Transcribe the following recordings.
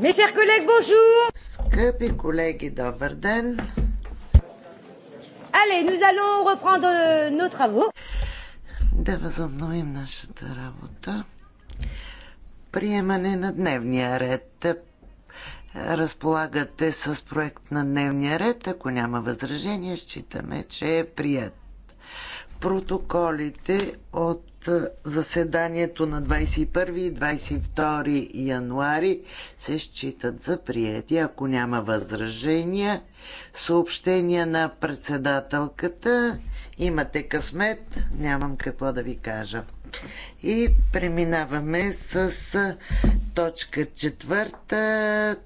Mes chers collègues, bonjour! Скъпи колеги, добър ден! Allez, nous allons reprendre euh, nos travaux. Да възобновим нашата работа. Приемане на дневния ред. Разполагате с проект на дневния ред. Ако няма възражение, считаме, че е прият протоколите от заседанието на 21 и 22 януари се считат за приети, ако няма възражения. Съобщения на председателката. Имате късмет, нямам какво да ви кажа. И преминаваме с точка четвърта.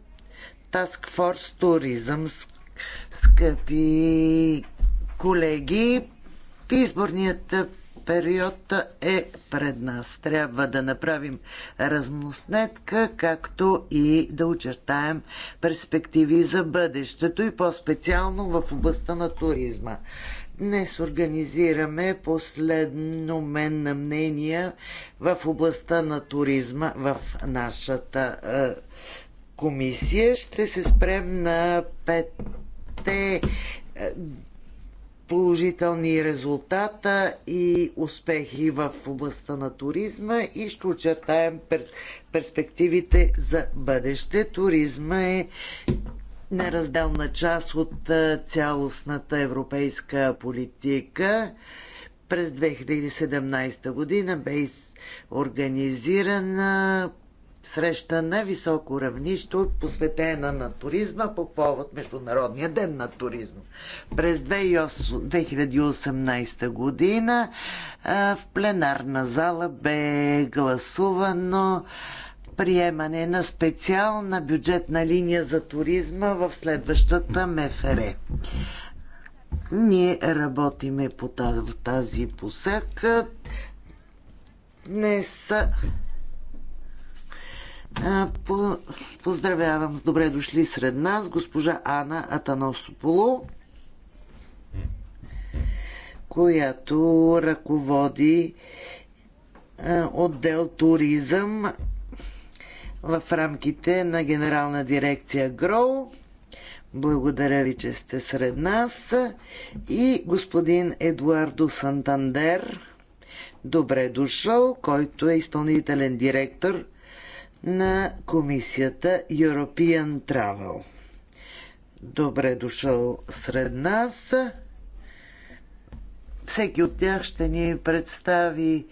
Task Force Tourism. Скъпи колеги, изборният период е пред нас. Трябва да направим разноснетка, както и да очертаем перспективи за бъдещето и по-специално в областта на туризма. Днес организираме последно мен на мнения в областта на туризма в нашата е, комисия. Ще се спрем на петте положителни резултата и успехи в областта на туризма и ще очертаем перспективите за бъдеще. Туризма е неразделна част от цялостната европейска политика. През 2017 година бе организирана среща на високо равнище, посветена на туризма по повод Международния ден на туризма. През 2018 година в пленарна зала бе гласувано приемане на специална бюджетна линия за туризма в следващата МФР. Ние работиме по тази, в тази посека. Днес Поздравявам с добре дошли сред нас госпожа Ана Атаносополо, която ръководи отдел туризъм в рамките на Генерална дирекция ГРОУ. Благодаря ви, че сте сред нас. И господин Едуардо Сантандер, добре дошъл, който е изпълнителен директор на комисията European Travel. Добре дошъл сред нас. Всеки от тях ще ни представи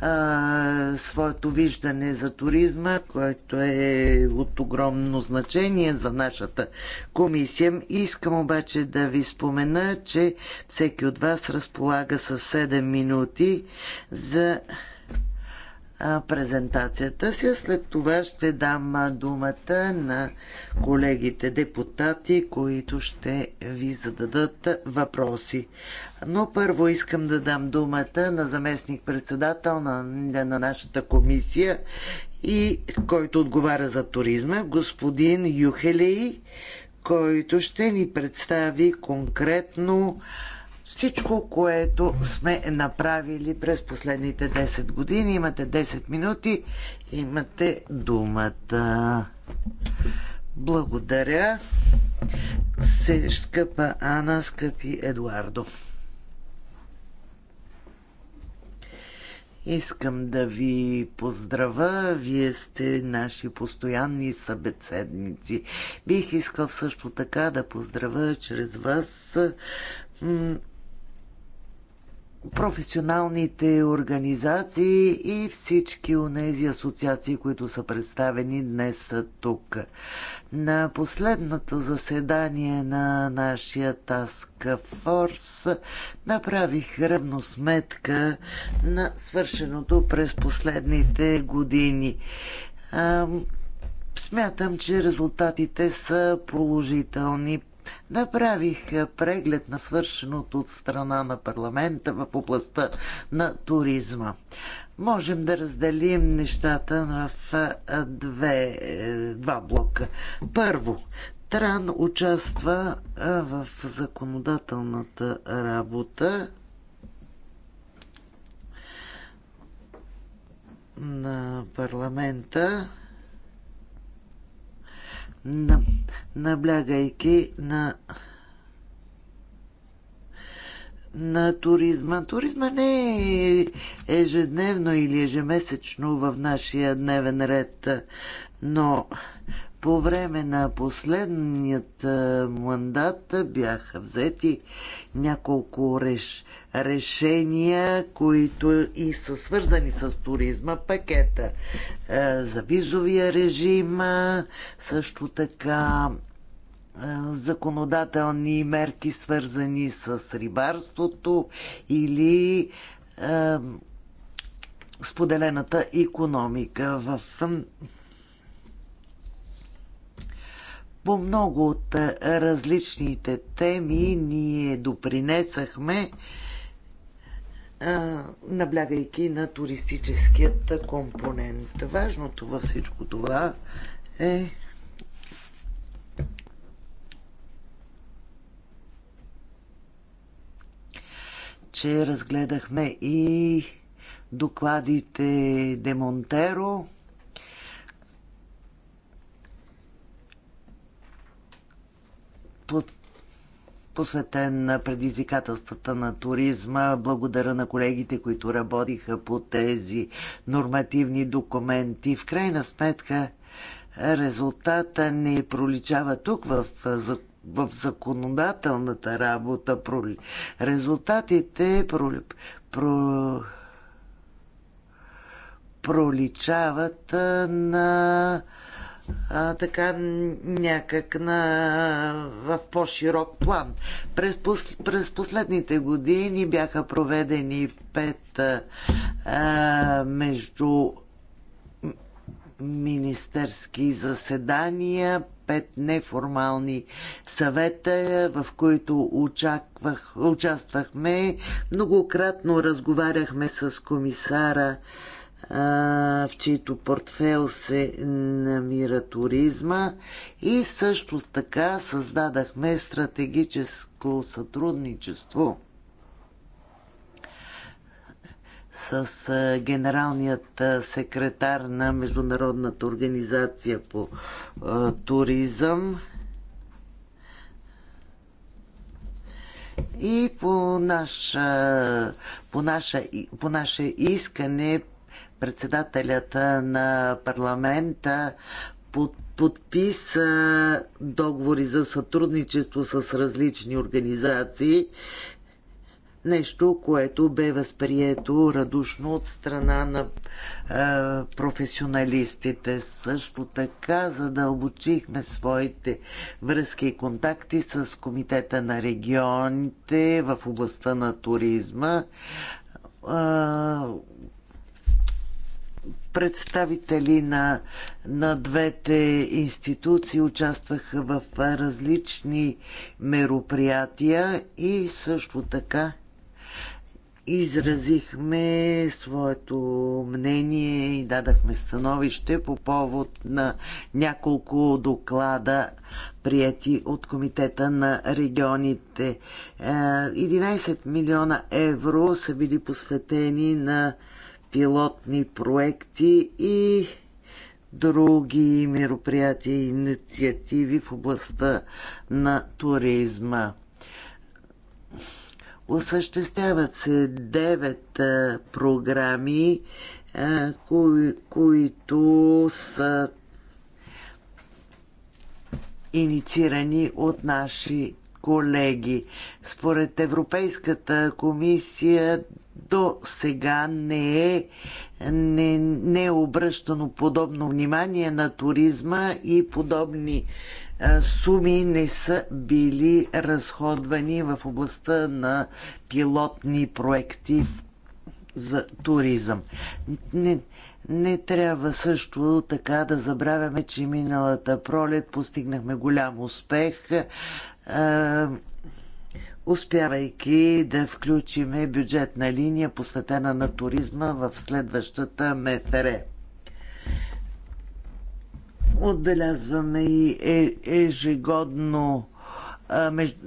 а, своето виждане за туризма, което е от огромно значение за нашата комисия. Искам обаче да ви спомена, че всеки от вас разполага с 7 минути за презентацията си. След това ще дам думата на колегите депутати, които ще ви зададат въпроси. Но първо искам да дам думата на заместник-председател на, на нашата комисия и който отговаря за туризма, господин Юхелей, който ще ни представи конкретно всичко, което сме направили през последните 10 години. Имате 10 минути, имате думата. Благодаря. Се, скъпа Ана, скъпи Едуардо. Искам да ви поздравя. Вие сте наши постоянни събеседници. Бих искал също така да поздравя чрез вас професионалните организации и всички онези асоциации, които са представени днес са тук. На последното заседание на нашия Task Force направих равносметка на свършеното през последните години. Смятам, че резултатите са положителни. Направих е, преглед на свършеното от страна на парламента в областта на туризма. Можем да разделим нещата в е, две, е, два блока. Първо, Тран участва в законодателната работа на парламента на наблягайки на на туризма. Туризма не е ежедневно или ежемесечно в нашия дневен ред, но по време на последният мандат бяха взети няколко реш, решения, които и са свързани с туризма, пакета за визовия режим, също така законодателни мерки, свързани с рибарството или споделената економика. В по много от е, различните теми ние допринесахме, е, наблягайки на туристическият компонент. Важното във всичко това е че разгледахме и докладите Демонтеро, посветен на предизвикателствата на туризма. Благодаря на колегите, които работиха по тези нормативни документи. В крайна сметка резултата не проличава тук в в законодателната работа резултатите про... Про... проличават на а, така някак на, в по-широк план. През, пос, през последните години бяха проведени пет а, между министерски заседания, пет неформални съвета, в които очаквах, участвахме. Многократно разговаряхме с комисара в чието портфел се намира туризма и също така създадахме стратегическо сътрудничество с генералният секретар на Международната организация по туризъм и по по наша, по наше искане председателят на парламента под подписа договори за сътрудничество с различни организации, нещо, което бе възприето радушно от страна на е, професионалистите. Също така задълбочихме своите връзки и контакти с Комитета на регионите в областта на туризма. Е, представители на, на двете институции участваха в различни мероприятия и също така изразихме своето мнение и дадахме становище по повод на няколко доклада, прияти от Комитета на регионите. 11 е, милиона евро са били посветени на пилотни проекти и други мероприятия и инициативи в областта на туризма. Осъществяват се 9 програми, кои, които са инициирани от наши колеги. Според Европейската комисия до сега не е, не, не е обръщано подобно внимание на туризма и подобни а, е, суми не са били разходвани в областта на пилотни проекти за туризъм. Не, не трябва също така да забравяме, че миналата пролет постигнахме голям успех. А, е, успявайки да включиме бюджетна линия, посветена на туризма в следващата МФР. Отбелязваме и е, ежегодно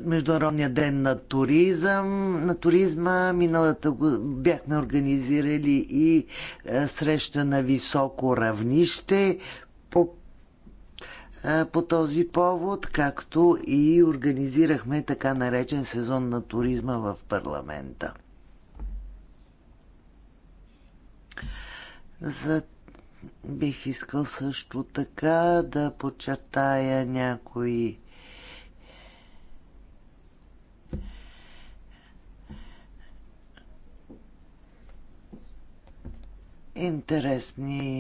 Международния ден на туризъм. На туризма миналата бяхме организирали и среща на високо равнище, по този повод, както и организирахме така наречен сезон на туризма в парламента. За... Бих искал също така да подчертая някои интересни,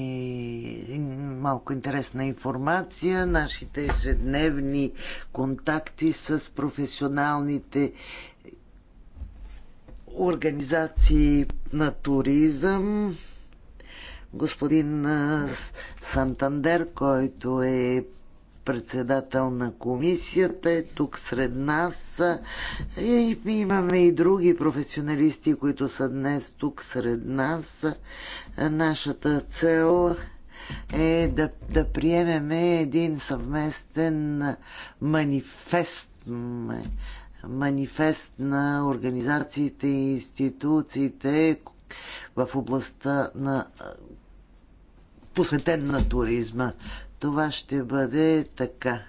малко интересна информация, нашите ежедневни контакти с професионалните организации на туризъм, господин Сантандер, който е председател на комисията, е тук сред нас. И е, имаме и други професионалисти, които са днес тук сред нас. Нашата цел е да, да приемеме един съвместен манифест манифест на организациите и институциите в областта на посветен на туризма това ще бъде така.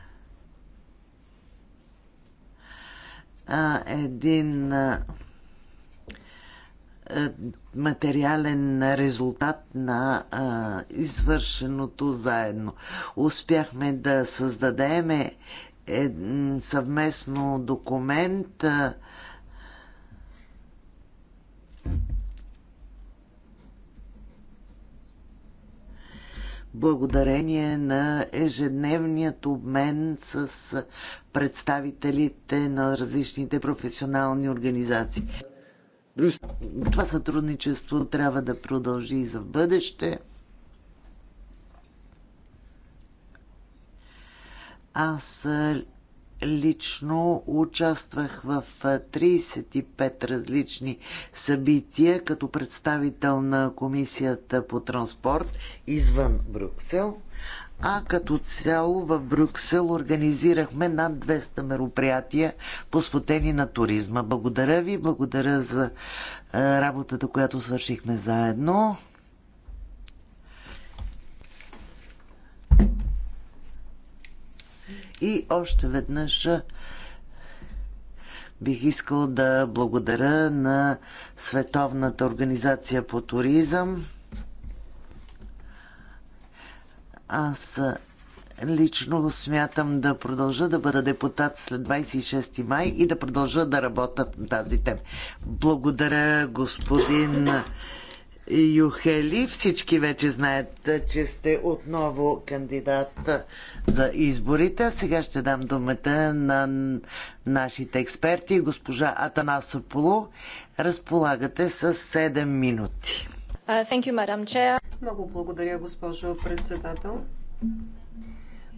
А, един а, материален резултат на а, извършеното заедно. Успяхме да създадеме съвместно документ, а, благодарение на ежедневният обмен с представителите на различните професионални организации. Това сътрудничество трябва да продължи и за в бъдеще. Аз лично участвах в 35 различни събития като представител на Комисията по транспорт извън Брюксел. А като цяло в Брюксел организирахме над 200 мероприятия, посветени на туризма. Благодаря ви, благодаря за работата, която свършихме заедно. И още веднъж бих искал да благодаря на Световната организация по туризъм. Аз лично смятам да продължа да бъда депутат след 26 май и да продължа да работя в тази тема. Благодаря, господин Юхели. Всички вече знаят, че сте отново кандидат за изборите. Сега ще дам думата на нашите експерти. Госпожа Атанасополо, разполагате с 7 минути. You, Много благодаря, госпожо председател.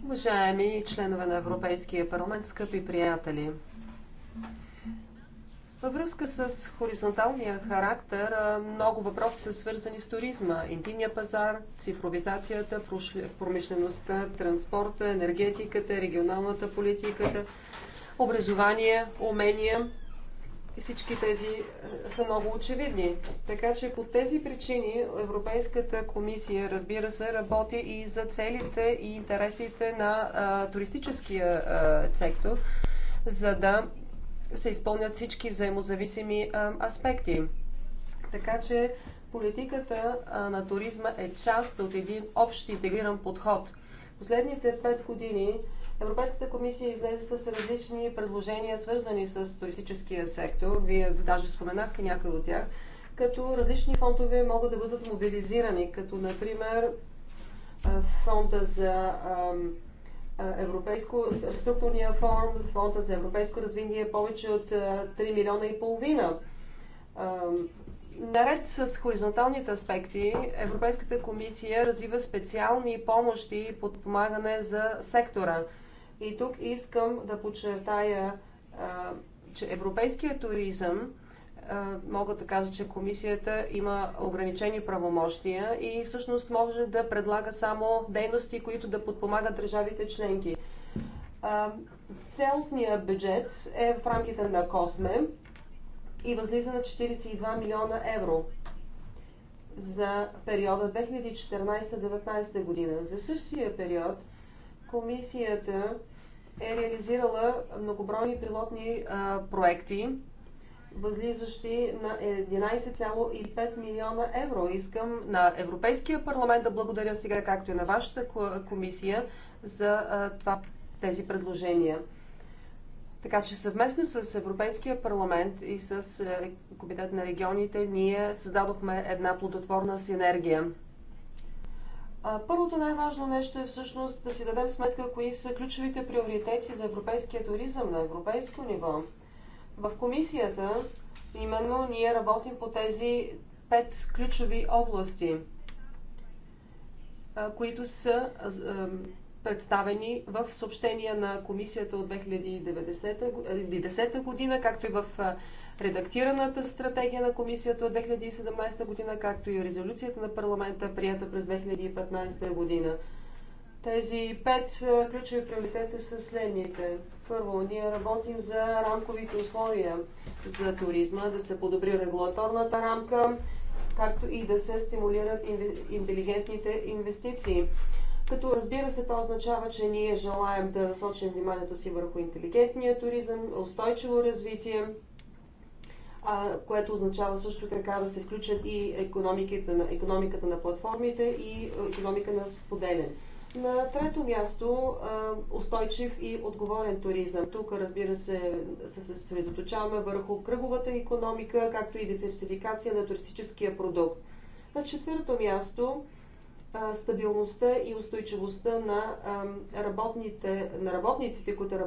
Уважаеми членове на Европейския парламент, скъпи приятели! Във връзка с хоризонталния характер, много въпроси са свързани с туризма, интимния пазар, цифровизацията, промишлеността, транспорта, енергетиката, регионалната политиката, образование, умения. И всички тези са много очевидни. Така че по тези причини Европейската комисия, разбира се, работи и за целите и интересите на а, туристическия а, сектор, за да се изпълнят всички взаимозависими аспекти. Така че политиката на туризма е част от един общ интегриран подход. Последните пет години Европейската комисия излезе с различни предложения, свързани с туристическия сектор. Вие даже споменахте някои от тях, като различни фондове могат да бъдат мобилизирани, като например фонда за ам, Европейско структурния фонд, фонда за европейско развитие е повече от 3 милиона и половина. Наред с хоризонталните аспекти, Европейската комисия развива специални помощи и подпомагане за сектора. И тук искам да подчертая, че европейският туризъм мога да кажа, че комисията има ограничени правомощия и всъщност може да предлага само дейности, които да подпомагат държавите членки. Целостният бюджет е в рамките на Косме и възлиза на 42 милиона евро за периода 2014-2019 година. За същия период комисията е реализирала многобройни пилотни а, проекти, възлизащи на 11,5 милиона евро. Искам на Европейския парламент да благодаря сега, както и на вашата комисия, за това, тези предложения. Така че съвместно с Европейския парламент и с е, Комитет на регионите ние създадохме една плодотворна синергия. Първото най-важно нещо е всъщност да си дадем сметка кои са ключовите приоритети за европейския туризъм на европейско ниво. В комисията именно ние работим по тези пет ключови области, които са представени в съобщения на комисията от 2010 е, година, както и в редактираната стратегия на комисията от 2017 година, както и резолюцията на парламента, прията през 2015 година. Тези пет ключови приоритета са следните – първо, ние работим за рамковите условия за туризма, да се подобри регулаторната рамка, както и да се стимулират интелигентните инвестиции. Като разбира се, това означава, че ние желаем да насочим вниманието си върху интелигентния туризъм, устойчиво развитие, което означава също така да се включат и економиката на, економиката на платформите и е, економика на споделяне. На трето място устойчив и отговорен туризъм. Тук, разбира се, се съсредоточаваме върху кръговата економика, както и диверсификация на туристическия продукт. На четвърто място стабилността и устойчивостта на, работните, на работниците, които са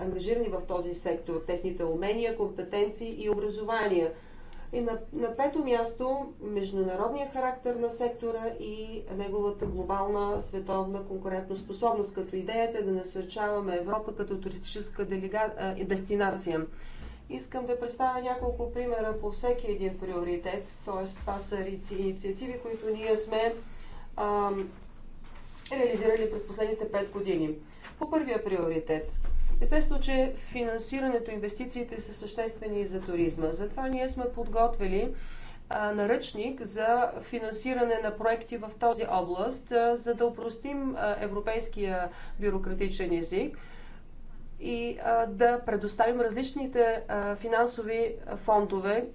ангажирани в този сектор, техните умения, компетенции и образования – и на, на пето място международния характер на сектора и неговата глобална световна конкурентоспособност, като идеята е да насърчаваме Европа като туристическа делега... дестинация. Искам да представя няколко примера по всеки един приоритет, т.е. това са инициативи, които ние сме а, реализирали през последните пет години. По първия приоритет – Естествено, че финансирането, инвестициите са съществени за туризма. Затова ние сме подготвили наръчник за финансиране на проекти в този област, за да упростим европейския бюрократичен език и да предоставим различните финансови фондове,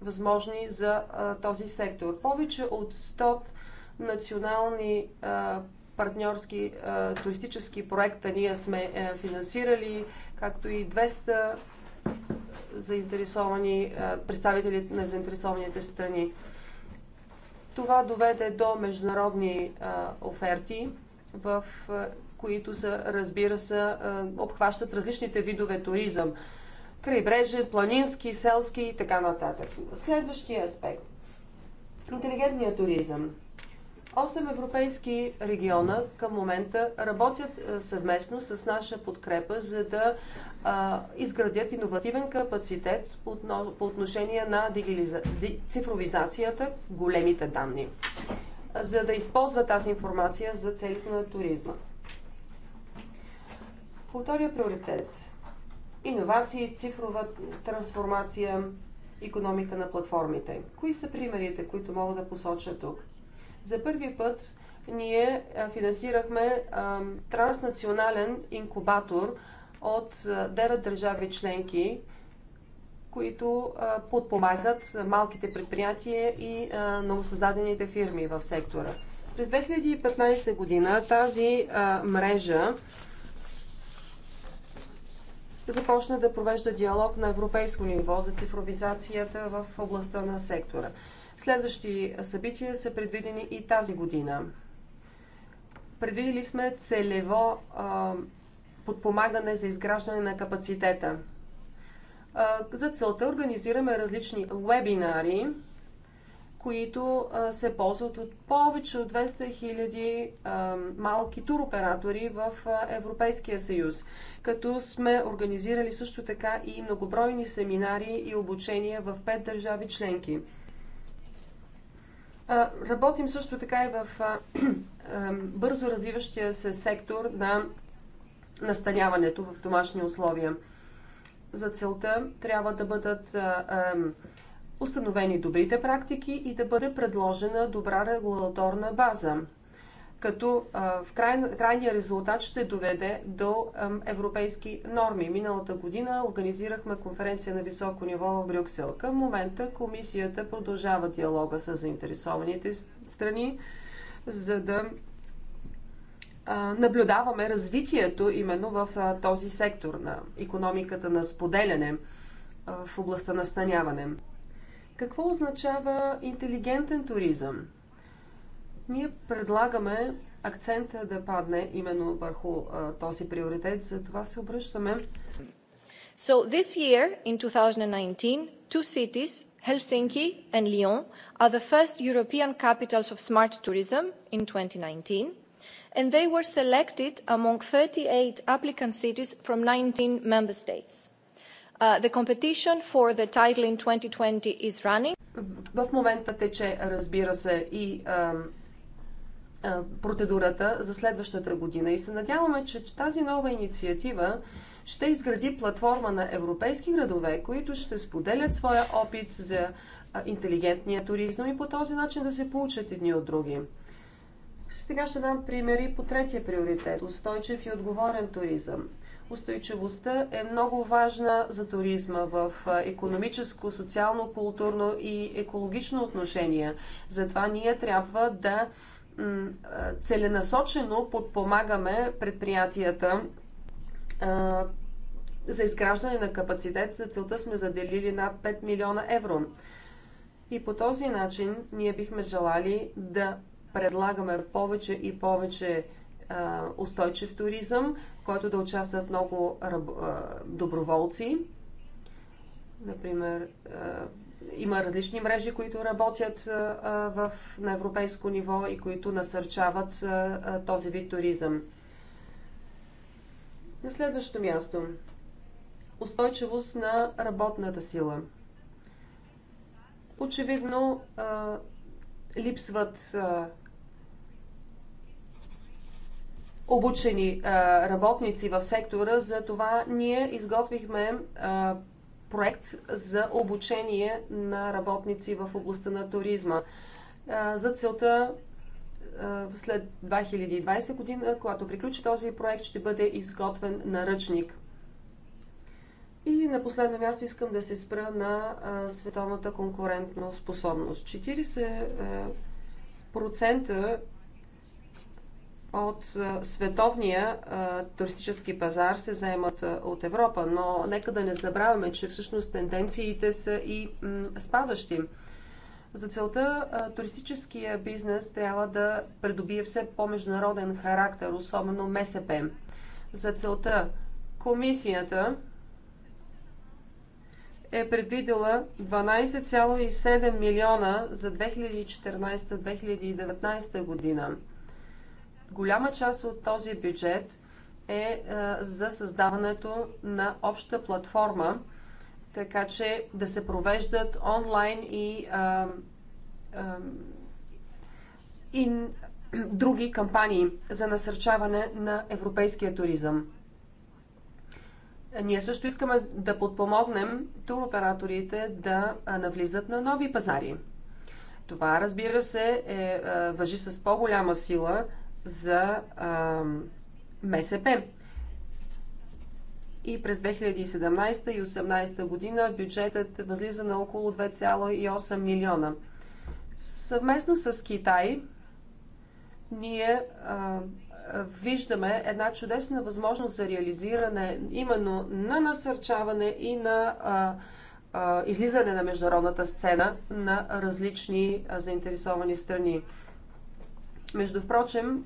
възможни за този сектор. Повече от 100 национални партньорски а, е, туристически проекта ние сме а, е, финансирали, както и 200 заинтересовани, а, е, представители на заинтересованите страни. Това доведе до международни а, оферти, в а, които са, разбира се, а, обхващат различните видове туризъм. Крайбрежен, планински, селски и така нататък. Следващия аспект. Интелигентният туризъм Осем европейски региона към момента работят е, съвместно с наша подкрепа, за да изградят иновативен капацитет по отношение на цифровизацията, големите данни, за да използват тази информация за целите на туризма. По втория приоритет – иновации, цифрова трансформация, економика на платформите. Кои са примерите, които мога да посоча тук? За първи път ние финансирахме транснационален инкубатор от 9 държави членки, които подпомагат малките предприятия и новосъздадените фирми в сектора. През 2015 година тази мрежа започна да провежда диалог на европейско ниво за цифровизацията в областта на сектора. Следващи събития са предвидени и тази година. Предвидили сме целево а, подпомагане за изграждане на капацитета. А, за целта организираме различни вебинари, които а, се ползват от повече от 200 000 малки туроператори в Европейския съюз. Като сме организирали също така и многобройни семинари и обучения в пет държави членки – Работим също така и в бързо развиващия се сектор на настаняването в домашни условия. За целта трябва да бъдат установени добрите практики и да бъде предложена добра регулаторна база като в край, крайния резултат ще доведе до европейски норми. Миналата година организирахме конференция на високо ниво в Брюксел. Към момента комисията продължава диалога с заинтересованите страни, за да наблюдаваме развитието именно в този сектор на економиката на споделяне в областта на станяване. Какво означава интелигентен туризъм? Ние предлагаме акцента да падне именно върху а, този приоритет, за това се обръщаме. So this year in 2019, two cities, Helsinki and Lyon, are the first European capitals of smart tourism in 2019 and they were selected among 38 applicant cities from 19 member states. Uh, the competition for the title in 2020 is running. В момента тече, разбира се, и uh, е, процедурата за следващата година. И се надяваме, че тази нова инициатива ще изгради платформа на европейски градове, които ще споделят своя опит за интелигентния туризъм и по този начин да се получат едни от други. Сега ще дам примери по третия приоритет – устойчив и отговорен туризъм. Устойчивостта е много важна за туризма в економическо, социално, културно и екологично отношение. Затова ние трябва да целенасочено подпомагаме предприятията за изграждане на капацитет. За целта сме заделили над 5 милиона евро. И по този начин ние бихме желали да предлагаме повече и повече устойчив туризъм, в който да участват много доброволци. Например, има различни мрежи, които работят в, на европейско ниво и които насърчават този вид туризъм. На следващо място. Устойчивост на работната сила. Очевидно липсват обучени работници в сектора, затова ние изготвихме проект за обучение на работници в областта на туризма. За целта след 2020 година, когато приключи този проект, ще бъде изготвен наръчник. И на последно място искам да се спра на световната конкурентна способност. 40% от световния туристически пазар се заемат от Европа, но нека да не забравяме, че всъщност тенденциите са и спадащи. За целта туристическия бизнес трябва да придобие все по-международен характер, особено МСП. За целта комисията е предвидела 12,7 милиона за 2014-2019 година Голяма част от този бюджет е, е за създаването на обща платформа, така че да се провеждат онлайн и, а, а, и други кампании за насърчаване на европейския туризъм. Ние също искаме да подпомогнем туроператорите да навлизат на нови пазари. Това, разбира се, е, въжи с по-голяма сила за а, МСП. И през 2017 и 2018 година бюджетът възлиза на около 2,8 милиона. Съвместно с Китай ние а, виждаме една чудесна възможност за реализиране именно на насърчаване и на а, а, излизане на международната сцена на различни а, заинтересовани страни. Между впрочем,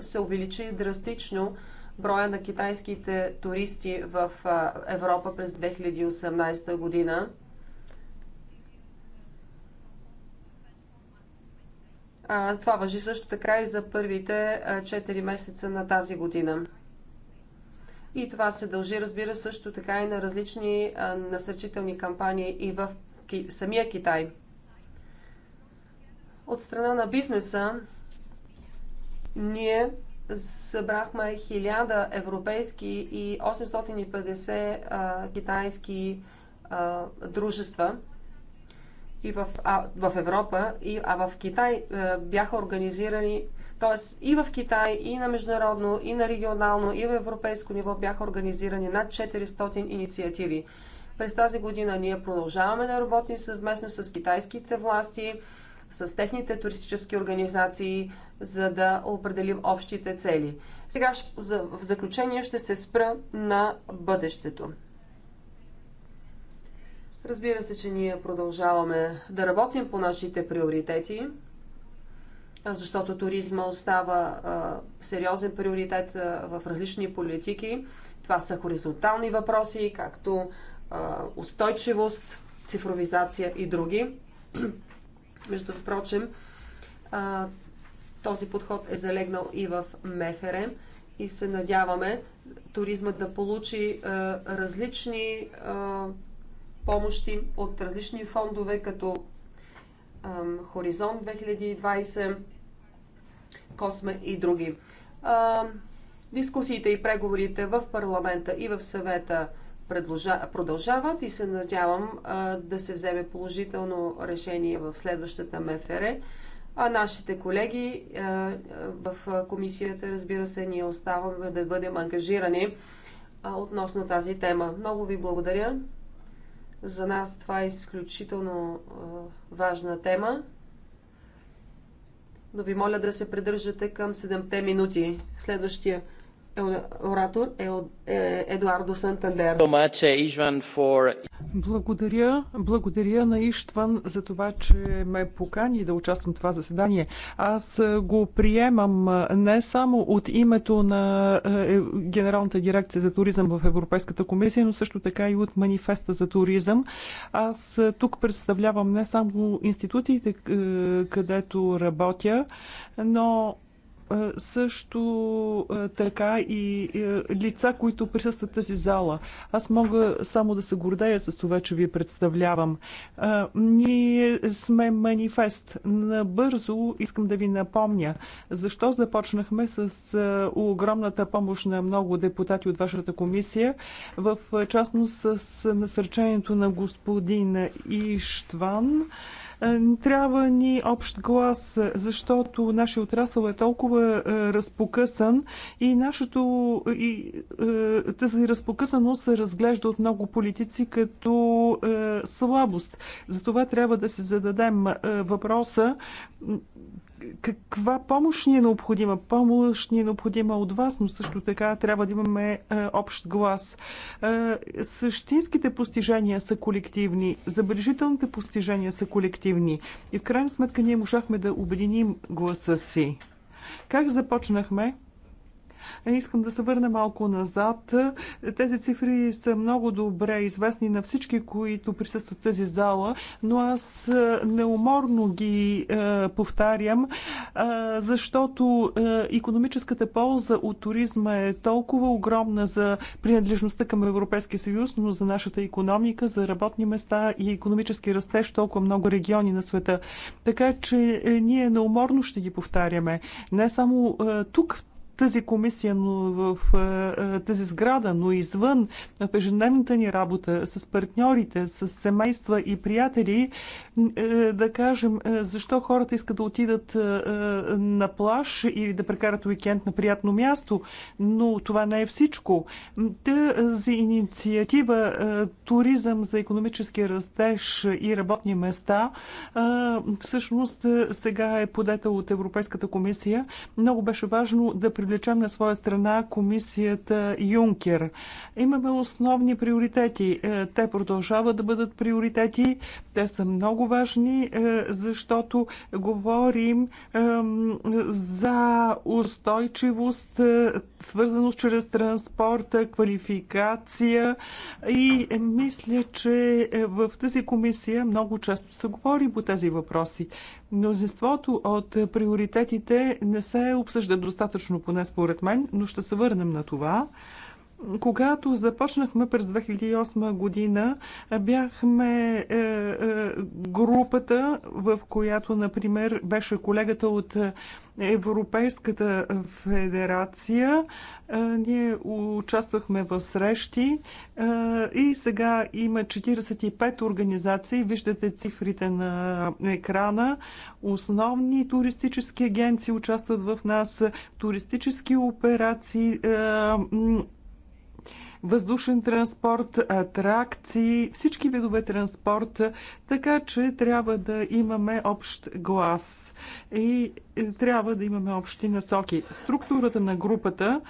се увеличи драстично броя на китайските туристи в Европа през 2018 година. Това въжи също така и за първите 4 месеца на тази година. И това се дължи, разбира, също така и на различни насърчителни кампании и в самия Китай. От страна на бизнеса ние събрахме 1000 европейски и 850 а, китайски а, дружества и в, а, в Европа, и, а в Китай а, е, бяха организирани, т.е. и в Китай, и на международно, и на регионално, и в европейско ниво бяха организирани над 400 инициативи. През тази година ние продължаваме да работим съвместно с китайските власти, с техните туристически организации, за да определим общите цели. Сега в заключение ще се спра на бъдещето. Разбира се, че ние продължаваме да работим по нашите приоритети, защото туризма остава сериозен приоритет в различни политики. Това са хоризонтални въпроси, както устойчивост, цифровизация и други. Между впрочем, а, този подход е залегнал и в МЕФЕРЕ и се надяваме туризма да получи а, различни а, помощи от различни фондове, като а, Хоризонт 2020, Косме и други. А, дискусиите и преговорите в парламента и в съвета – продължават и се надявам а, да се вземе положително решение в следващата МФР. А нашите колеги а, в комисията, разбира се, ние оставаме да бъдем ангажирани а, относно тази тема. Много ви благодаря. За нас това е изключително а, важна тема. Но ви моля да се придържате към 7 минути. Следващия оратор е е, Едуардо Сантандер. Благодаря, благодаря на Иштван за това, че ме покани да участвам в това заседание. Аз е, го приемам не само от името на Генералната дирекция за туризъм в Европейската комисия, но също така и от манифеста за туризъм. Аз тук представлявам не само институциите, където работя, но също така и лица, които присъстват в тази зала. Аз мога само да се гордея с това, че ви представлявам. Ние сме манифест. Набързо искам да ви напомня, защо започнахме с огромната помощ на много депутати от вашата комисия, в частност с насърчението на господин Иштван. Е, трябва ни общ глас, защото нашия отрасъл е толкова е, разпокъсан и нашето и, е, тази разпокъсаност се разглежда от много политици като слабост. Затова трябва да си зададем въпроса каква помощ ни е необходима? Помощ ни е необходима от вас, но също така трябва да имаме е, общ глас. Е, същинските постижения са колективни, забележителните постижения са колективни и в крайна сметка ние можахме да обединим гласа си. Как започнахме? Е, искам да се върна малко назад. Тези цифри са много добре известни на всички, които присъстват в тази зала, но аз е, неуморно ги е, повтарям, защото економическата полза от туризма е толкова огромна за принадлежността към Европейския съюз, но за нашата економика, за работни места и економически растеж толкова много региони на света. Така че ние неуморно ще ги повтаряме. Не само тук, в тази комисия, но в е, е, тази сграда, но извън в ежедневната ни работа с партньорите, с семейства и приятели, е, да кажем защо хората искат да отидат на плаж или да прекарат уикенд на приятно място, но това не е всичко. Тази инициатива Туризъм за економически растеж и работни места всъщност сега е подета от Европейската комисия. Много беше важно да привлечем на своя страна комисията Юнкер. Имаме основни приоритети. Е, те продължават да бъдат приоритети. Те са много важни, е, защото говорим за устойчивост, е, свързаност чрез транспорта, квалификация и мисля, че в тази комисия много често се говори по тези въпроси. Мнозинството от приоритетите не се обсъжда достатъчно, поне според мен, но ще се върнем на това. Когато започнахме през 2008 година, бяхме е, е, групата, в която, например, беше колегата от Европейската федерация. Е, ние участвахме в срещи и сега има 45 организации. Виждате цифрите на екрана. Основни туристически агенции участват в нас, туристически операции, въздушен транспорт, атракции, всички видове транспорт, така че трябва да имаме общ глас и е, трябва да имаме общи насоки. Структурата на групата,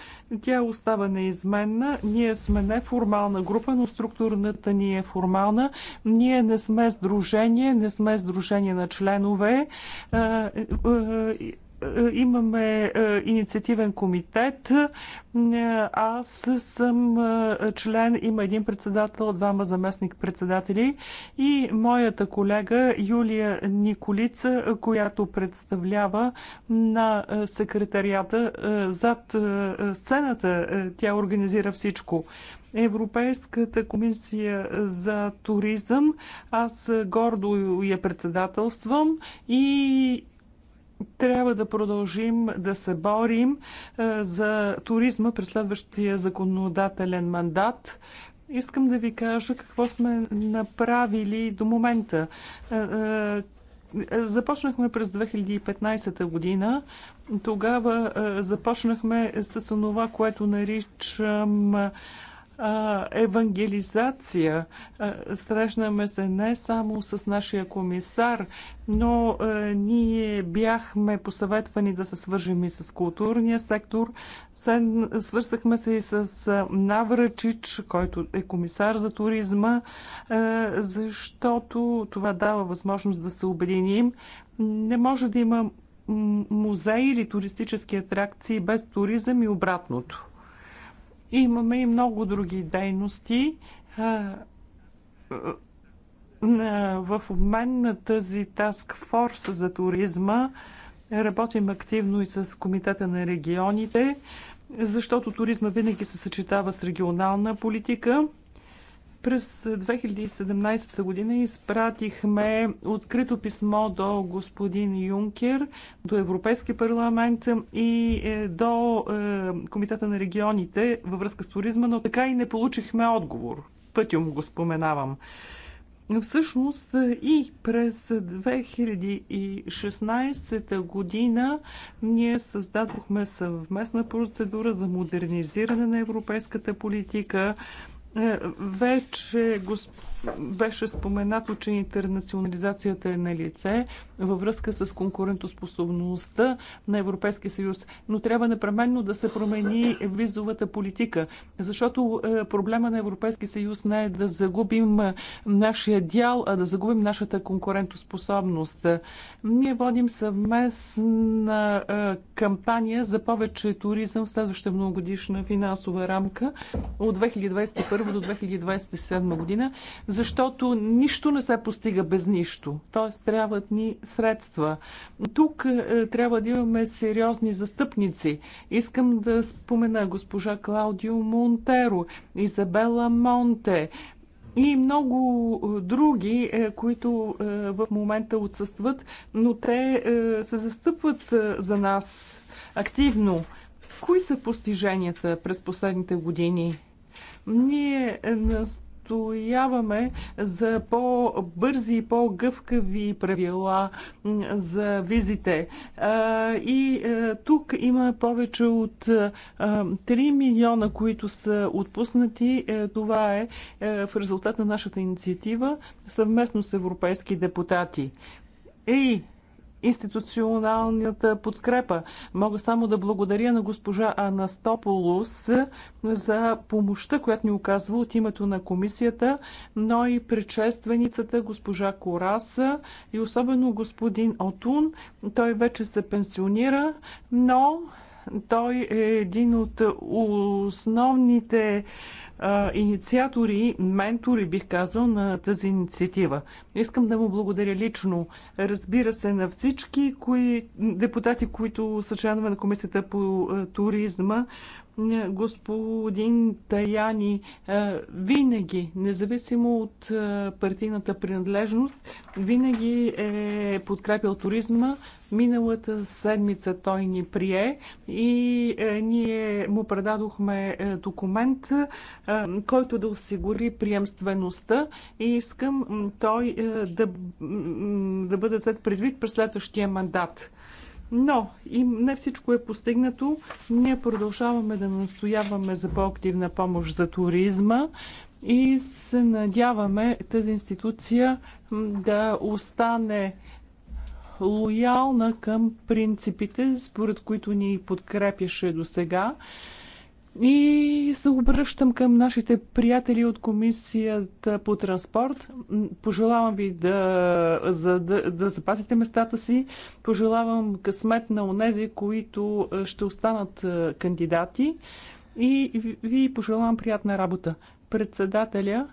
тя остава неизменна. Ние сме неформална група, но структурната ни е формална. Ние не сме сдружение, не сме сдружение на членове е, е, имаме е, инициативен комитет. Е, аз съм е, член, има един председател, двама заместник председатели и моята колега Юлия Николица, която представлява на секретарията зад сцената. Тя организира всичко. Европейската комисия за туризъм. Аз гордо я председателствам и трябва да продължим да се борим е, за туризма през следващия законодателен мандат. Искам да ви кажа какво сме направили до момента. Е, е, започнахме през 2015 година. Тогава започнахме с това, което наричам евангелизация. Срещнаме се не само с нашия комисар, но ние бяхме посъветвани да се свържем и с културния сектор. Сен Свързахме се и с Навръчич, който е комисар за туризма, защото това дава възможност да се обединим. Не може да има музей или туристически атракции без туризъм и обратното. Имаме и много други дейности в обмен на тази Task Force за туризма работим активно и с Комитета на регионите, защото туризма винаги се съчетава с регионална политика. През 2017 година изпратихме открито писмо до господин Юнкер, до Европейски парламент и е, до е, Комитета на регионите във връзка с туризма, но така и не получихме отговор. Пътюм го споменавам. Всъщност е, и през 2016 година ние създадохме съвместна процедура за модернизиране на европейската политика е, вече госп... Беше споменато, че интернационализацията е на лице във връзка с конкурентоспособността на Европейския съюз, но трябва непременно да се промени визовата политика, защото е, проблема на Европейския съюз не е да загубим е, нашия дял, а да загубим нашата конкурентоспособност. Ние водим съвместна е, кампания за повече туризъм в следващата многогодишна финансова рамка от 2021 до 2027 година защото нищо не се постига без нищо. Т.е. трябват ни средства. Тук е, трябва да имаме сериозни застъпници. Искам да спомена госпожа Клаудио Монтеро, Изабела Монте, и много е, други, е, които в момента отсъстват, но те се застъпват за нас активно. Кои са постиженията през последните години? Ние настояваме за по-бързи и по-гъвкави правила за визите. И е, тук има повече от 3 е, милиона, които са отпуснати. Е, това е в резултат на нашата инициатива съвместно с европейски депутати. И институционалната подкрепа. Мога само да благодаря на госпожа Анастополус за помощта, която ни оказва от името на комисията, но и предшественицата госпожа Кораса и особено господин Отун. Той вече се пенсионира, но той е един от основните инициатори, ментори, бих казал, на тази инициатива. Искам да му благодаря лично. Разбира се, на всички кои, депутати, които са членове на Комисията по туризма, господин Таяни винаги, независимо от партийната принадлежност, винаги е подкрепил туризма. Миналата седмица той ни прие и е, ние му предадохме е, документ, е, който да осигури приемствеността и искам той да, да бъде след предвид през следващия мандат. Но и не всичко е постигнато. Ние продължаваме да настояваме за по-активна помощ за туризма и се надяваме тази институция да остане лоялна към принципите, според които ни подкрепяше до сега. И се обръщам към нашите приятели от Комисията по транспорт. Пожелавам ви да, за, да, да запазите местата си. Пожелавам късмет на онези, които е, ще останат е, кандидати. И ви пожелавам приятна работа председателя,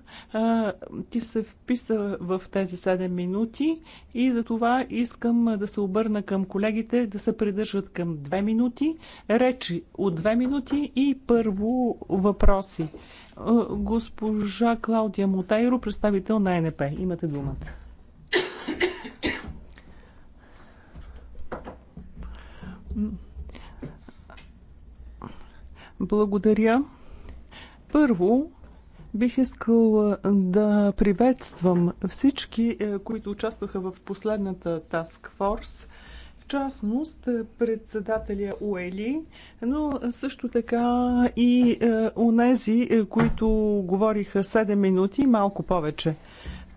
ти се вписа в тези 7 минути и за това искам да се обърна към колегите да се придържат към 2 минути, речи от 2 минути и първо въпроси. Госпожа Клаудия Мотайро, представител на НП. Имате думата. Благодаря. Първо, Бих искал да приветствам всички, които участваха в последната Task Force, в частност председателя Уели, но също така и онези, които говориха 7 минути и малко повече.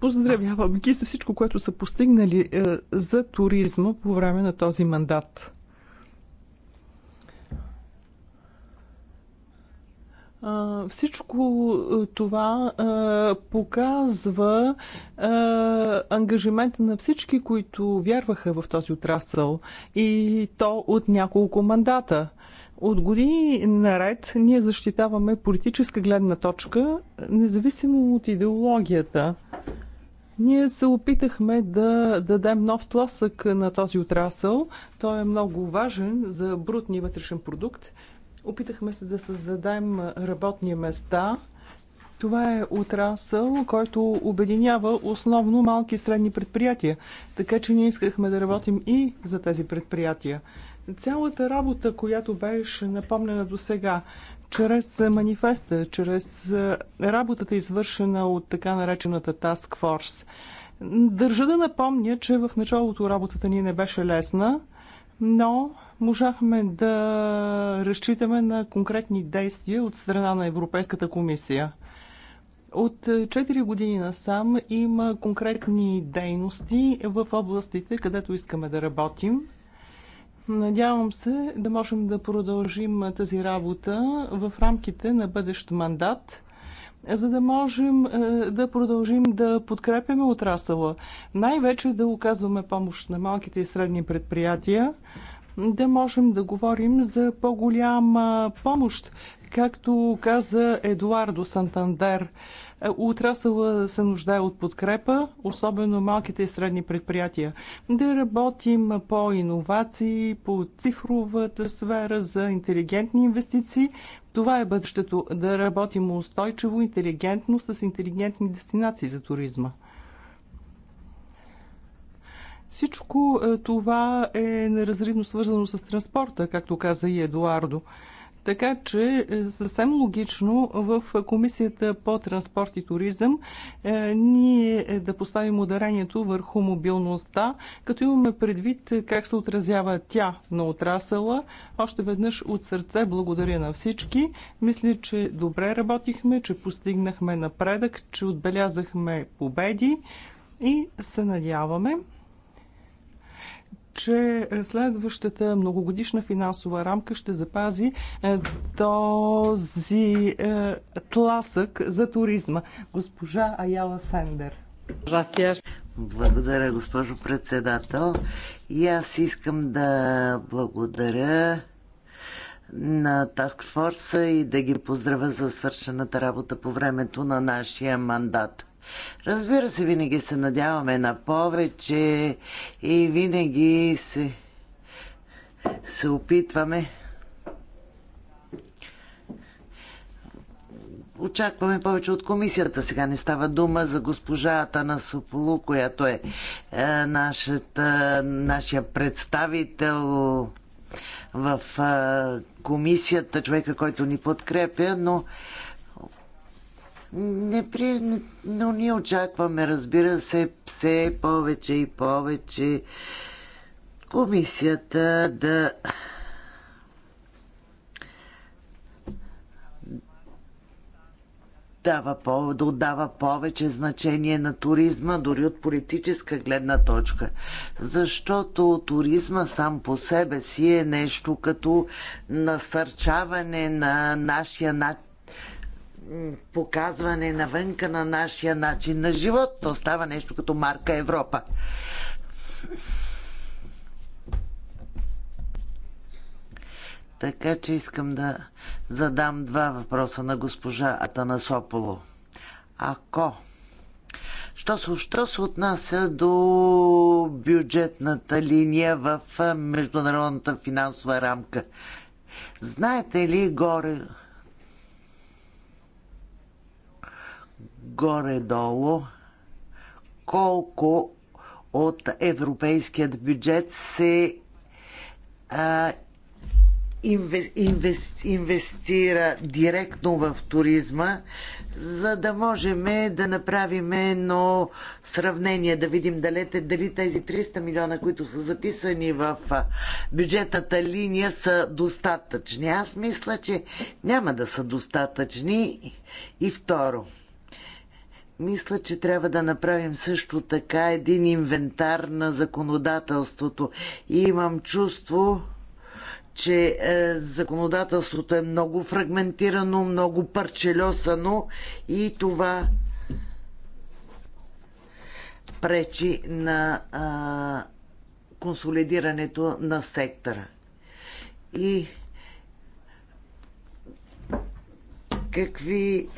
Поздравявам ги за всичко, което са постигнали за туризма по време на този мандат. Всичко е, това е, показва е, ангажимента на всички, които вярваха в този отрасъл и то от няколко мандата. От години наред ние защитаваме политическа гледна точка, независимо от идеологията. Ние се опитахме да дадем нов тласък на този отрасъл. Той е много важен за брутния вътрешен продукт Опитахме се да създадем работни места. Това е отрасъл, който обединява основно малки и средни предприятия. Така че ние искахме да работим и за тези предприятия. Цялата работа, която беше напомнена до сега, чрез манифеста, чрез работата извършена от така наречената Task Force. Държа да напомня, че в началото работата ни не беше лесна, но можахме да разчитаме на конкретни действия от страна на Европейската комисия. От 4 е, години насам има конкретни дейности в областите, където искаме да работим. Надявам се да можем да продължим тази работа в рамките на бъдещ мандат, за да можем е, да продължим да подкрепяме отрасъла. Най-вече да оказваме помощ на малките и средни предприятия, да можем да говорим за по-голяма помощ, както каза Едуардо Сантандер. Е, отрасъла се нуждае от подкрепа, особено малките и средни предприятия. Да работим по иновации, по цифровата сфера, за интелигентни инвестиции. Това е бъдещето. Да работим устойчиво, интелигентно, с интелигентни дестинации за туризма. Всичко е, това е неразривно свързано с транспорта, както каза и Едуардо. Така че е, съвсем логично в Комисията по транспорт и туризъм е, ние да поставим ударението върху мобилността, като имаме предвид как се отразява тя на отрасъла. Още веднъж от сърце благодаря на всички. Мисля, че добре работихме, че постигнахме напредък, че отбелязахме победи и се надяваме че е, следващата многогодишна финансова рамка ще запази е, този е, тласък за туризма. Госпожа Аяла Сендер. Благодаря, госпожо председател. И аз искам да благодаря на Таскфорса и да ги поздравя за свършената работа по времето на нашия мандат. Разбира се, винаги се надяваме на повече и винаги се, се опитваме. очакваме повече от комисията. Сега не става дума за госпожа на Сополу, която е, е нашата, нашия представител в е, комисията, човека, който ни подкрепя, но не при... но ние очакваме, разбира се, все повече и повече комисията да дава, да отдава повече значение на туризма, дори от политическа гледна точка. Защото туризма сам по себе си е нещо като насърчаване на нашия начин показване навънка на нашия начин на живот. То става нещо като марка Европа. Така че искам да задам два въпроса на госпожа Атанасополо. Ако Що се, що се отнася до бюджетната линия в международната финансова рамка? Знаете ли горе горе-долу колко от европейският бюджет се а, инвестира директно в туризма, за да можем да направим едно сравнение, да видим дали, дали тези 300 милиона, които са записани в бюджетната линия, са достатъчни. Аз мисля, че няма да са достатъчни. И второ, мисля, че трябва да направим също така един инвентар на законодателството. И имам чувство, че е, законодателството е много фрагментирано, много парчелесано и това пречи на а, консолидирането на сектора. И какви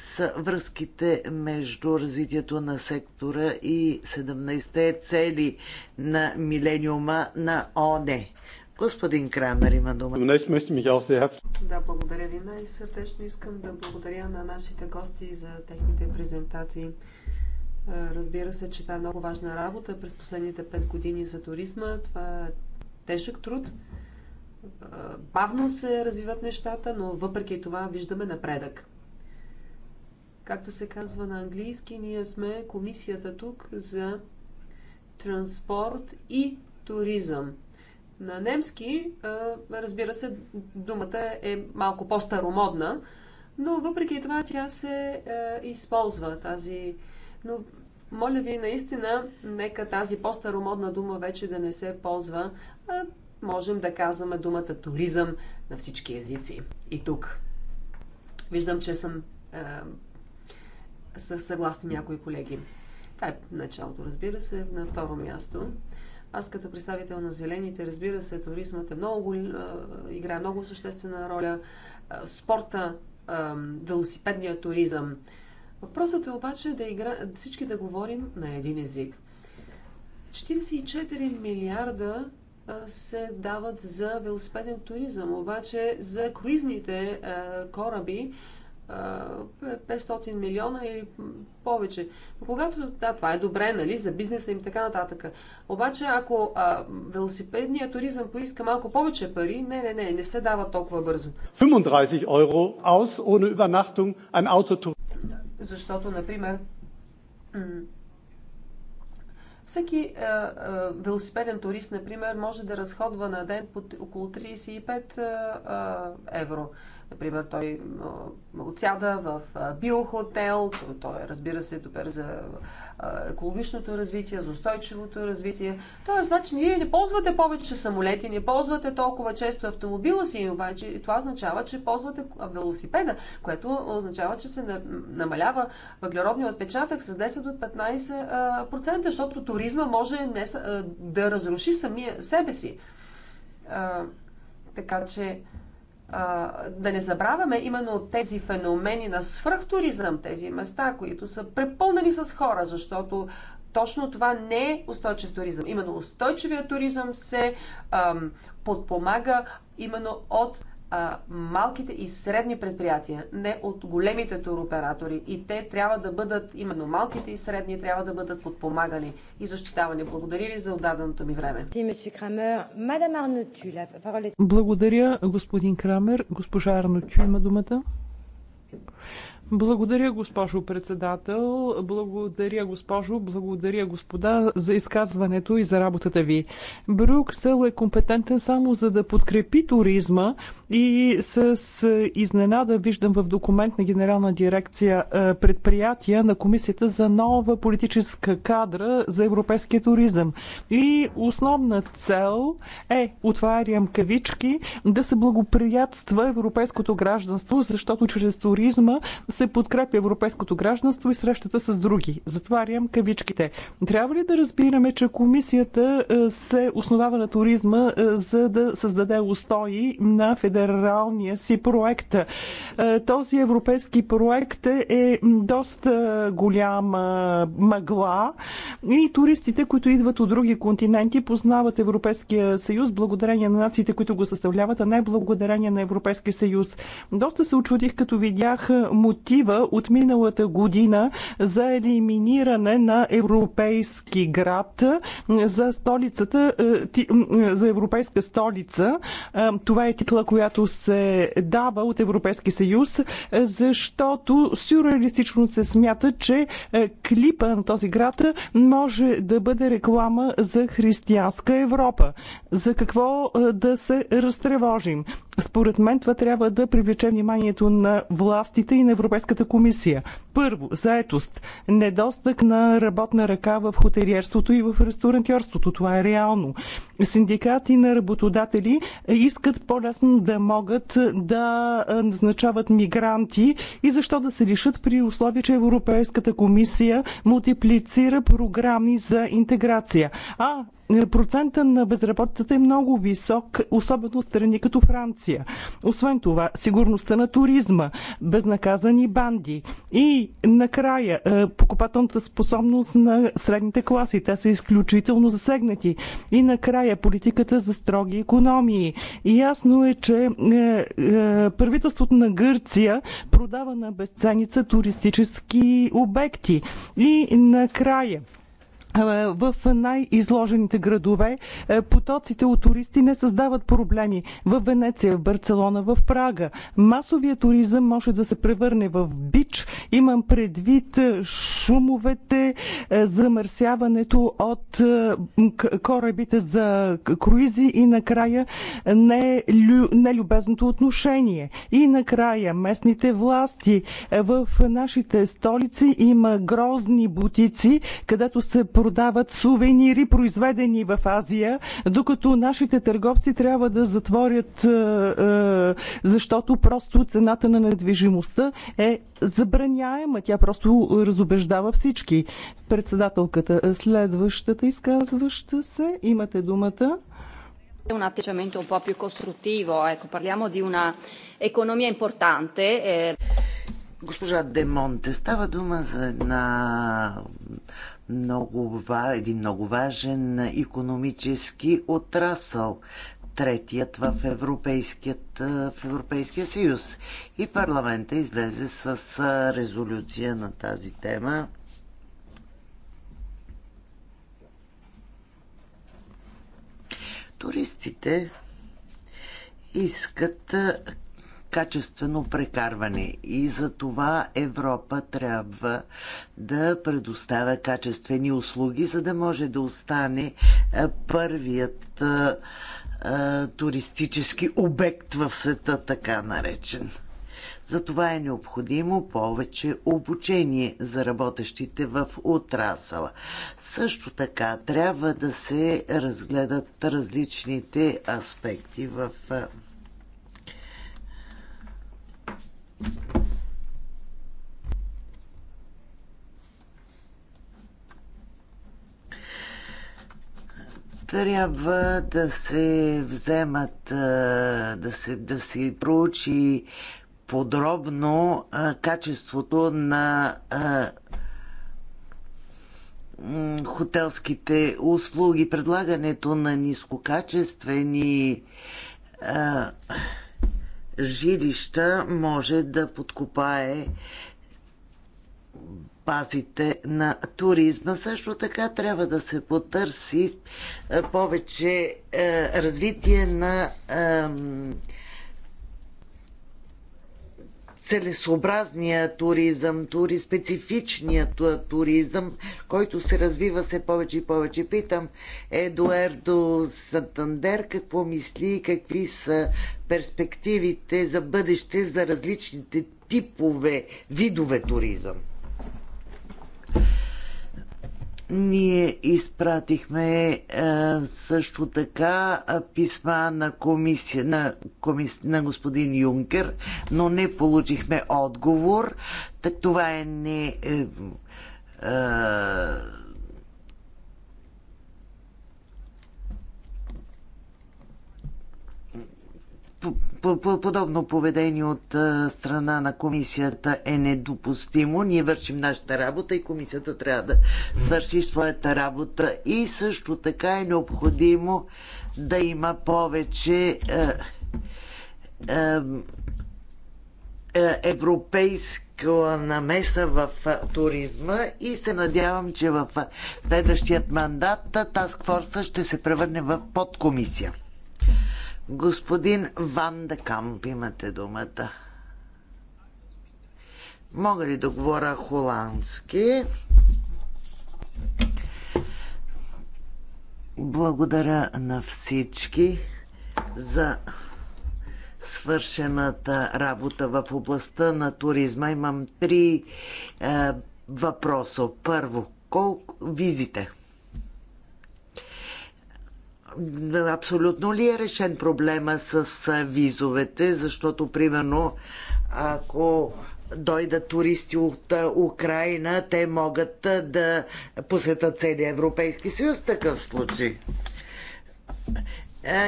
са връзките между развитието на сектора и 17-те цели на милениума на ОНЕ. Господин Крамер има дума. Да, благодаря ви. Най-сърдечно искам да благодаря на нашите гости за техните презентации. Разбира се, че това е много важна работа през последните 5 години за туризма. Това е тежък труд. Бавно се развиват нещата, но въпреки това виждаме напредък. Както се казва на английски, ние сме комисията тук за транспорт и туризъм. На немски, разбира се, думата е малко по-старомодна, но въпреки това тя се използва тази. Но моля ви, наистина, нека тази по-старомодна дума вече да не се ползва. А можем да казваме думата туризъм на всички езици. И тук. Виждам, че съм са съгласни някои колеги. Това е началото, разбира се. На второ място, аз като представител на зелените, разбира се, туризмът е много, играе много съществена роля. Спорта, велосипедния туризъм. Въпросът е обаче да игра... всички да говорим на един език. 44 милиарда се дават за велосипеден туризъм, обаче за круизните кораби 500 милиона или повече. Но когато, да, това е добре, нали, за бизнеса им така нататък. Обаче, ако а, велосипедния туризъм поиска малко повече пари, не, не, не, не се дава толкова бързо. 35 евро aus ohne Übernachtung an Autotour. Защото, например, всеки а, а, велосипеден турист, например, може да разходва на ден под около 35 а, евро. Например, той отсяда в биохотел, той разбира се е допер за екологичното развитие, за устойчивото развитие. Тоест, значи, ние не ползвате повече самолети, не ползвате толкова често автомобила си, обаче това означава, че ползвате велосипеда, което означава, че се намалява въглеродния отпечатък с 10 до 15%, защото туризма може не, да разруши самия себе си. Така че да не забравяме именно тези феномени на свръхтуризъм, тези места, които са препълнени с хора, защото точно това не е устойчив туризъм. Именно устойчивия туризъм се ам, подпомага именно от а, малките и средни предприятия, не от големите туроператори. И те трябва да бъдат, именно малките и средни, трябва да бъдат подпомагани и защитавани. Благодаря ви за отдаденото ми време. Благодаря, господин Крамер. Госпожа Арнотю има думата. Благодаря, госпожо председател. Благодаря, госпожо. Благодаря, господа, за изказването и за работата ви. Брюксел е компетентен само за да подкрепи туризма, и с изненада виждам в документ на Генерална дирекция е, предприятия на Комисията за нова политическа кадра за европейския туризъм. И основна цел е, отварям кавички, да се благоприятства европейското гражданство, защото чрез туризма се подкрепя европейското гражданство и срещата с други. Затварям кавичките. Трябва ли да разбираме, че Комисията е, се основава на туризма, е, за да създаде устои на федерацията? федералния си проект. Е, този европейски проект е доста голяма мъгла и туристите, които идват от други континенти, познават Европейския съюз благодарение на нациите, които го съставляват, а не благодарение на Европейския съюз. Доста се очудих, като видях мотива от миналата година за елиминиране на европейски град за столицата, е, за европейска столица. Е, това е титла, която която се дава от Европейски съюз, защото сюрреалистично се смята, че е, клипа на този град може да бъде реклама за християнска Европа. За какво е, да се разтревожим? Според мен това трябва да привлече вниманието на властите и на Европейската комисия. Първо, заетост. Недостъг на работна ръка в хотелиерството и в ресторантьорството. Това е реално синдикати на работодатели искат по-лесно да могат да назначават мигранти и защо да се лишат при условие, че Европейската комисия мултиплицира програми за интеграция. А процента на безработицата е много висок, особено в страни като Франция. Освен това, сигурността на туризма, безнаказани банди и накрая е, покупателната способност на средните класи. Те са изключително засегнати. И накрая политиката за строги економии. И ясно е, че е, е, правителството на Гърция продава на безценица туристически обекти. И накрая в най-изложените градове е, потоците от туристи не създават проблеми. В Венеция, в Барселона, в Прага. Масовия туризъм може да се превърне в бич. Имам предвид е, шумовете, е, замърсяването от корабите за круизи и накрая нелюбезното отношение. И накрая местните власти. В нашите столици има грозни бутици, където се продават сувенири, произведени в Азия, докато нашите търговци трябва да затворят, е, е, защото просто цената на недвижимостта е забраняема. Тя просто разобеждава всички. Председателката, следващата изказваща се, имате думата un atteggiamento un po' più costruttivo, ecco, parliamo di una economia importante. Eh. Госпожа Демонте, става дума за една много, един много важен економически отрасъл, третият в, Европейският, в Европейския съюз. И парламента излезе с резолюция на тази тема. Туристите искат качествено прекарване и за това Европа трябва да предоставя качествени услуги, за да може да остане е, първият е, е, туристически обект в света, така наречен. Затова е необходимо повече обучение за работещите в отрасъла. Също така трябва да се разгледат различните аспекти в трябва да се вземат, да се, да се проучи подробно качеството на хотелските услуги, предлагането на нискокачествени жилища може да подкопае базите на туризма. Също така трябва да се потърси е, повече е, развитие на целесообразния туризъм, тури, специфичният туризъм, който се развива все повече и повече. Питам Едуардо Сантандер какво мисли и какви са перспективите за бъдеще за различните типове, видове туризъм. Ние изпратихме а, е, също така е, писма на, комисия, на, комис, на господин Юнкер, но не получихме отговор. Так това е не. А, е, подобно поведение от страна на комисията е недопустимо. Ние вършим нашата работа и комисията трябва да свърши своята работа. И също така е необходимо да има повече европейска намеса в туризма и се надявам, че в следващият мандат Таскфорса ще се превърне в подкомисия. Господин Ван де Камп, имате думата. Мога ли да говоря холандски? Благодаря на всички за свършената работа в областта на туризма. Имам три е, въпроса. Първо, колко визите? абсолютно ли е решен проблема с визовете, защото примерно ако дойдат туристи от Украина, те могат да посетат целия Европейски съюз в такъв случай.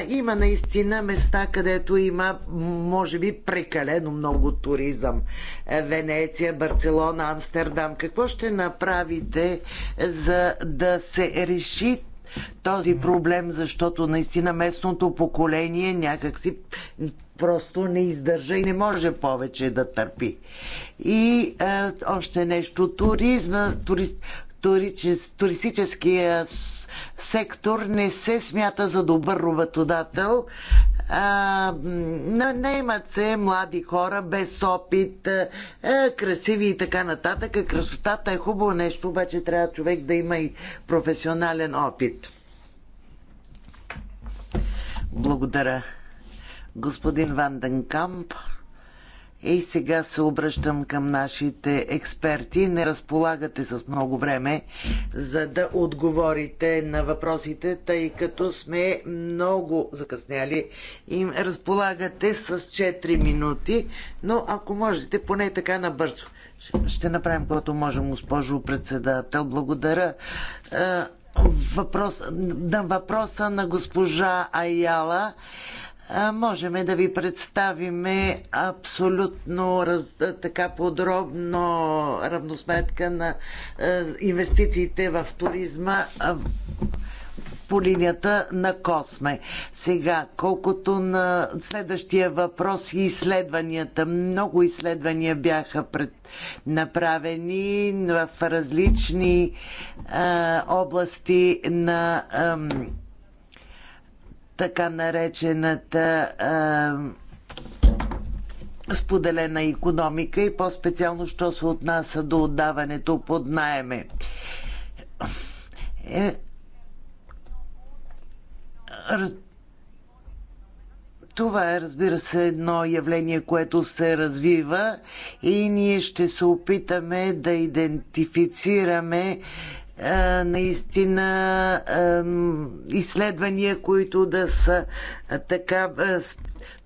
Има наистина места, където има, може би, прекалено много туризъм. Венеция, Барселона, Амстердам. Какво ще направите, за да се реши този проблем, защото наистина местното поколение някакси просто не издържа и не може повече да търпи. И а, е, още нещо, туризма, турист, туристическия сектор не се смята за добър работодател. Наемат се млади хора без опит, красиви и така нататък. Красотата е хубаво нещо, обаче трябва човек да има и професионален опит. Благодаря. Господин Ванденкамп. Камп. Е, и сега се обръщам към нашите експерти. Не разполагате с много време, за да отговорите на въпросите, тъй като сме много закъсняли. Им разполагате с 4 минути, но ако можете, поне така набързо. Ще направим което можем, госпожо председател. Благодаря. Е, въпрос, на въпроса на госпожа Аяла можем да ви представим абсолютно раз, така подробно равносметка на инвестициите в туризма по линията на Косме. Сега, колкото на следващия въпрос и изследванията, много изследвания бяха пред, направени в различни а, области на. А, така наречената а, споделена економика и по-специално, що се отнася до отдаването под найеме. Е, раз, това е, разбира се, едно явление, което се развива и ние ще се опитаме да идентифицираме наистина изследвания, които да са така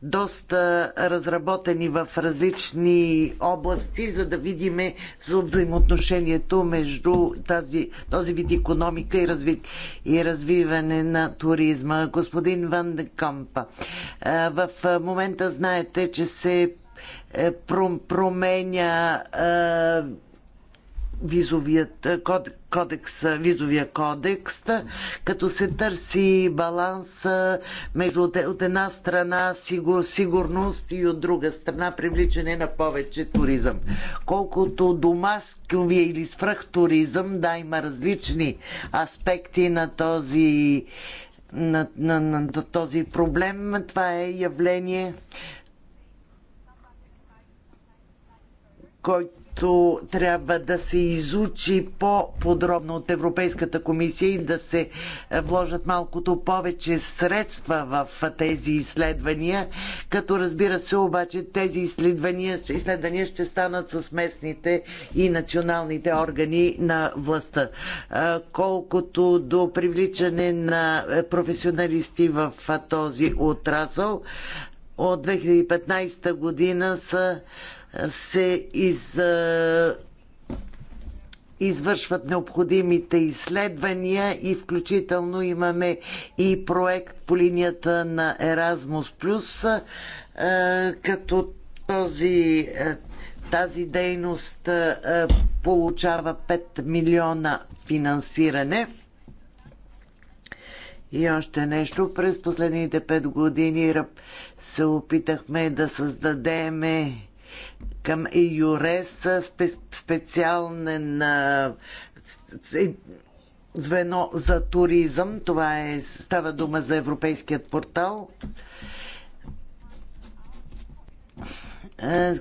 доста разработени в различни области, за да видим взаимоотношението между тази, този вид економика и, разви, и развиване на туризма. Господин Ван де Кампа, в момента знаете, че се е, променя визовият кодекс, визовия кодекс, като се търси баланс между от една страна сигурност и от друга страна привличане на повече туризъм. Колкото до масковия или свръхтуризъм, да, има различни аспекти на този на, на, на, на този проблем. Това е явление, който което трябва да се изучи по-подробно от Европейската комисия и да се вложат малкото повече средства в тези изследвания, като разбира се обаче тези изследвания, изследвания ще станат с местните и националните органи на властта. Колкото до привличане на професионалисти в този отрасъл, от 2015 година са се из, извършват необходимите изследвания и включително имаме и проект по линията на Erasmus+, като този, тази дейност получава 5 милиона финансиране. И още нещо, през последните 5 години се опитахме да създадеме към ЕЮРЕС специален е, звено за туризъм. Това е, става дума за Европейският портал.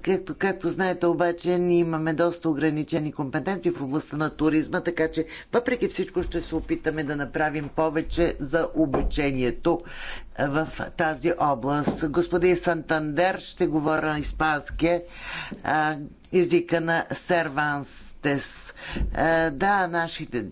Както, както знаете обаче, ние имаме доста ограничени компетенции в областта на туризма, така че въпреки всичко ще се опитаме да направим повече за обучението в тази област. Господин Сантандер ще говоря на испанския езика на серванстес. Да, нашите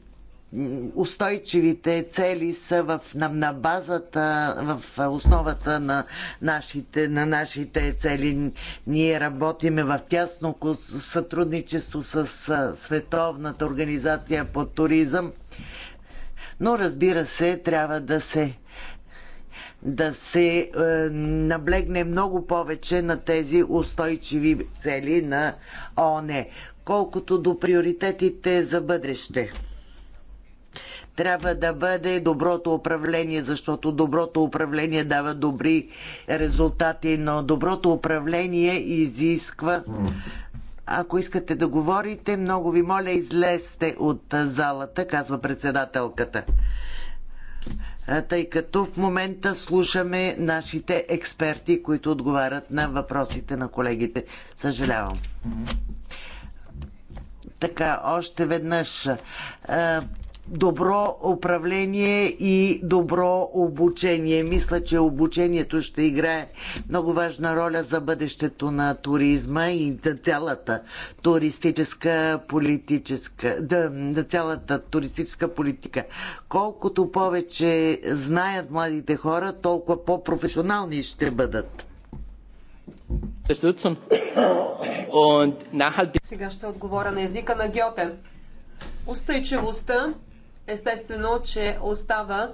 устойчивите цели са в, на, на базата, в основата на нашите, на нашите цели. Ние работиме в тясно сътрудничество с Световната организация по туризъм. Но разбира се, трябва да се да се е, наблегне много повече на тези устойчиви цели на ОНЕ. колкото до приоритетите за бъдеще трябва да бъде доброто управление, защото доброто управление дава добри резултати, но доброто управление изисква. Ако искате да говорите, много ви моля, излезте от залата, казва председателката. Тъй като в момента слушаме нашите експерти, които отговарят на въпросите на колегите. Съжалявам. Така, още веднъж добро управление и добро обучение. Мисля, че обучението ще играе много важна роля за бъдещето на туризма и на цялата туристическа политическа, да, на цялата туристическа политика. Колкото повече знаят младите хора, толкова по-професионални ще бъдат. Сега ще отговоря на езика на Гьоте. Устойчивостта Естествено, че остава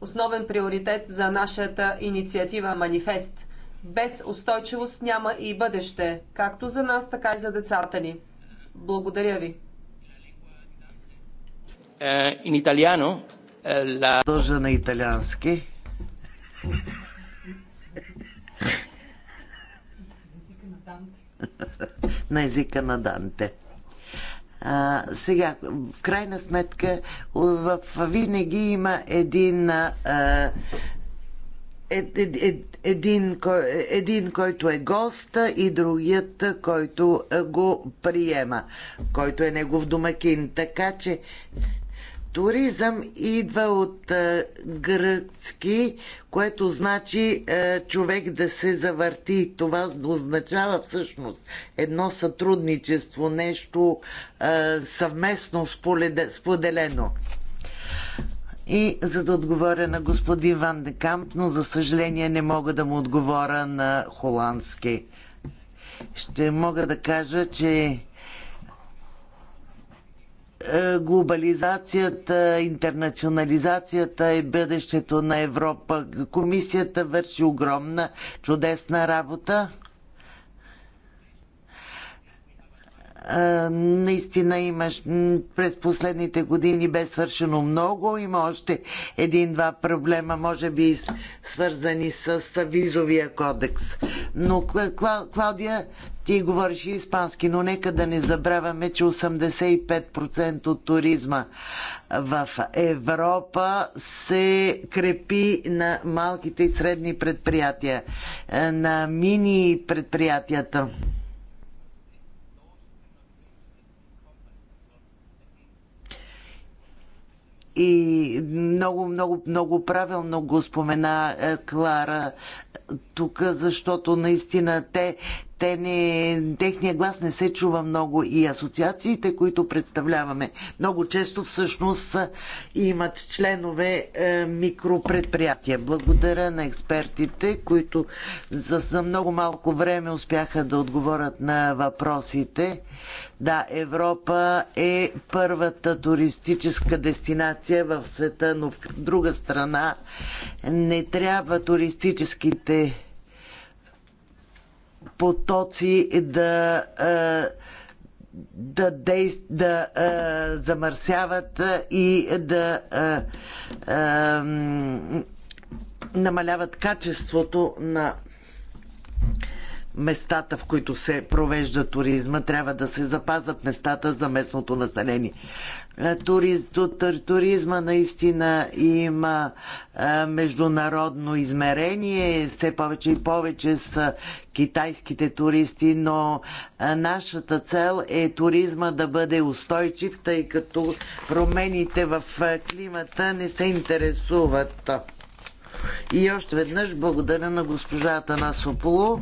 основен приоритет за нашата инициатива Манифест. Без устойчивост няма и бъдеще, както за нас, така и за децата ни. Благодаря ви. Eh, in italiano, eh, la... Дължа на италиански. на езика на Данте. А, сега, в крайна сметка, в, в винаги има един. А, е, е, е, един, кой, един, който е гост и другият, който го приема, който е негов домакин. Така че туризъм идва от а, е, гръцки, което значи а, е, човек да се завърти. Това означава всъщност едно сътрудничество, нещо а, е, съвместно споделено. И за да отговоря на господин Ван де Камп, но за съжаление не мога да му отговоря на холандски. Ще мога да кажа, че глобализацията, интернационализацията и е бъдещето на Европа. Комисията върши огромна, чудесна работа. наистина имаш през последните години бе свършено много. Има още един-два проблема, може би свързани с визовия кодекс. Но, Клаудия, ти говориш и испански, но нека да не забравяме, че 85% от туризма в Европа се крепи на малките и средни предприятия, е, на мини предприятията. И много, много, много правилно го спомена е, Клара тук, защото наистина те те не, техния глас не се чува много и асоциациите, които представляваме, много често всъщност имат членове е, микропредприятия. Благодаря на експертите, които за, за много малко време успяха да отговорят на въпросите. Да, Европа е първата туристическа дестинация в света, но в друга страна не трябва туристическите потоци да, да, действ, да замърсяват и да намаляват качеството на местата, в които се провежда туризма. Трябва да се запазят местата за местното население. Е, туриз, туризма наистина има е, международно измерение. Все повече и повече са китайските туристи, но е, нашата цел е туризма да бъде устойчив, тъй като промените в климата не се интересуват. И още веднъж благодаря на госпожата Насополо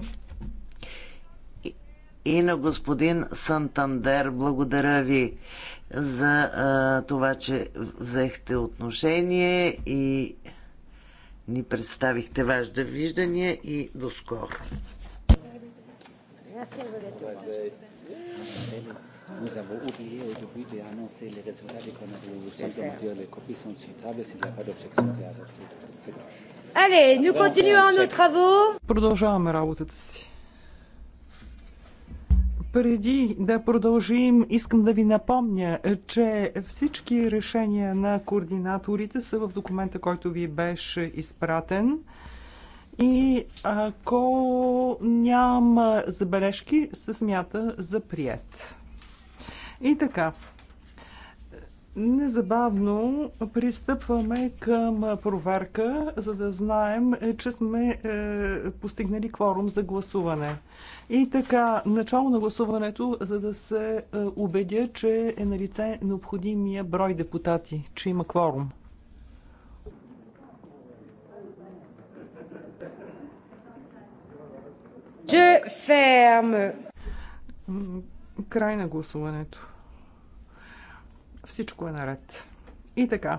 и на господин Сантандер. Благодаря ви за а, това, че взехте отношение и ни представихте вашите виждания и до скоро. Nous avons oublié au début d'annoncer les résultats des conneries. Les copies sont sur table. S'il n'y a pas d'objection, c'est adopté. Allez, nous continuons nos travaux. Продолжаем работать. Преди да продължим, искам да ви напомня, че всички решения на координаторите са в документа, който ви беше изпратен. И ако няма забележки, се смята за прият. И така, Незабавно пристъпваме към проверка, за да знаем, е, че сме е, постигнали кворум за гласуване. И така, начало на гласуването, за да се е, убедя, че е на лице необходимия брой депутати, че има кворум. Че ферме. Край на гласуването. Всичко е наред. И така.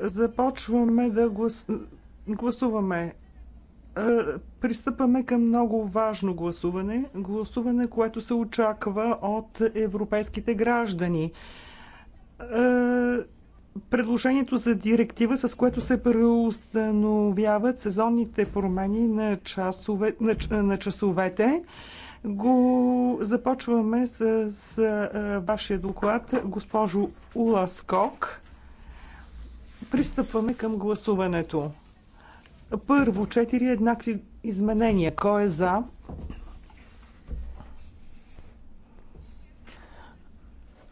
Започваме да глас... гласуваме. Е, пристъпваме към много важно гласуване. Гласуване, което се очаква от европейските граждани е, предложението за директива, с което се преустановяват сезонните промени на, часове, на, на часовете го започваме с, с а, вашия доклад, госпожо Скок. Пристъпваме към гласуването. Първо, четири еднакви изменения. Кой е за?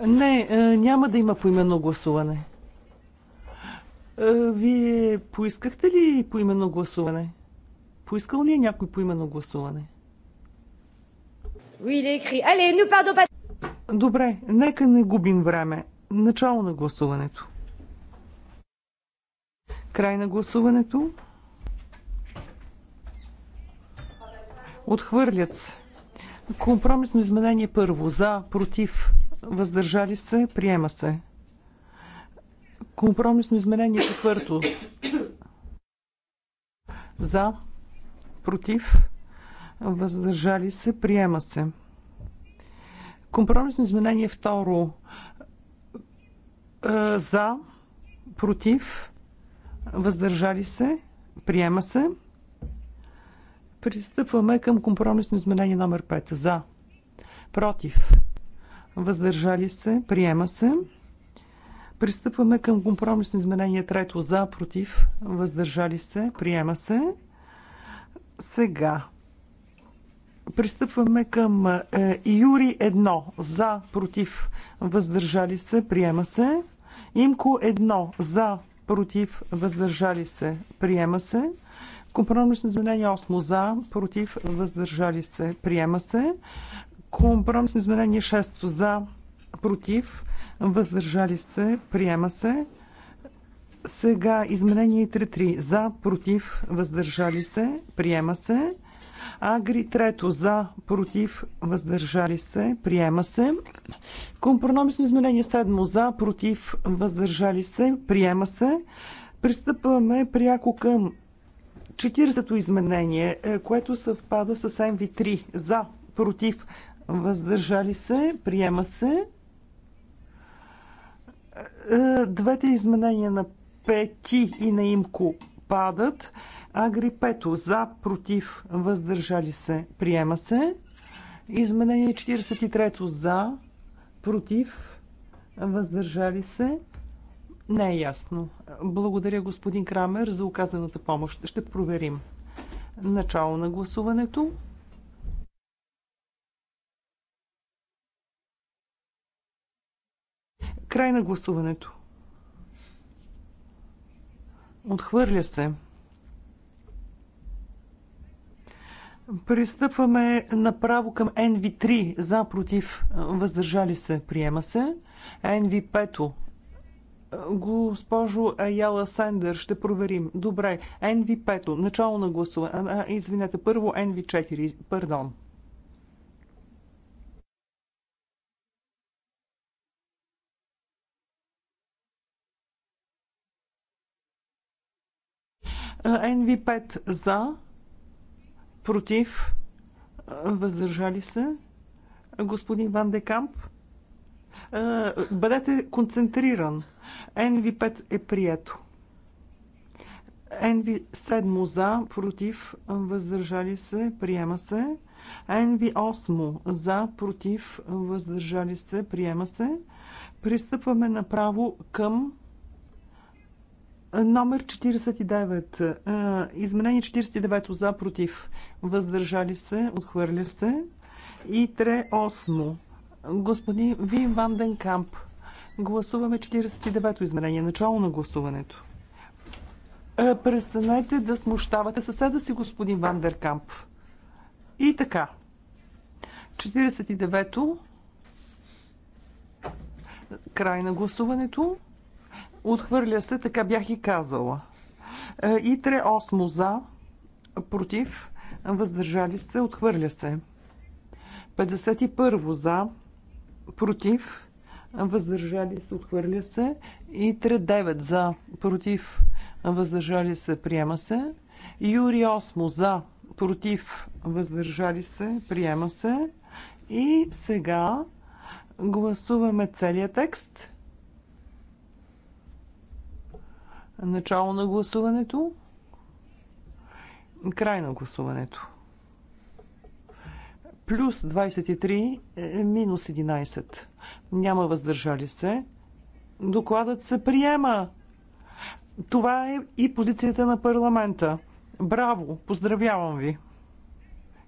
Не, няма да има поименно гласуване. Вие поискахте ли поименно гласуване? Поискал ли е някой поименно гласуване? Добре, нека не губим време. Начало на гласуването. Край на гласуването. Отхвърлят се. Компромисно изменение първо. За, против, въздържали се, приема се. Компромисно изменение четвърто. За, против, въздържали се, приема се. Компромисно изменение второ е, за, против, въздържали се, приема се. Пристъпваме към компромисно изменение номер 5. За, против, въздържали се, приема се. Пристъпваме към компромисно изменение трето за, против, въздържали се, приема се. Сега Пристъпваме към е, Юри 1. За, против, въздържали се, приема се. Имко 1. За, против, въздържали се, приема се. Компромисно изменение 8. За, против, въздържали се, приема се. Компромисно изменение 6. За, против, въздържали се, приема се. Сега изменение 3-3, За, против, въздържали се, приема се. Агри трето за, против, въздържали се, приема се. Компромисно изменение седмо за, против, въздържали се, приема се. Пристъпваме пряко към 40-то изменение, е, което съвпада с МВ3. За, против, въздържали се, приема се. Е, е, двете изменения на пети и на имко отпадат. Агрипето за, против, въздържали се, приема се. Изменение 43 за, против, въздържали се. Не е ясно. Благодаря господин Крамер за оказаната помощ. Ще проверим. Начало на гласуването. Край на гласуването. Отхвърля се. Пристъпваме направо към NV3 за против въздържали се. Приема се. NV5 Госпожо Аяла Сендър, ще проверим. Добре, NV5, начало на гласуване. Извинете, първо NV4, пардон. NV5 е, за, против, въздържали се. Господин Ван Декамп, е, бъдете концентриран. NV5 е прието. NV7 за, против, въздържали се, приема се. NV8 за, против, въздържали се, приема се. Пристъпваме направо към Номер 49. Е, изменение 49 за, против, въздържали се, отхвърля се. И 3 8. Господин Вим Ванден Гласуваме 49-то изменение. Начало на гласуването. Е, престанете да смущавате съседа си, господин Вандеркамп. И така. 49-то. Край на гласуването. Отхвърля се, така бях и казала. Е, Итре 8 за, против, въздържали се, отхвърля се. 51 за, против, въздържали се, отхвърля се. Итре 9 за, против, въздържали се, приема се. Юри 8 за, против, въздържали се, приема се. И сега гласуваме целият текст. Начало на гласуването. Край на гласуването. Плюс 23, е, минус 11. Няма въздържали се. Докладът се приема. Това е и позицията на парламента. Браво! Поздравявам ви!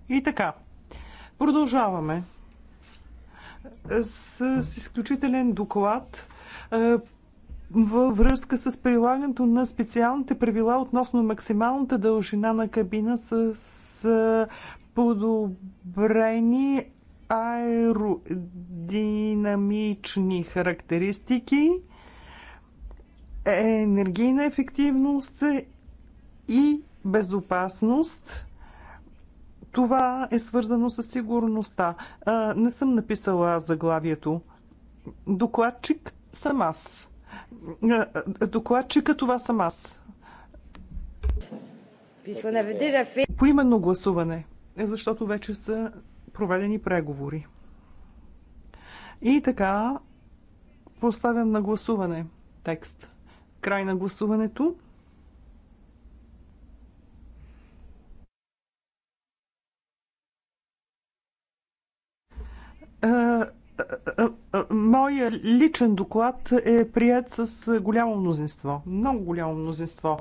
И така. Продължаваме с, с изключителен доклад е, във връзка с прилагането на специалните правила относно максималната дължина на кабина с подобрени аеродинамични характеристики, енергийна ефективност и безопасност. Това е свързано с сигурността. не съм написала заглавието. Докладчик съм аз. Е, е, докладчика това съм аз. Поименно гласуване, е, защото вече са проведени преговори. И така, поставям на гласуване текст. Край на гласуването. Моя личен доклад е прият с голямо мнозинство. Много голямо мнозинство.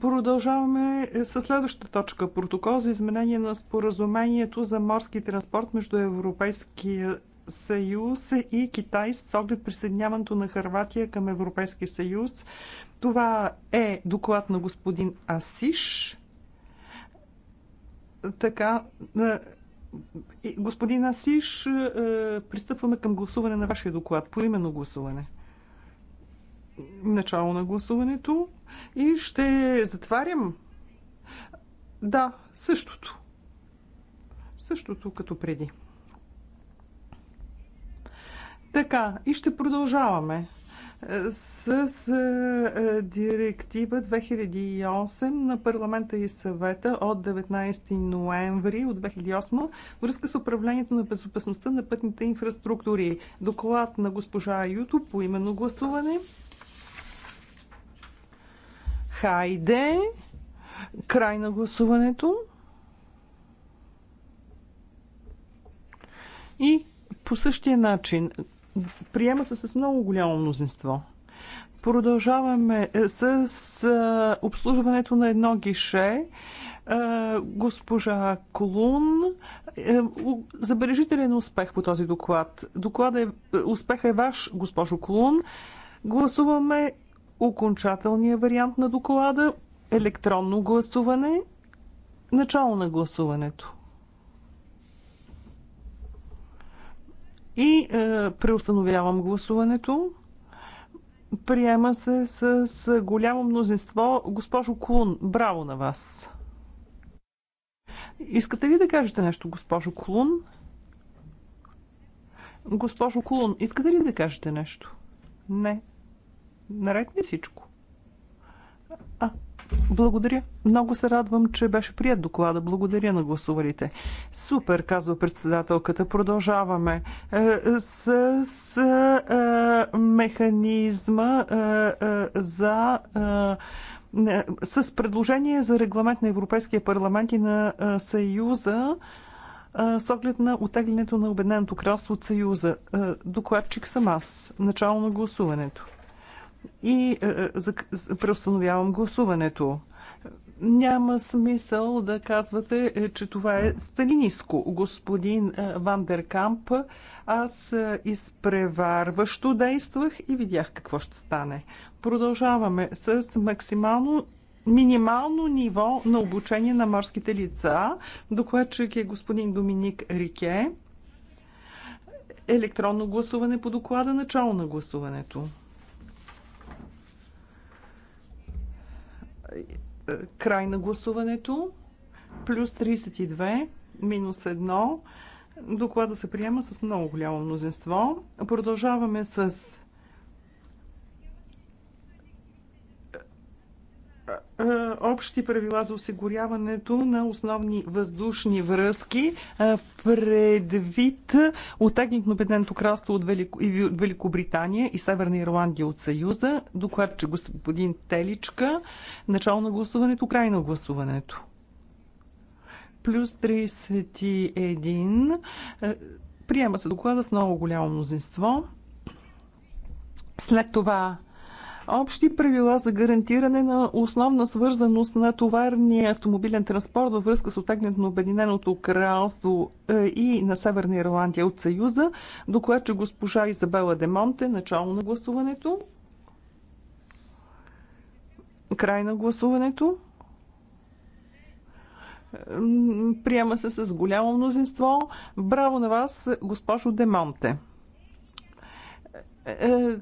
Продължаваме е, с следващата точка. Протокол за изменение на споразумението за морски транспорт между Европейския съюз и Китай с оглед присъединяването на Харватия към Европейския съюз. Това е доклад на господин Асиш. Така, е, Господин Асиш, е, пристъпваме към гласуване на вашия доклад, по именно гласуване. Начало на гласуването и ще затварям. Да, същото. Същото като преди. Така, и ще продължаваме с директива 2008 на парламента и съвета от 19 ноември от 2008 връзка с управлението на безопасността на пътните инфраструктури. Доклад на госпожа Юто по именно гласуване. Хайде! Край на гласуването. И по същия начин Приема се с много голямо мнозинство. Продължаваме е, с, с е, обслужването на едно гише. Е, госпожа Клун, забележителен успех по този доклад. Доклад е, успех е ваш, госпожо Клун. Гласуваме окончателния вариант на доклада, електронно гласуване, начало на гласуването. И е, преустановявам гласуването. Приема се с, с голямо мнозинство. Госпожо Клун, браво на вас! Искате ли да кажете нещо, госпожо Клун? Госпожо Клун, искате ли да кажете нещо? Не. Наред ли всичко? А, благодаря. Много се радвам, че беше прият доклада. Благодаря на гласувалите. Супер, казва председателката. Продължаваме е, с, с е, механизма е, за. с предложение за регламент на Европейския парламент и на Съюза с оглед на отеглянето на Обединеното кралство от Съюза. Докладчик съм аз. Начало на гласуването и е, е, преустановявам гласуването. Няма смисъл да казвате, е, че това е сталиниско. Господин Вандеркамп, аз изпреварващо действах и видях какво ще стане. Продължаваме с максимално минимално ниво на обучение на морските лица. Докладчик е господин Доминик Рике. Електронно гласуване по доклада, начало на гласуването. Край на гласуването. Плюс 32, минус 1. Доклада се приема с много голямо мнозинство. Продължаваме с общи правила за осигуряването на основни въздушни връзки предвид отегнато на Бедното кралство от Великобритания и Северна Ирландия от Съюза. Докладче господин Теличка. Начало на гласуването, край на гласуването. Плюс 31. Приема се доклада с много голямо мнозинство. След това Общи правила за гарантиране на основна свързаност на товарния автомобилен транспорт във връзка с отегнат на Обединеното кралство е, и на Северна Ирландия от Съюза. Доклад, че госпожа Изабела Демонте, начало на гласуването. Край на гласуването. Приема се с голямо мнозинство. Браво на вас, госпожо Демонте! Е,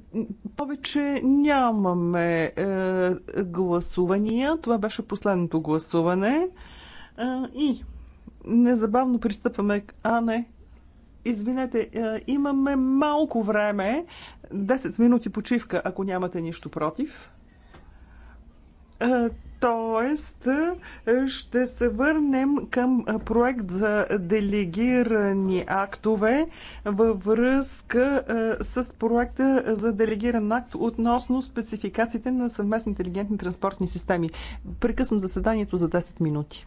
повече нямаме е, гласувания. Това беше последното гласуване. Е, и незабавно пристъпваме. А, не. Извинете, имаме малко време. 10 минути почивка, ако нямате нищо против. Тоест, е, ще се върнем към проект за делегирани актове във връзка е, с проекта за делегиран акт относно спецификациите на съвместни интелигентни транспортни системи. Прекъсвам заседанието за 10 минути.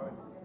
Amen.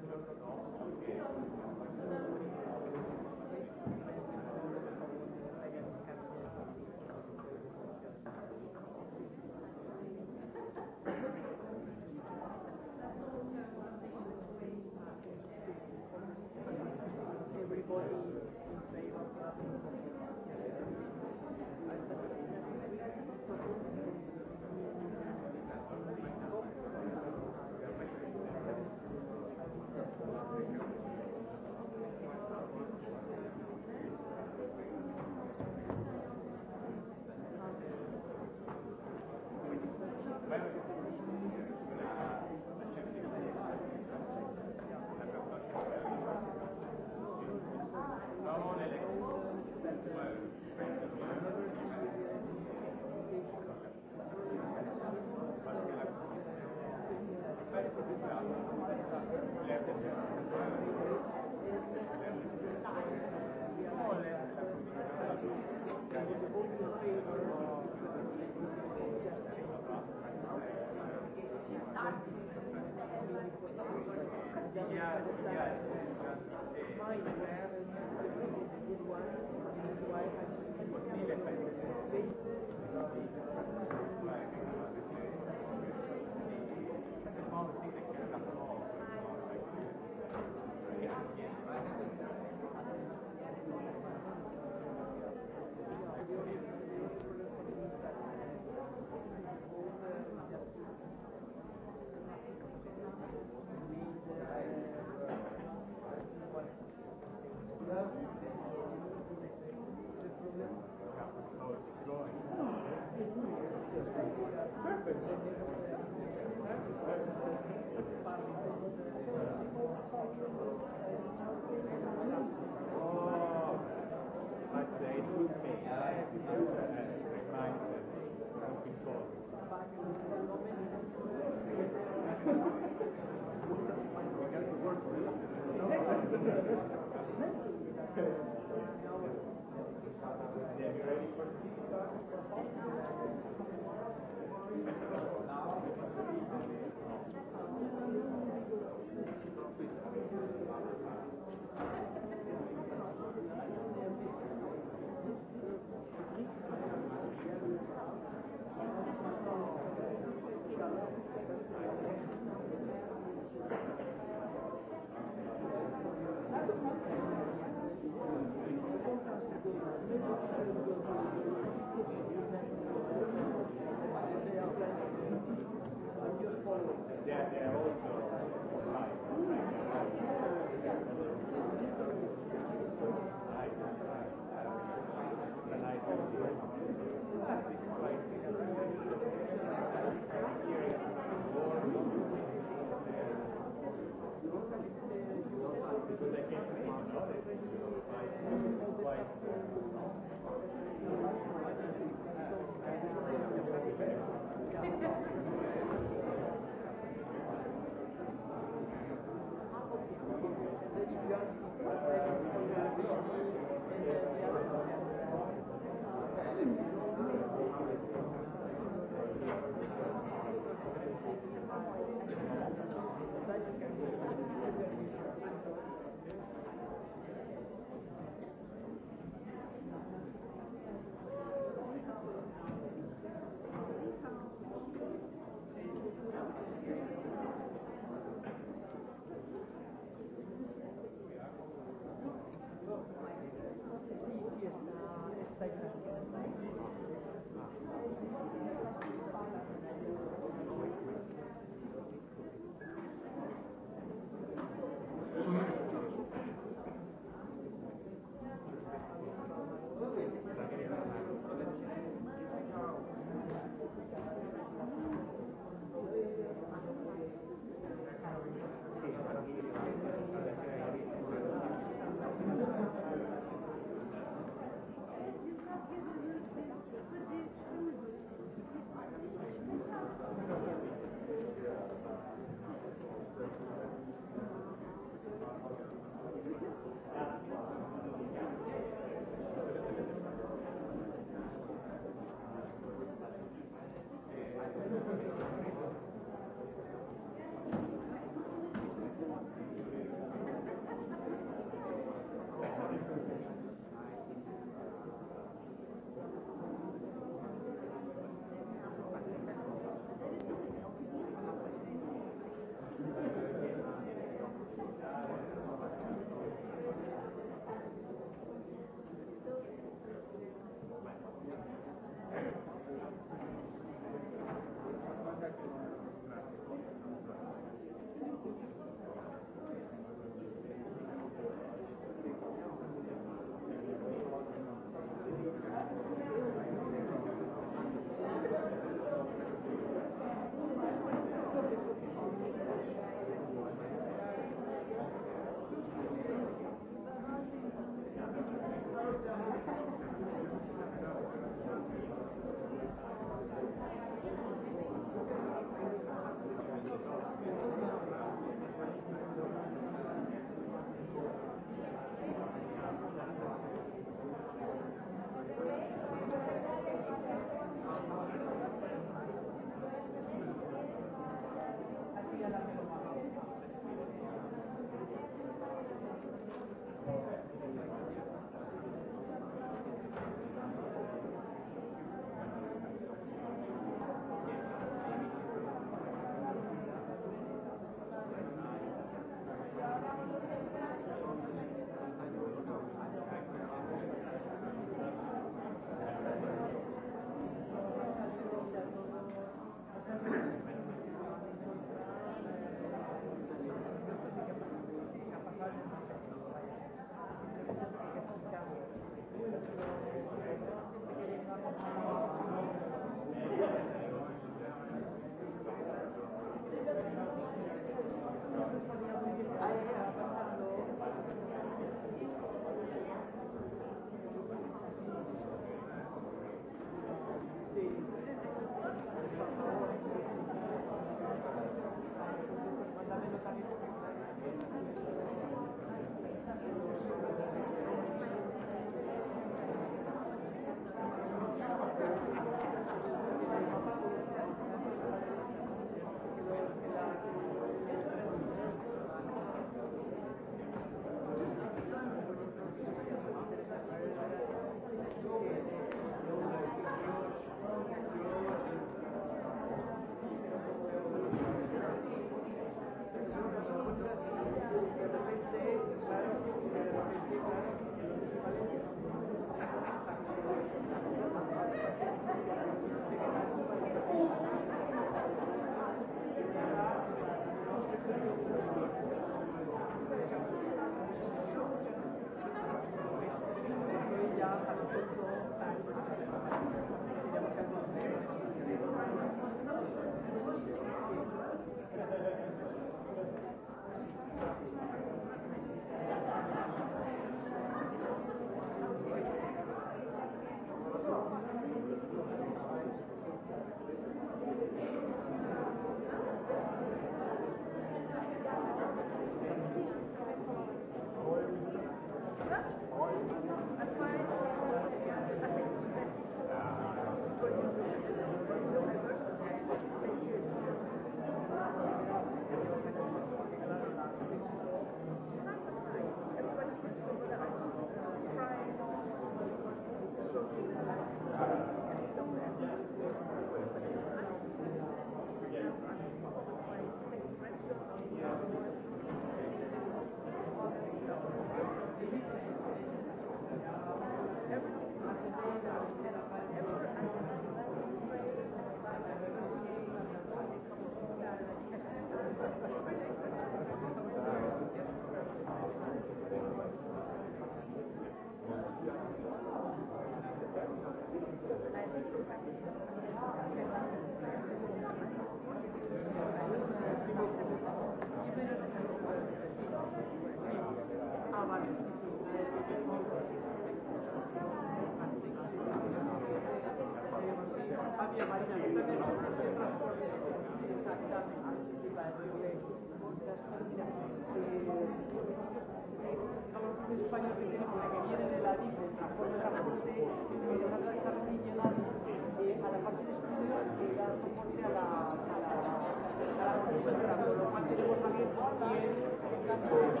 España que tiene con la que viene de la DIF, el transporte de la parte de esta regional eh, a la parte de estudios que da soporte a la, a la, a la profesora, con lo cual tenemos también también que me pregunta,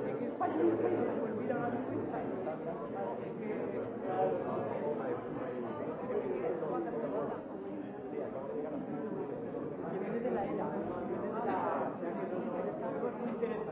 ¿y qué España no está ahí? Pues mira, ahora mismo está ahí. Así que... Que viene de la ELA, que viene de la... que muy interesante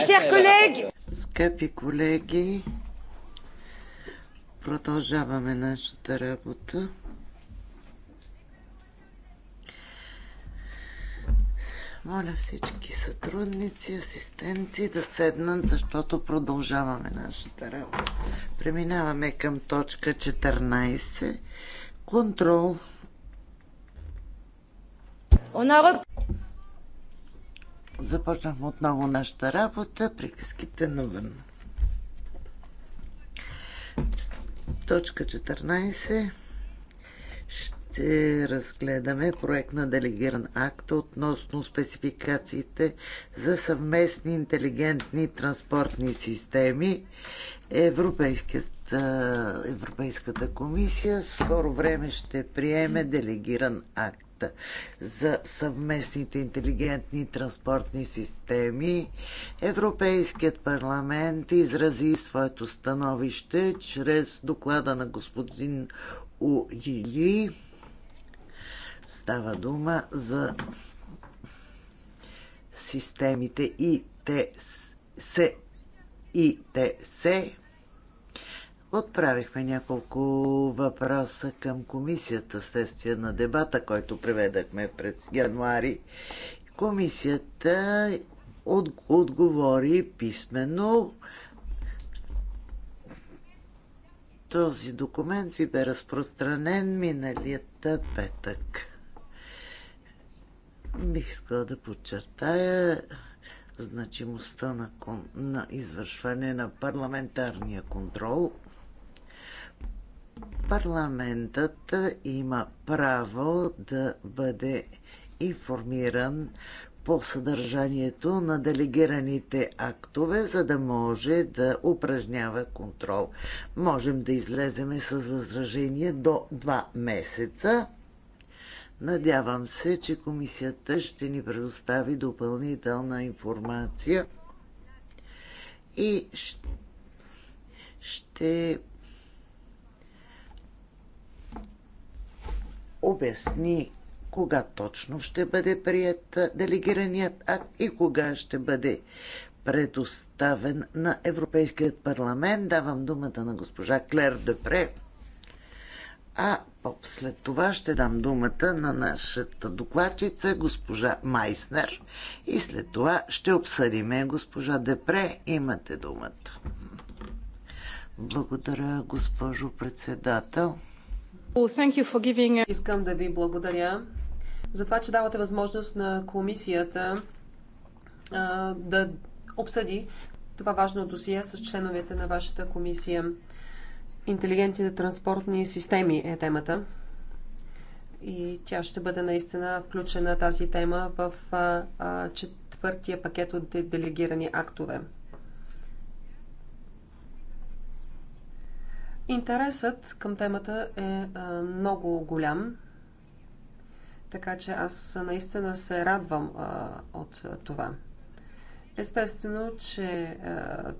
chers колеги! Скъпи колеги, продължаваме нашата работа. Моля всички сътрудници, асистенти да седнат, защото продължаваме нашата работа. Преминаваме към точка 14. Контрол. On Започнахме отново нашата работа. Приказките навън. Точка 14. Ще разгледаме проект на делегиран акт относно спецификациите за съвместни интелигентни транспортни системи. Европейската, Европейската комисия в скоро време ще приеме делегиран акт за съвместните интелигентни транспортни системи, Европейският парламент изрази своето становище чрез доклада на господин Уили. Става дума за системите и ТС и Отправихме няколко въпроса към комисията следствие на дебата, който преведахме през януари. Комисията от, отговори писменно. Този документ ви бе разпространен миналията петък. Бих искала да подчертая значимостта на, на извършване на парламентарния контрол – парламентът има право да бъде информиран по съдържанието на делегираните актове, за да може да упражнява контрол. Можем да излеземе с възражение до два месеца. Надявам се, че комисията ще ни предостави допълнителна информация и ще обясни кога точно ще бъде прият делегираният акт и кога ще бъде предоставен на Европейският парламент. Давам думата на госпожа Клер Депре. А след това ще дам думата на нашата докладчица, госпожа Майснер. И след това ще обсъдиме госпожа Депре. Имате думата. Благодаря, госпожо председател. Искам да ви благодаря за това, че давате възможност на комисията а, да обсъди това важно досие с членовете на вашата комисия. Интелигентните транспортни системи е темата. И тя ще бъде наистина включена тази тема в а, а, четвъртия пакет от делегирани актове. Интересът към темата е много голям, така че аз наистина се радвам от това. Естествено, че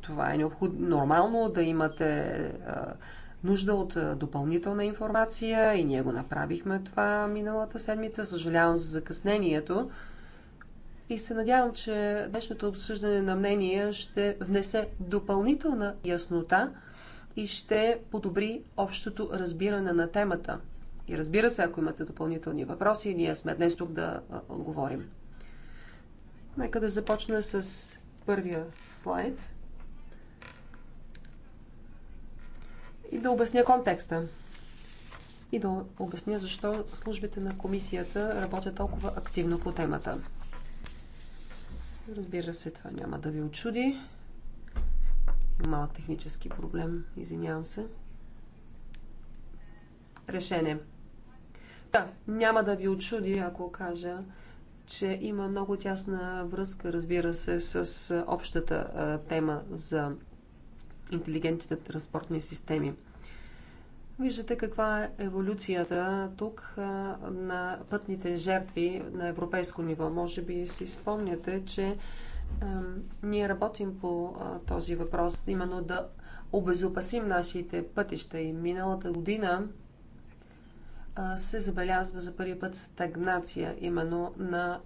това е необход... нормално да имате нужда от допълнителна информация и ние го направихме това миналата седмица. Съжалявам за закъснението и се надявам, че днешното обсъждане на мнения ще внесе допълнителна яснота и ще подобри общото разбиране на темата. И разбира се, ако имате допълнителни въпроси, ние сме днес тук да отговорим. Нека да започна с първия слайд и да обясня контекста. И да обясня защо службите на комисията работят толкова активно по темата. Разбира се, това няма да ви очуди малък технически проблем. Извинявам се. Решение. Да, няма да ви очуди, ако кажа, че има много тясна връзка, разбира се, с общата тема за интелигентните транспортни системи. Виждате каква е еволюцията тук на пътните жертви на европейско ниво. Може би си спомняте, че ние работим по този въпрос, именно да обезопасим нашите пътища. И миналата година се забелязва за първи път стагнация именно на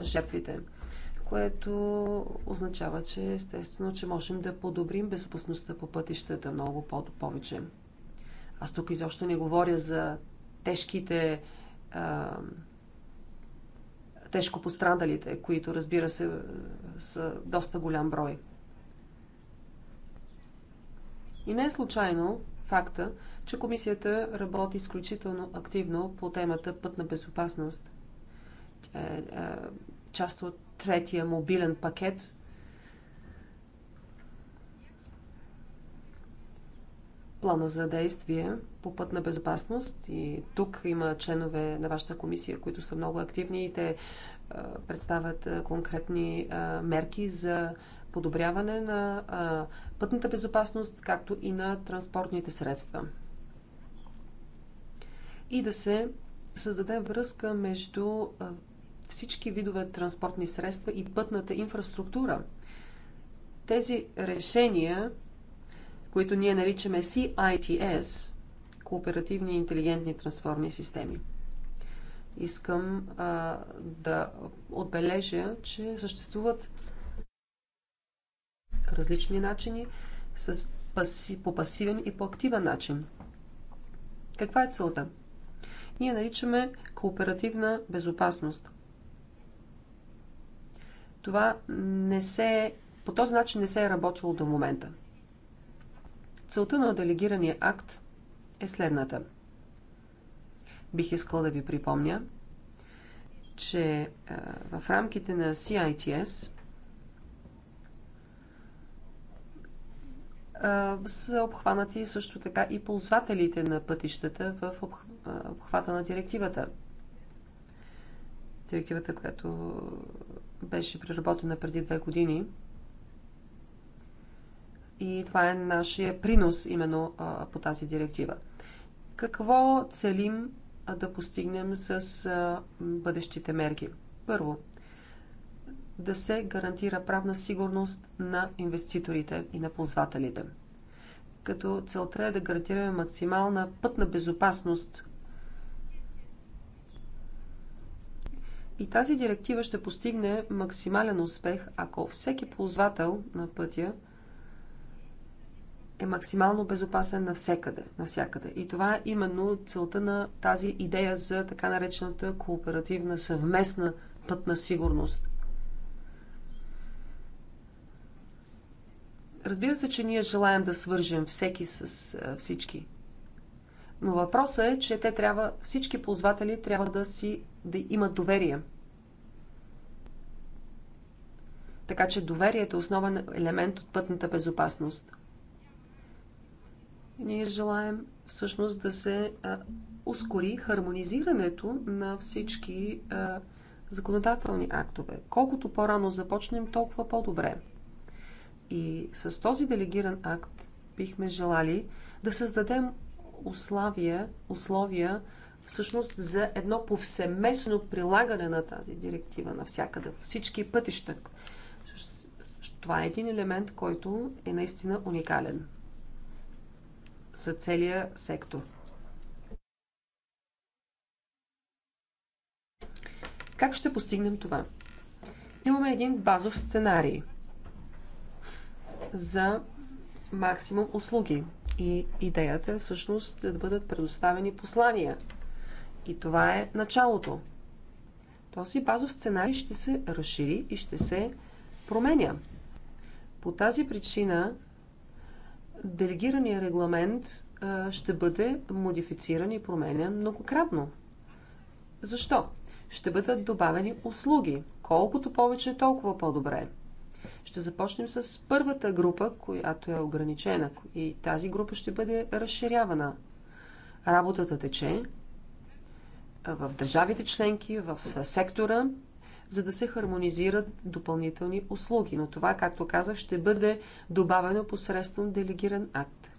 жертвите, което означава, че естествено, че можем да подобрим безопасността по пътищата много повече. Аз тук изобщо не говоря за тежките тежко пострадалите, които разбира се са доста голям брой. И не е случайно факта, че комисията работи изключително активно по темата път на безопасност. Тя е, е част от третия мобилен пакет. Плана за действие по път на безопасност и тук има членове на вашата комисия, които са много активни и те представят конкретни мерки за подобряване на пътната безопасност, както и на транспортните средства. И да се създаде връзка между всички видове транспортни средства и пътната инфраструктура. Тези решения, които ние наричаме CITS, кооперативни и интелигентни трансформни системи. Искам а, да отбележа, че съществуват различни начини с паси, по пасивен и по активен начин. Каква е целта? Ние наричаме кооперативна безопасност. Това не се по този начин не се е работило до момента. Целта на делегирания акт е следната. Бих искал да ви припомня, че е, в рамките на CITS е, са обхванати също така и ползвателите на пътищата в е, обхвата на директивата. Директивата, която беше преработена преди две години. И това е нашия принос именно по тази директива. Какво целим да постигнем с бъдещите мерки? Първо, да се гарантира правна сигурност на инвеститорите и на ползвателите. Като целта е да гарантираме максимална пътна безопасност. И тази директива ще постигне максимален успех, ако всеки ползвател на пътя – е максимално безопасен навсякъде, навсякъде. И това е именно целта на тази идея за така наречената кооперативна съвместна пътна сигурност. Разбира се, че ние желаем да свържем всеки с всички. Но въпросът е, че те трябва, всички ползватели трябва да си да имат доверие. Така че доверието е основен елемент от пътната безопасност – ние желаем всъщност да се ускори хармонизирането на всички законодателни актове. Колкото по-рано започнем, толкова по-добре. И с този делегиран акт бихме желали да създадем условия, условия всъщност за едно повсеместно прилагане на тази директива навсякъде, всички пътища. Това е един елемент, който е наистина уникален за целия сектор. Как ще постигнем това? Имаме един базов сценарий за максимум услуги. И идеята е всъщност да бъдат предоставени послания. И това е началото. Този базов сценарий ще се разшири и ще се променя. По тази причина делегирания регламент ще бъде модифициран и променен многократно. Защо? Ще бъдат добавени услуги. Колкото повече, толкова по-добре. Ще започнем с първата група, която е ограничена и тази група ще бъде разширявана. Работата тече в държавите членки, в сектора за да се хармонизират допълнителни услуги. Но това, както казах, ще бъде добавено посредством делегиран акт.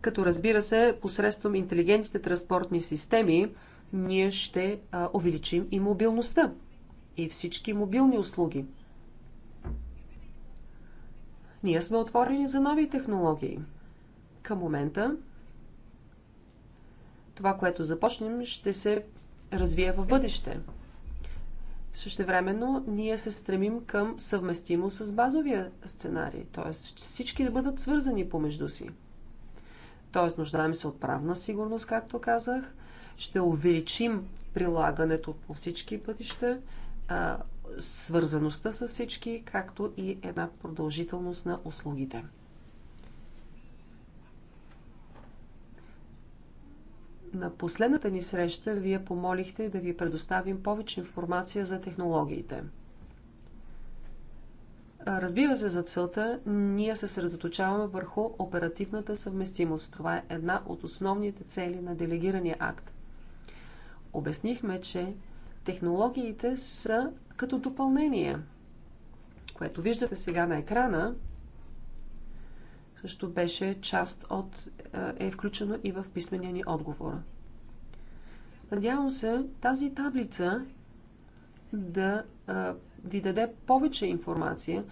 Като разбира се, посредством интелигентните транспортни системи, ние ще а, увеличим и мобилността и всички мобилни услуги. Ние сме отворени за нови технологии. Към момента това, което започнем, ще се развие в бъдеще. Същевременно ние се стремим към съвместимо с базовия сценарий, т.е. всички да бъдат свързани помежду си. Т.е. нуждаем се от правна сигурност, както казах, ще увеличим прилагането по всички пътища, свързаността с всички, както и една продължителност на услугите. на последната ни среща вие помолихте да ви предоставим повече информация за технологиите. Разбира се, за целта ние се средоточаваме върху оперативната съвместимост. Това е една от основните цели на делегирания акт. Обяснихме, че технологиите са като допълнение. Което виждате сега на екрана също беше част от, е, е включено и в писмения ни отговор. Надявам се тази таблица да ви даде повече информация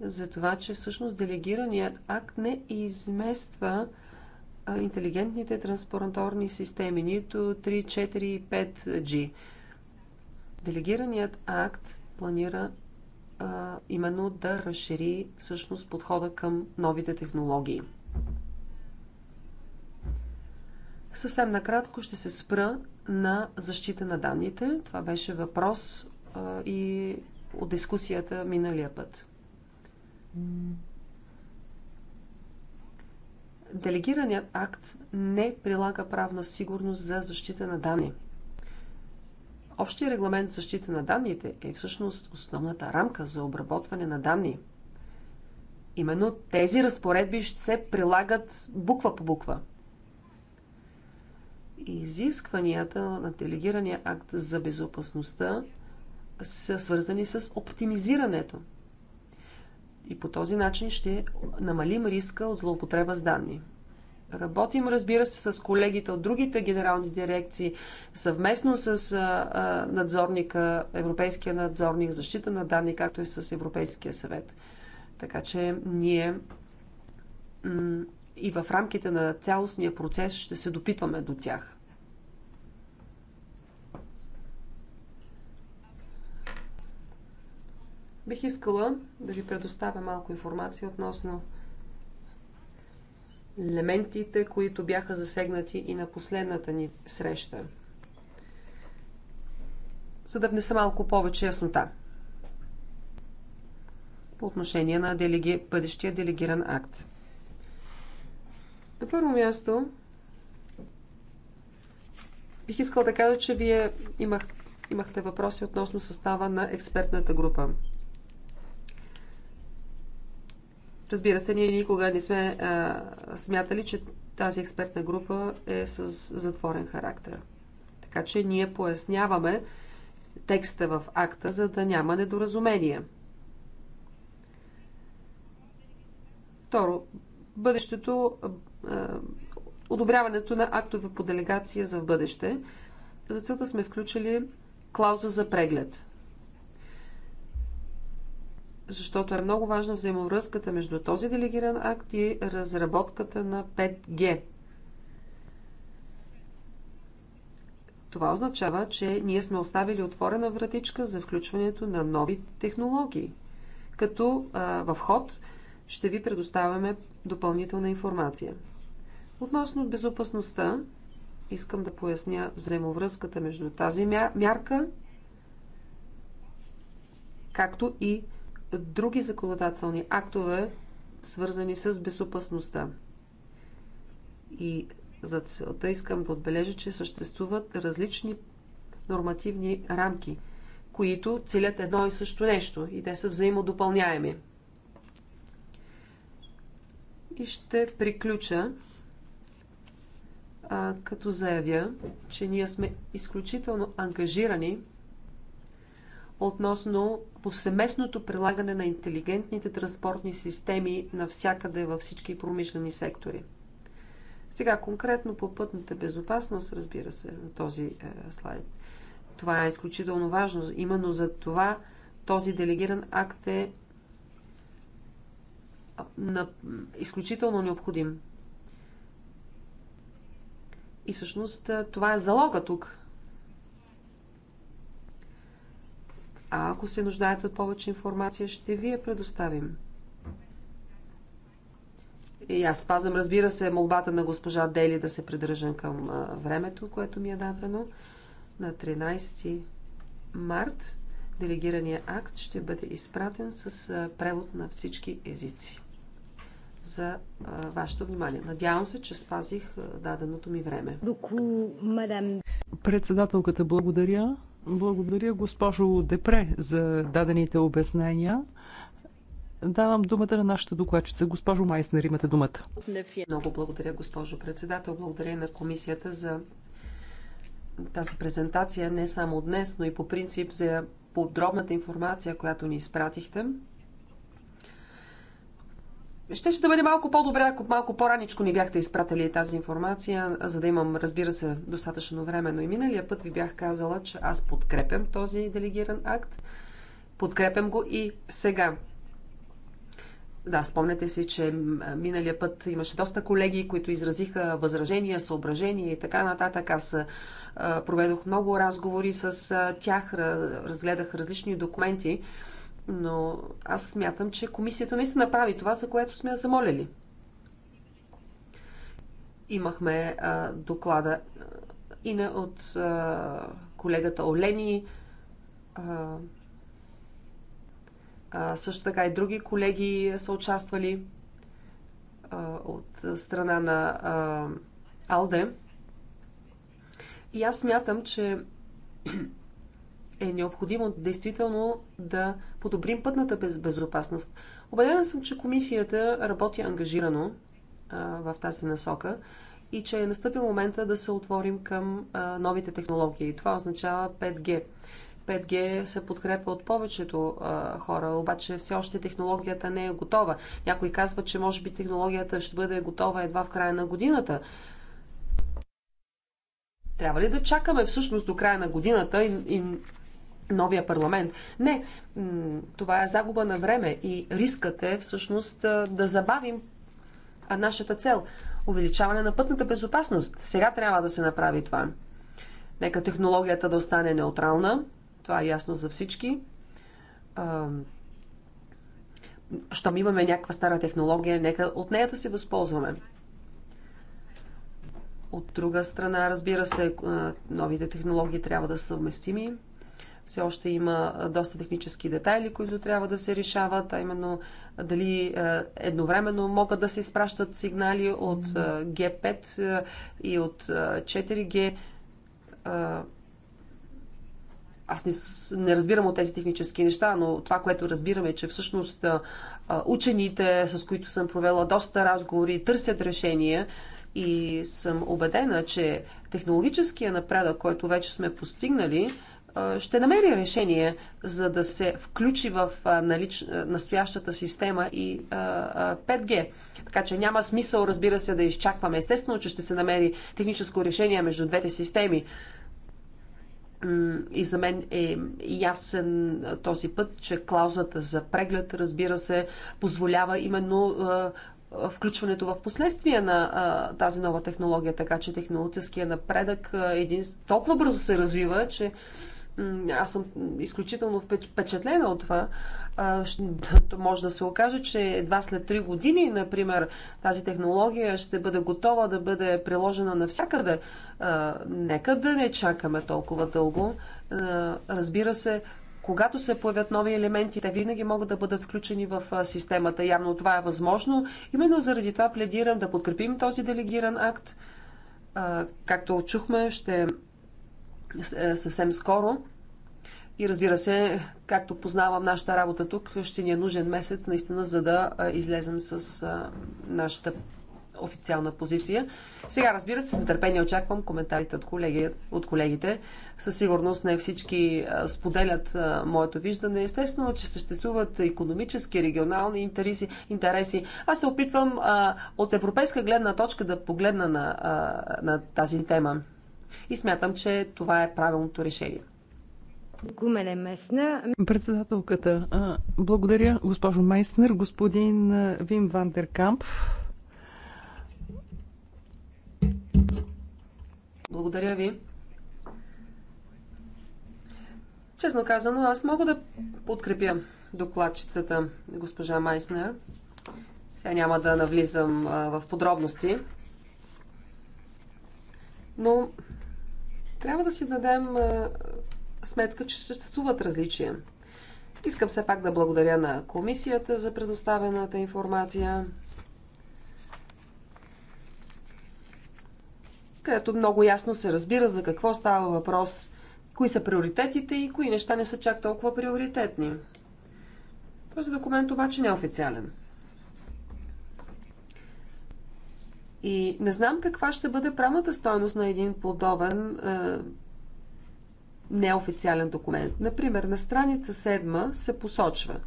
за това, че всъщност делегираният акт не измества интелигентните транспоранторни системи, нито 3, 4 и 5G. Делегираният акт планира а, именно да разшири всъщност подхода към новите технологии. Съвсем накратко ще се спра на защита на данните. Това беше въпрос а, и от дискусията миналия път. Делегираният акт не прилага правна сигурност за защита на данни – Общия регламент защита на данните е всъщност основната рамка за обработване на данни. Именно тези разпоредби ще се прилагат буква по буква. Изискванията на делегирания акт за безопасността са свързани с оптимизирането. И по този начин ще намалим риска от злоупотреба с данни. Работим, разбира се, с колегите от другите генерални дирекции, съвместно с надзорника, Европейския надзорник, защита на данни, както и с Европейския съвет. Така че ние и в рамките на цялостния процес ще се допитваме до тях. Бих искала да ви предоставя малко информация относно елементите, които бяха засегнати и на последната ни среща. За да внеса малко повече яснота по отношение на делеги... бъдещия делегиран акт. На първо място бих искал да кажа, че вие имах, имахте въпроси относно състава на експертната група. Разбира се, ние никога не сме а, смятали, че тази експертна група е с затворен характер. Така че ние поясняваме текста в акта, за да няма недоразумение. Второ, бъдещето, а, одобряването на актове по делегация за в бъдеще. За целта сме включили клауза за преглед защото е много важна взаимовръзката между този делегиран акт и разработката на 5G. Това означава, че ние сме оставили отворена вратичка за включването на нови технологии. Като а, в ход ще ви предоставяме допълнителна информация. Относно безопасността, искам да поясня взаимовръзката между тази мярка, както и други законодателни актове, свързани с безопасността. И за целта искам да отбележа, че съществуват различни нормативни рамки, които целят едно и също нещо и те са взаимодопълняеми. И ще приключа а, като заявя, че ние сме изключително ангажирани относно повсеместното прилагане на интелигентните транспортни системи навсякъде във всички промишлени сектори. Сега конкретно по пътната безопасност, разбира се, на този е, слайд. Това е изключително важно. Именно за това този делегиран акт е на, изключително необходим. И всъщност е, това е залога тук А ако се нуждаете от повече информация, ще ви я предоставим. И аз спазвам, разбира се, молбата на госпожа Дели да се придържам към времето, което ми е дадено. На 13 март делегирания акт ще бъде изпратен с превод на всички езици. За вашето внимание. Надявам се, че спазих даденото ми време. Председателката благодаря. Благодаря, госпожо Депре, за дадените обяснения. Давам думата на нашата докладчица. Госпожо Майснер, имате думата. Много благодаря, госпожо председател. Благодаря на комисията за тази презентация не само днес, но и по принцип за подробната информация, която ни изпратихте. Щеше ще да бъде малко по-добре, ако малко по-раничко ни бяхте изпратили тази информация, за да имам, разбира се, достатъчно време. Но и миналия път ви бях казала, че аз подкрепям този делегиран акт. Подкрепям го и сега. Да, спомняте си, че миналия път имаше доста колеги, които изразиха възражения, съображения и така нататък. Аз проведох много разговори с тях, разгледах различни документи но аз смятам, че комисията не се направи това, за което сме я замолили. Имахме а, доклада и на, от а, колегата Олени, а, а, също така и други колеги са участвали а, от страна на а, Алде. И аз смятам, че е необходимо действително да подобрим пътната безопасност. Обедена съм, че комисията работи ангажирано а, в тази насока и че е настъпил момента да се отворим към а, новите технологии. Това означава 5G. 5G се подкрепа от повечето а, хора, обаче все още технологията не е готова. Някой казва, че може би технологията ще бъде готова едва в края на годината. Трябва ли да чакаме всъщност до края на годината и, и новия парламент. Не, това е загуба на време и рискът е всъщност да забавим нашата цел увеличаване на пътната безопасност. Сега трябва да се направи това. Нека технологията да остане неутрална. Това е ясно за всички. Щом имаме някаква стара технология, нека от нея да се възползваме. От друга страна, разбира се, новите технологии трябва да са съвместими все още има доста технически детайли, които трябва да се решават, а именно дали едновременно могат да се изпращат сигнали от G5 и от 4G. Аз не, не разбирам от тези технически неща, но това, което разбираме, е, че всъщност учените, с които съм провела доста разговори, търсят решения и съм убедена, че технологическия напредък, който вече сме постигнали, ще намери решение, за да се включи в налич... настоящата система и 5G. Така че няма смисъл, разбира се, да изчакваме. Естествено, че ще се намери техническо решение между двете системи. И за мен е ясен този път, че клаузата за преглед, разбира се, позволява именно включването в последствие на а, тази нова технология, така че технологическия напредък а, един, толкова бързо се развива, че аз съм изключително впечатлена от това. Може да се окаже, че едва след 3 години, например, тази технология ще бъде готова да бъде приложена навсякъде. Нека да не чакаме толкова дълго. Разбира се, когато се появят нови елементи, те винаги могат да бъдат включени в системата. Явно това е възможно. Именно заради това пледирам да подкрепим този делегиран акт. Както чухме, ще е, съвсем скоро. И разбира се, както познавам нашата работа тук, ще ни е нужен месец наистина, за да е, излезем с е, нашата официална позиция. Сега, разбира се, с нетърпение очаквам коментарите от, колеги, от колегите. Със сигурност не всички споделят моето виждане. Естествено, че съществуват економически, регионални интереси. интереси. Аз се опитвам от европейска гледна точка да погледна на, на тази тема. И смятам, че това е правилното решение. Гумене Месна. Председателката, благодаря госпожо Майснер, господин Вим Вандеркамп. Благодаря ви. Честно казано, аз мога да подкрепя докладчицата госпожа Майснер. Сега няма да навлизам в подробности. Но трябва да си дадем сметка, че съществуват различия. Искам все пак да благодаря на комисията за предоставената информация, където много ясно се разбира за какво става въпрос, кои са приоритетите и кои неща не са чак толкова приоритетни. Този документ обаче не е официален. И не знам каква ще бъде правната стойност на един подобен е, неофициален документ. Например, на страница 7 се посочва.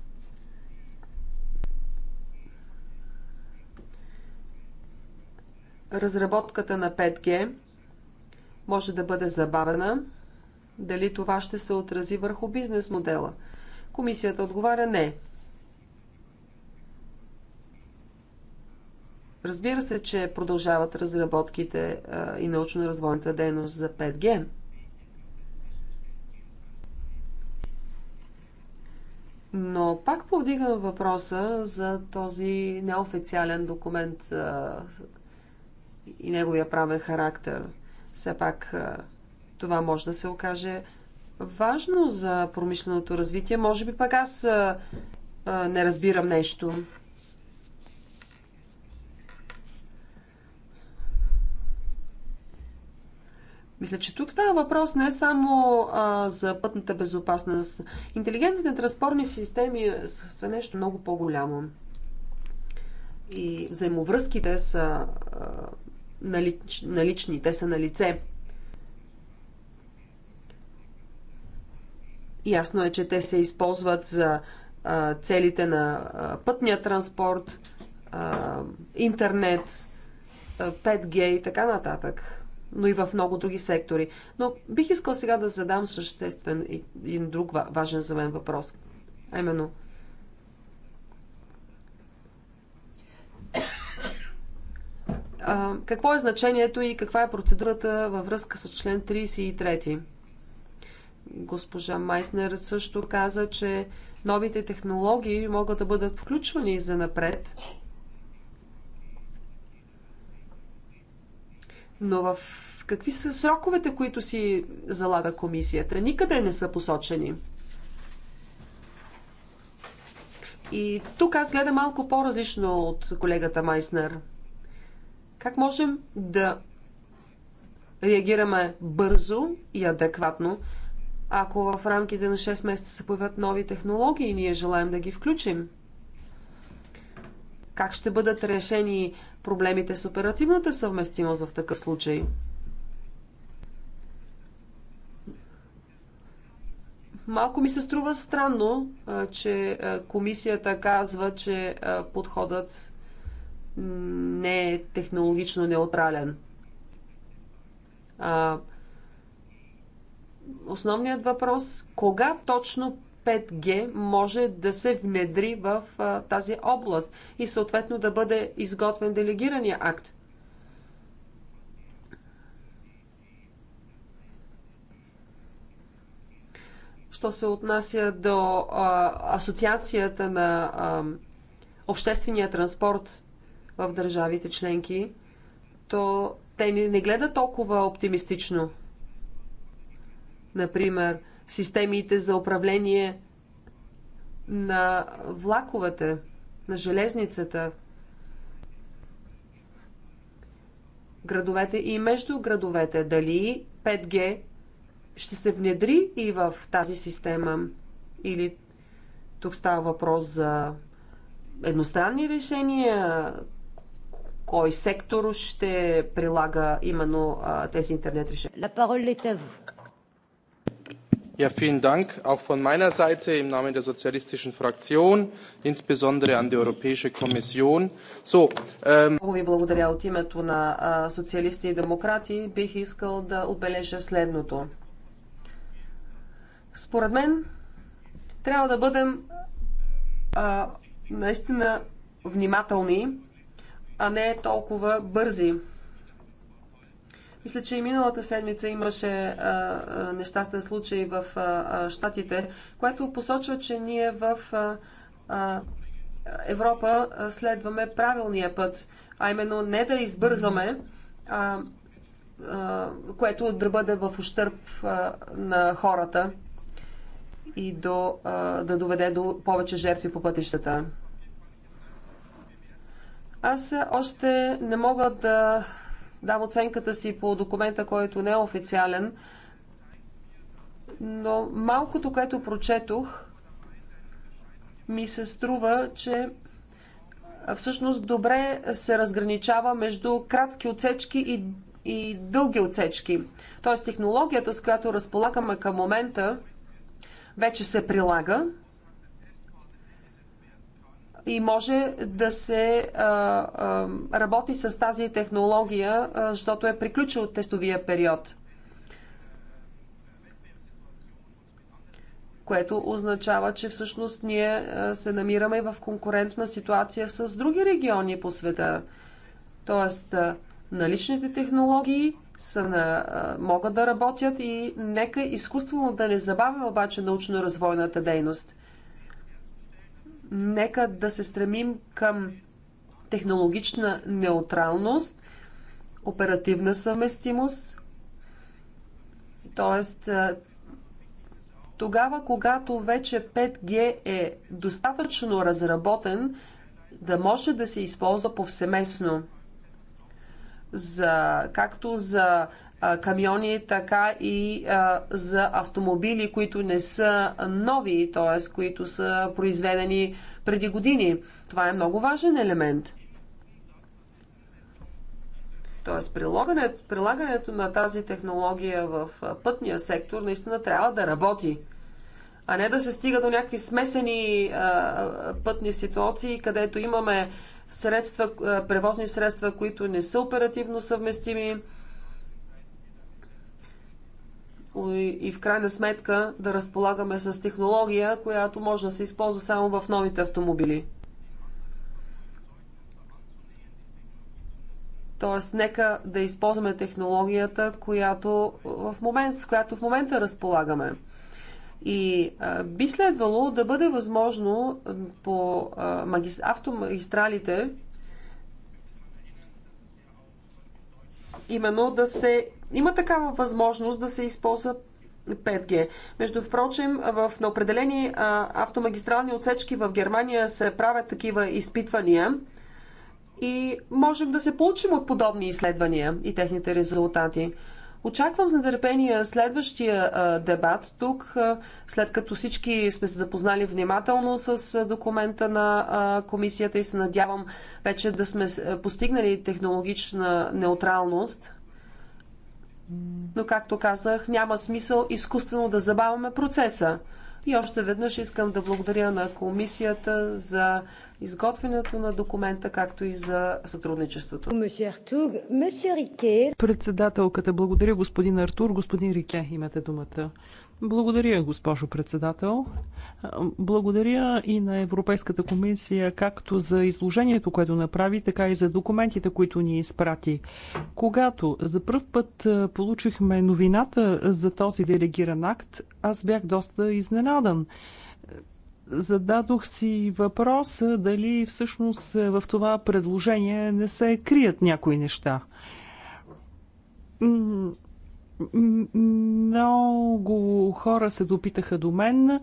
Разработката на 5G може да бъде забавена. Дали това ще се отрази върху бизнес модела? Комисията отговаря не. Разбира се, че продължават разработките и научно-развойната дейност за 5G. Но пак повдигам въпроса за този неофициален документ а, и неговия правен характер. Все пак а, това може да се окаже важно за промишленото развитие. Може би пък аз а, не разбирам нещо. Мисля, че тук става въпрос не само а, за пътната безопасност. Интелигентните транспортни системи са, са нещо много по-голямо. И взаимовръзките са а, налич, налични, те са на лице. Ясно е, че те се използват за а, целите на а, пътния транспорт, а, интернет, а, 5G и така нататък но и в много други сектори. Но бих искал сега да задам съществен и един друг важен за мен въпрос. А именно, а, какво е значението и каква е процедурата във връзка с член 33? Госпожа Майснер също каза, че новите технологии могат да бъдат включвани за напред Но в какви са сроковете, които си залага комисията? Никъде не са посочени. И тук аз гледам малко по-различно от колегата Майснер. Как можем да реагираме бързо и адекватно, ако в рамките на 6 месеца се появят нови технологии и ние желаем да ги включим? Как ще бъдат решени проблемите с оперативната съвместимост в такъв случай? Малко ми се струва странно, че комисията казва, че подходът не е технологично неутрален. Основният въпрос кога точно 5G може да се внедри в а, тази област и съответно да бъде изготвен делегирания акт. Що се отнася до а, асоциацията на а, обществения транспорт в държавите членки, то те не, не гледат толкова оптимистично. Например, системите за управление на влаковете, на железницата, градовете и между градовете. Дали 5G ще се внедри и в тази система? Или тук става въпрос за едностранни решения, кой сектор ще прилага именно а, тези интернет решения. La parole est à vous. Ja, vielen Dank auch von meiner Seite im Namen der sozialistischen Fraktion, insbesondere an die Europäische Kommission. So, ähm... Много ви благодаря от името на а, социалисти и демократи. Бих искал да отбележа следното. Според мен трябва да бъдем а, наистина внимателни, а не толкова бързи мисля, че и миналата седмица имаше а, а, нещастен случай в а, а, Штатите, което посочва, че ние в а, а, Европа следваме правилния път, а именно не да избързваме, а, а, което да бъде в ущърп а, на хората и до, а, да доведе до повече жертви по пътищата. Аз още не мога да дам оценката си по документа, който не е официален, но малкото, което прочетох, ми се струва, че всъщност добре се разграничава между кратки отсечки и, и дълги отсечки. Тоест технологията, с която разполагаме към момента, вече се прилага и може да се а, а, работи с тази технология, а, защото е приключил тестовия период. Което означава, че всъщност ние се намираме в конкурентна ситуация с други региони по света. Тоест, наличните технологии са на, могат да работят и нека изкуствено да не забавя обаче научно-развойната дейност – нека да се стремим към технологична неутралност, оперативна съвместимост, т.е. тогава, когато вече 5G е достатъчно разработен, да може да се използва повсеместно. За, както за камиони, така и за автомобили, които не са нови, т.е. които са произведени преди години. Това е много важен елемент. Тоест, прилагането, прилагането на тази технология в пътния сектор наистина трябва да работи, а не да се стига до някакви смесени а, пътни ситуации, където имаме средства, превозни средства, които не са оперативно съвместими и в крайна сметка да разполагаме с технология, която може да се използва само в новите автомобили. Тоест, нека да използваме технологията, която в момент, с която в момента разполагаме. И а, би следвало да бъде възможно по а, магис... автомагистралите именно да се има такава възможност да се използва 5G. Между впрочем, в, на определени а, автомагистрални отсечки в Германия се правят такива изпитвания и можем да се получим от подобни изследвания и техните резултати. Очаквам с нетърпение следващия а, дебат тук, а, след като всички сме се запознали внимателно с а, документа на а, комисията и се надявам вече да сме постигнали технологична неутралност но, както казах, няма смисъл изкуствено да забавяме процеса. И още веднъж искам да благодаря на комисията за изготвянето на документа, както и за сътрудничеството. Председателката, благодаря господин Артур. Господин Рике, имате думата. Благодаря, госпожо председател. Благодаря и на Европейската комисия, както за изложението, което направи, така и за документите, които ни изпрати. Когато за първ път получихме новината за този делегиран акт, аз бях доста изненадан. Зададох си въпрос дали всъщност в това предложение не се крият някои неща много хора се допитаха до мен,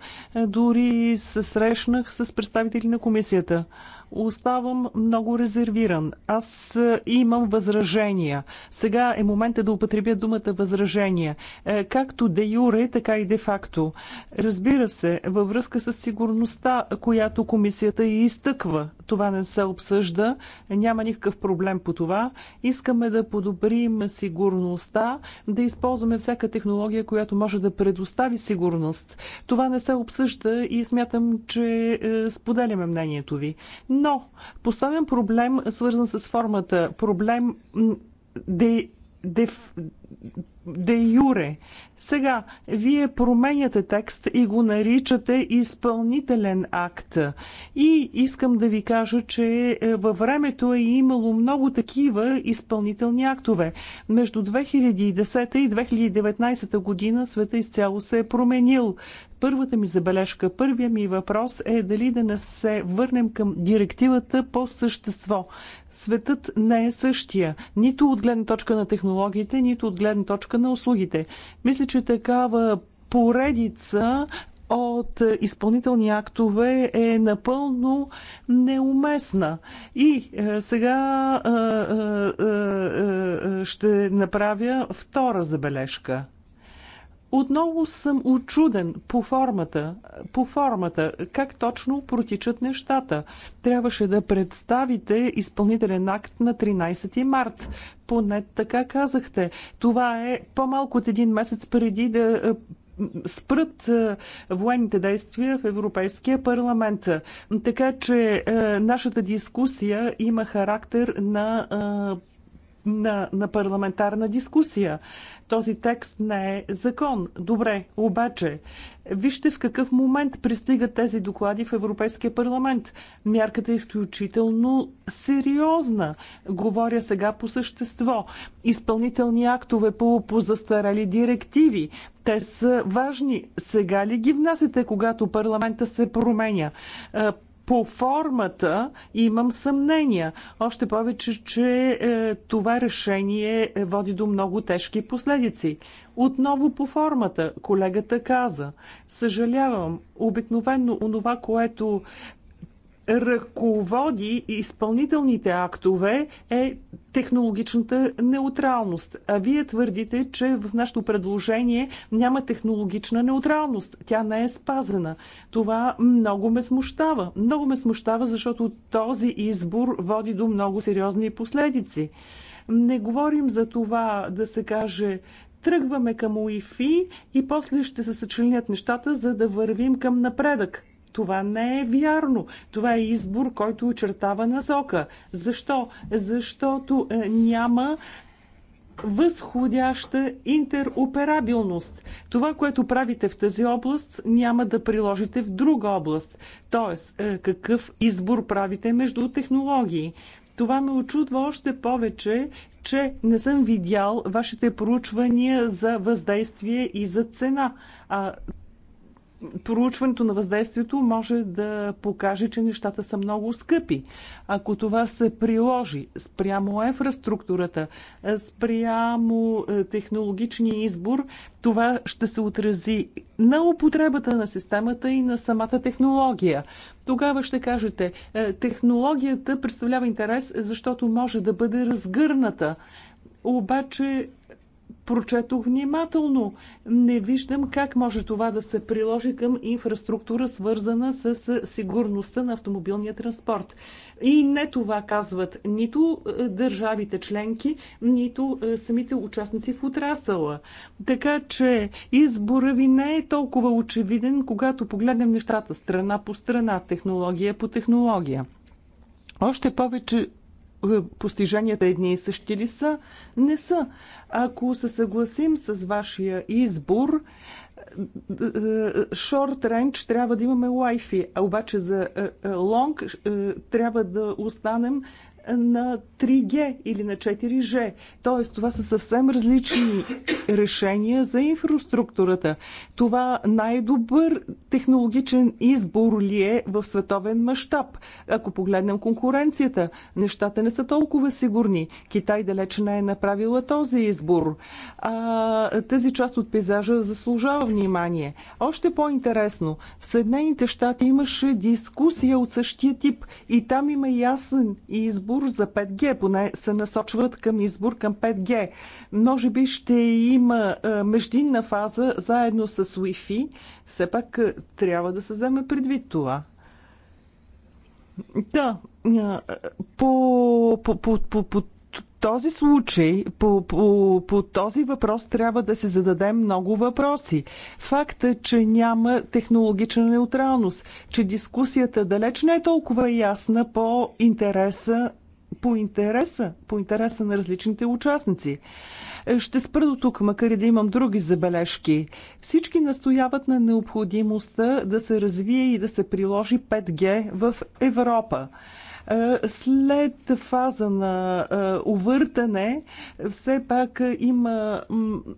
дори се срещнах с представители на комисията оставам много резервиран. Аз е, имам възражения. Сега е момента да употребя думата възражения. Е, както де юре, така и де факто. Разбира се, във връзка с сигурността, която комисията и изтъква, това не се обсъжда, няма никакъв проблем по това. Искаме да подобрим сигурността, да използваме всяка технология, която може да предостави сигурност. Това не се обсъжда и смятам, че е, споделяме мнението ви. Но поставям проблем, свързан с формата. Проблем де, де, де юре. Сега, вие променяте текст и го наричате изпълнителен акт. И искам да ви кажа, че е, във времето е имало много такива изпълнителни актове. Между 2010 и 2019 година света изцяло се е променил. Първата ми забележка, първия ми въпрос е дали да не се върнем към директивата по същество. Светът не е същия, нито от гледна точка на технологиите, нито от гледна точка на услугите. Мисля, че такава поредица от изпълнителни актове е напълно неуместна. И е, сега е, е, е, е ще направя втора забележка – отново съм очуден по формата, по формата, как точно протичат нещата. Трябваше да представите изпълнителен акт на 13 март. Поне така казахте. Това е по-малко от един месец преди да е, спрат е, военните действия в Европейския парламент. Така че е, нашата дискусия има характер на на, на парламентарна дискусия. Този текст не е закон. Добре, обаче, вижте в какъв момент пристигат тези доклади в Европейския парламент. Мярката е изключително сериозна. Говоря сега по същество. Изпълнителни актове по, по застарали директиви. Те са важни. Сега ли ги внасяте, когато парламента се променя? Е, по формата имам съмнения. Още повече, че е, това решение води до много тежки последици. Отново по формата, колегата каза. Съжалявам, обикновено онова, което ръководи изпълнителните актове е технологичната неутралност. А вие твърдите, че в нашето предложение няма технологична неутралност. Тя не е спазена. Това много ме смущава. Много ме смущава, защото този избор води до много сериозни последици. Не говорим за това да се каже тръгваме към УИФИ и после ще се съчленят нещата, за да вървим към напредък. Това не е вярно. Това е избор, който очертава насока. Защо? Защото е, няма възходяща интероперабилност. Това, което правите в тази област, няма да приложите в друга област. Тоест, е, какъв избор правите между технологии? Това ме очудва още повече, че не съм видял вашите проучвания за въздействие и за цена. А проучването на въздействието може да покаже, че нещата са много скъпи. Ако това се приложи спрямо инфраструктурата, спрямо е, технологичния избор, това ще се отрази на употребата на системата и на самата технология. Тогава ще кажете, е, технологията представлява интерес, защото може да бъде разгърната. Обаче прочетох внимателно. Не виждам как може това да се приложи към инфраструктура, свързана с сигурността на автомобилния транспорт. И не това казват нито е, държавите членки, нито е, самите участници в отрасъла. Така че избора ви не е толкова очевиден, когато погледнем нещата страна по страна, технология по технология. Още повече е, постиженията едни и същи ли са? Не са. Ако се съгласим с вашия избор, шорт е, е, range трябва да имаме лайфи, а обаче за лонг трябва да останем на 3G или на 4G. Тоест, това са съвсем различни решения за инфраструктурата. Това най-добър технологичен избор ли е в световен мащаб? Ако погледнем конкуренцията, нещата не са толкова сигурни. Китай далеч не е направила този избор. А, тази част от пейзажа заслужава внимание. Още по-интересно, в Съединените щати имаше дискусия от същия тип и там има ясен избор избор за 5G, поне се насочват към избор към 5G. Може би ще има е, междинна фаза заедно с Wi-Fi. Все пак е, трябва да се вземе предвид това. Да, е, по, по, по, по, по този случай, по, по, по този въпрос трябва да се зададем много въпроси. Факта, че няма технологична неутралност, че дискусията далеч не е толкова ясна по интереса по интереса, по интереса на различните участници. Е, ще спра до тук, макар и да имам други забележки. Всички настояват на необходимостта да се развие и да се приложи 5G в Европа. Е, след фаза на е, увъртане, все пак е, има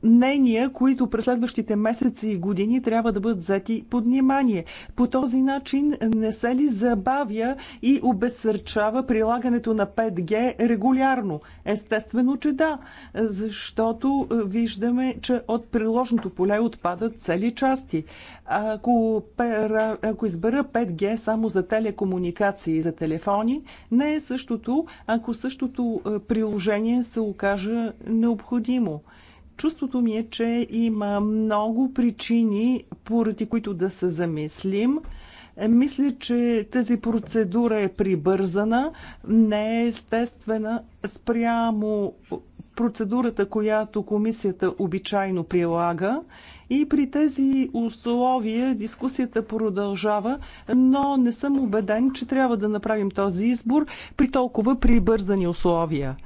мнения, които през следващите месеци и години трябва да бъдат взети под внимание. По този начин не се ли забавя и обесърчава прилагането на 5G регулярно? Естествено, че да, защото виждаме, че от приложното поле отпадат цели части. Ако, ако избера 5G само за телекомуникации и за телефони, не е същото, ако същото е, приложение се окаже необходимо. Чувството ми е, че има много причини, поради които да се замислим. Е, мисля, че тази процедура е прибързана, не е естествена спрямо процедурата, която комисията обичайно прилага и при тези условия дискусията продължава, но не съм убеден, че трябва да направим този избор при толкова прибързани условия.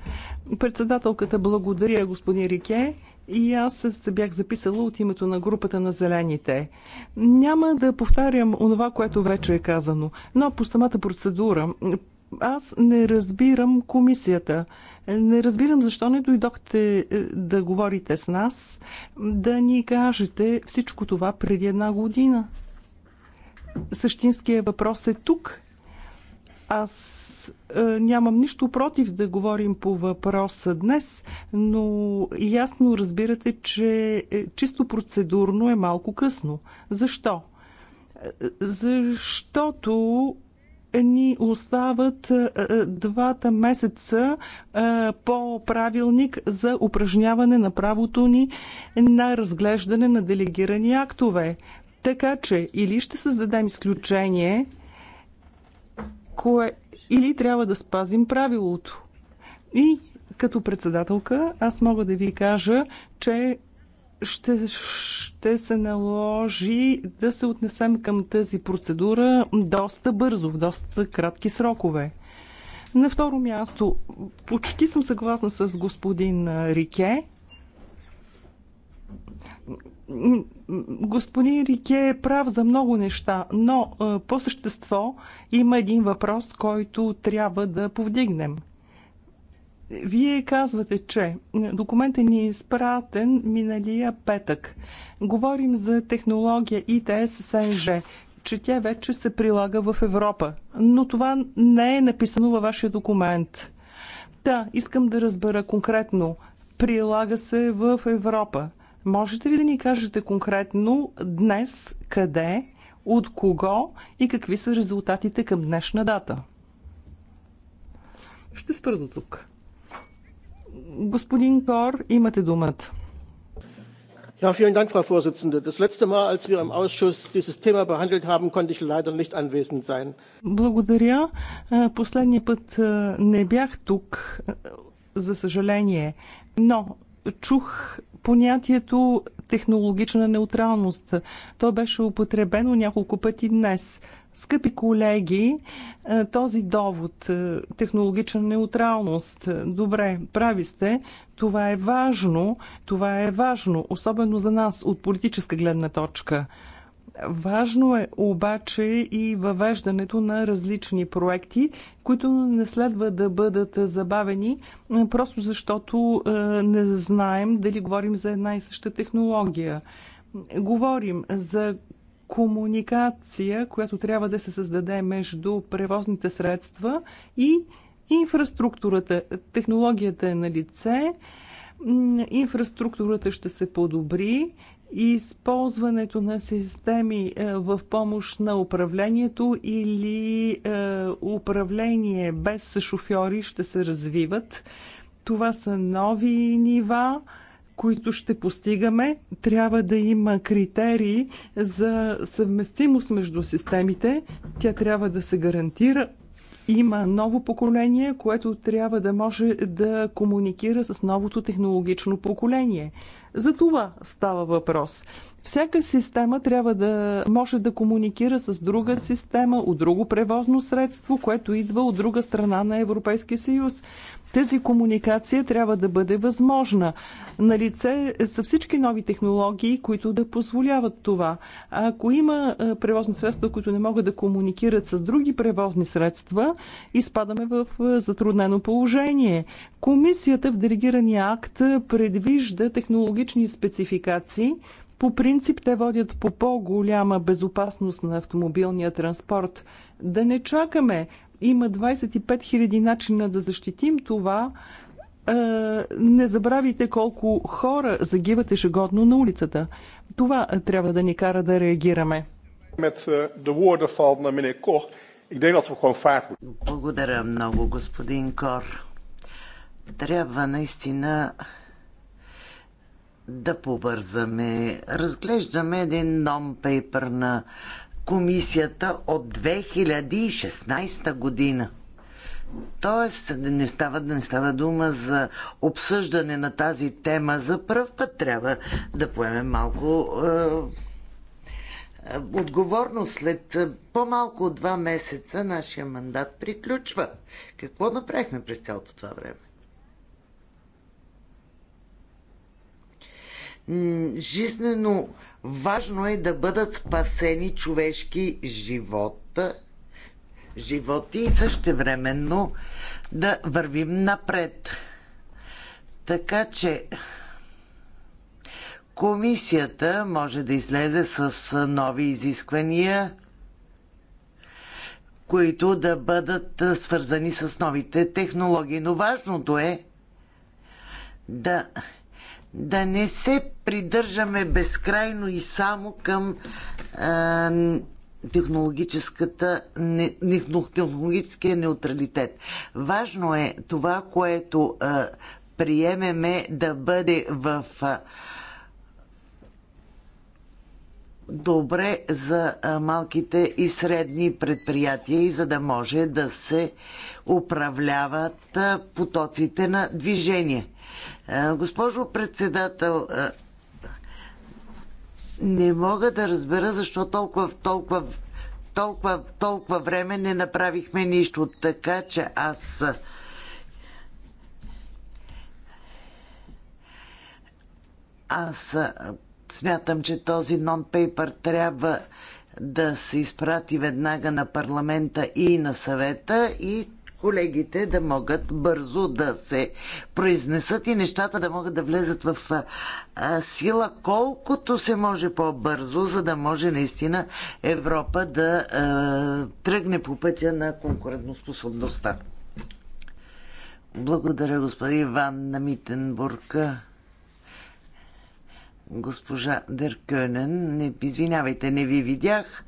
Председателката благодаря господин Рике. И аз се бях записала от името на групата на зелените. Няма да повтарям онова, което вече е казано, но по самата процедура, аз не разбирам комисията. Не разбирам защо не дойдохте е, да говорите с нас, да ни кажете всичко това преди една година. Същинският въпрос е тук. Аз е, нямам нищо против да говорим по въпроса днес, но ясно разбирате, че е, чисто процедурно е малко късно. Защо? Е, защото ни остават е, е, двата месеца е, по правилник за упражняване на правото ни на разглеждане на делегирани актове. Така че или ще създадем изключение, кое... или трябва да спазим правилото. И като председателка аз мога да ви кажа, че ще, ще се наложи да се отнесем към тази процедура доста бързо, в доста кратки срокове. На второ място, почти съм съгласна с господин Рике. Господин Рике е прав за много неща, но по същество има един въпрос, който трябва да повдигнем – вие казвате, че документът ни е изпратен миналия петък. Говорим за технология ИТС СНЖ, че тя вече се прилага в Европа. Но това не е написано във вашия документ. Да, искам да разбера конкретно. Прилага се в Европа. Можете ли да ни кажете конкретно днес къде, от кого и какви са резултатите към днешна дата? Ще спра до тук. Господин Кор, имате думата. Ja, vielen Dank, Frau Vorsitzende. Das letzte Mal, als wir im Ausschuss dieses Thema behandelt haben, konnte ich leider nicht anwesend sein. Благодаря. Е, последния път е, не бях тук, е, за съжаление, но чух понятието технологична неутралност. То беше употребено няколко пъти днес. Скъпи колеги, е, този довод е, технологична неутралност, е, добре, прави сте, това е важно, това е важно, особено за нас от политическа гледна точка. Важно е обаче и въвеждането на различни проекти, които не следва да бъдат забавени, просто защото не знаем дали говорим за една и съща технология. Говорим за комуникация, която трябва да се създаде между превозните средства и инфраструктурата. Технологията е на лице, инфраструктурата ще се подобри, използването на системи е, в помощ на управлението или е, управление без шофьори ще се развиват. Това са нови нива които ще постигаме, трябва да има критерии за съвместимост между системите. Тя трябва да се гарантира. Има ново поколение, което трябва да може да комуникира с новото технологично поколение. За това става въпрос. Всяка система трябва да може да комуникира с друга система, от друго превозно средство, което идва от друга страна на Европейския съюз. Тази комуникация трябва да бъде възможна. На лице са всички нови технологии, които да позволяват това. А ако има превозни средства, които не могат да комуникират с други превозни средства, изпадаме в затруднено положение. Комисията в делегирания акт предвижда технологични спецификации, по принцип те водят по по-голяма безопасност на автомобилния транспорт. Да не чакаме, има 25 000 начина да защитим това. Е, не забравяйте колко хора загиват ежегодно на улицата. Това трябва да ни кара да реагираме. Благодаря много, господин Кор. Трябва наистина да побързаме. Разглеждаме един нон-пейпер на комисията от 2016 година. Тоест, не става, не става дума за обсъждане на тази тема за първ път. Трябва да поемем малко е, е След е, по-малко от два месеца нашия мандат приключва. Какво направихме през цялото това време? жизнено важно е да бъдат спасени човешки живота, животи и същевременно да вървим напред. Така че комисията може да излезе с нови изисквания, които да бъдат свързани с новите технологии. Но важното е да да не се придържаме безкрайно и само към а, технологическата, не, технологическия неутралитет. Важно е това, което а, приемеме да бъде в а, добре за малките и средни предприятия и за да може да се управляват потоците на движение. Е, госпожо председател, е, не мога да разбера защо толкова, толкова, толкова, толкова време не направихме нищо. Така че аз. Е, аз смятам, че този нон-пейпер трябва да се изпрати веднага на парламента и на съвета и колегите да могат бързо да се произнесат и нещата да могат да влезат в сила колкото се може по-бързо, за да може наистина Европа да тръгне по пътя на конкурентоспособността. Благодаря, господин Иван на Митенбург. Госпожа Деркънен, извинявайте, не ви видях.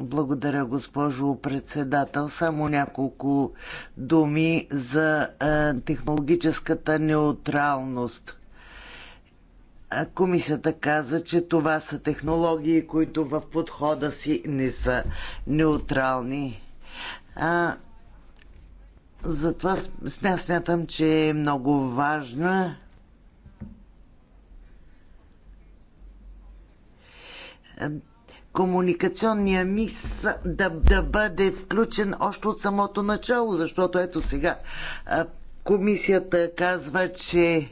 Благодаря, госпожо председател. Само няколко думи за е, технологическата неутралност. Комисията каза, че това са технологии, които в подхода си не са неутрални. А, затова смя, смятам, че е много важна комуникационния микс да, да бъде включен още от самото начало, защото ето сега комисията казва, че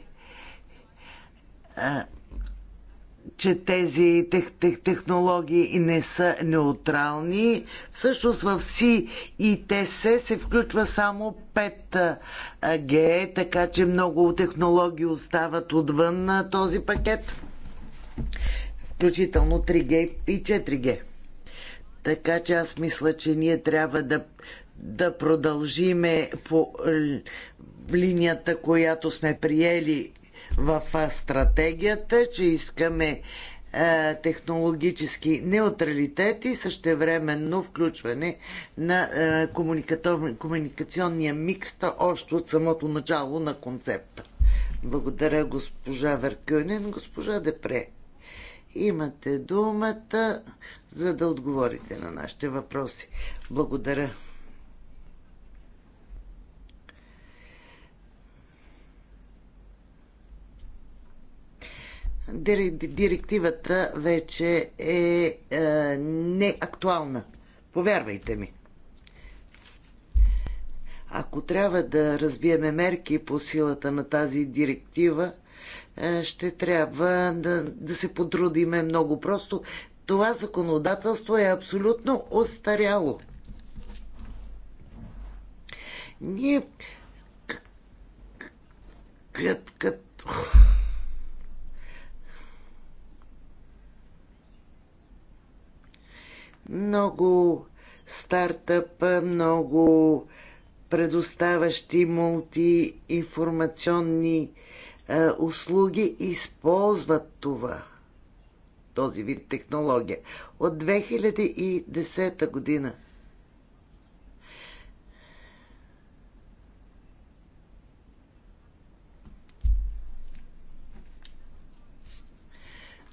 че тези тех, тех, технологии не са неутрални. Всъщност в Си и ТС се включва само 5G, така че много технологии остават отвън на този пакет включително 3G и 4G. Така че аз мисля, че ние трябва да, да продължиме по е, линията, която сме приели в е, стратегията, че искаме е, технологически неутралитет и същевременно включване на е, комуникатор... комуникационния микс още от самото начало на концепта. Благодаря госпожа Веркюнен, госпожа Депре. Имате думата, за да отговорите на нашите въпроси. Благодаря. директивата вече е, е неактуална. Повярвайте ми. Ако трябва да разбиеме мерки по силата на тази директива, е, ще трябва да, да се потрудиме много. Просто това законодателство е абсолютно остаряло. Ние кът, кът... Много стартъп, много предоставащи мултиинформационни е, услуги използват това, този вид технология. От 2010 година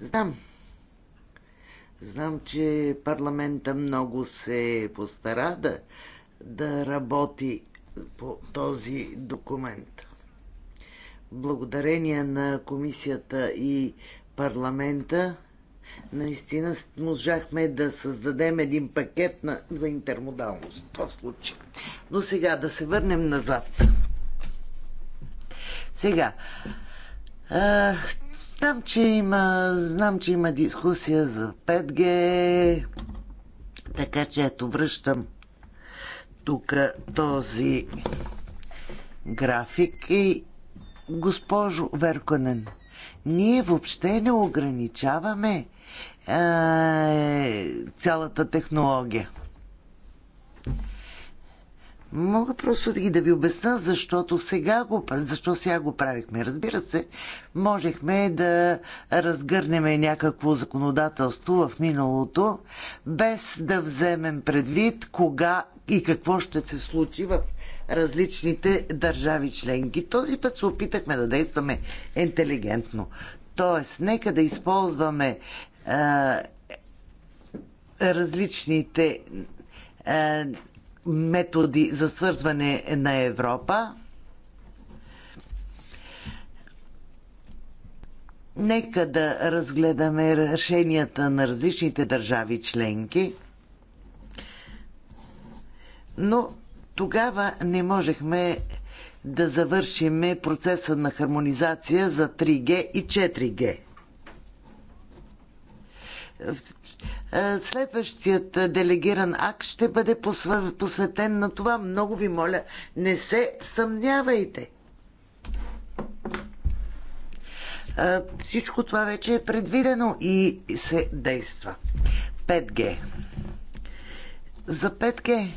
Знам. Знам, че парламента много се постара да, да работи по този документ благодарение на комисията и парламента наистина можахме да създадем един пакет на, за интермодалност в този случай. Но сега да се върнем назад. Сега. А, знам, че има, знам, че има дискусия за 5G, така че ето връщам тук този график и Госпожо Верконен, ние въобще не ограничаваме е, цялата технология. Мога просто да ги да ви обясна, защото сега го, защо сега го правихме. Разбира се, можехме да разгърнем някакво законодателство в миналото, без да вземем предвид кога и какво ще се случи в различните държави членки. Този път се опитахме да действаме интелигентно. Тоест, нека да използваме а, е, различните а, е, методи за свързване на Европа. Нека да разгледаме решенията на различните държави членки. Но тогава не можехме да завършиме процеса на хармонизация за 3G и 4G. Следващият делегиран акт ще бъде посветен на това. Много ви моля, не се съмнявайте. Всичко това вече е предвидено и се действа. 5G. За 5G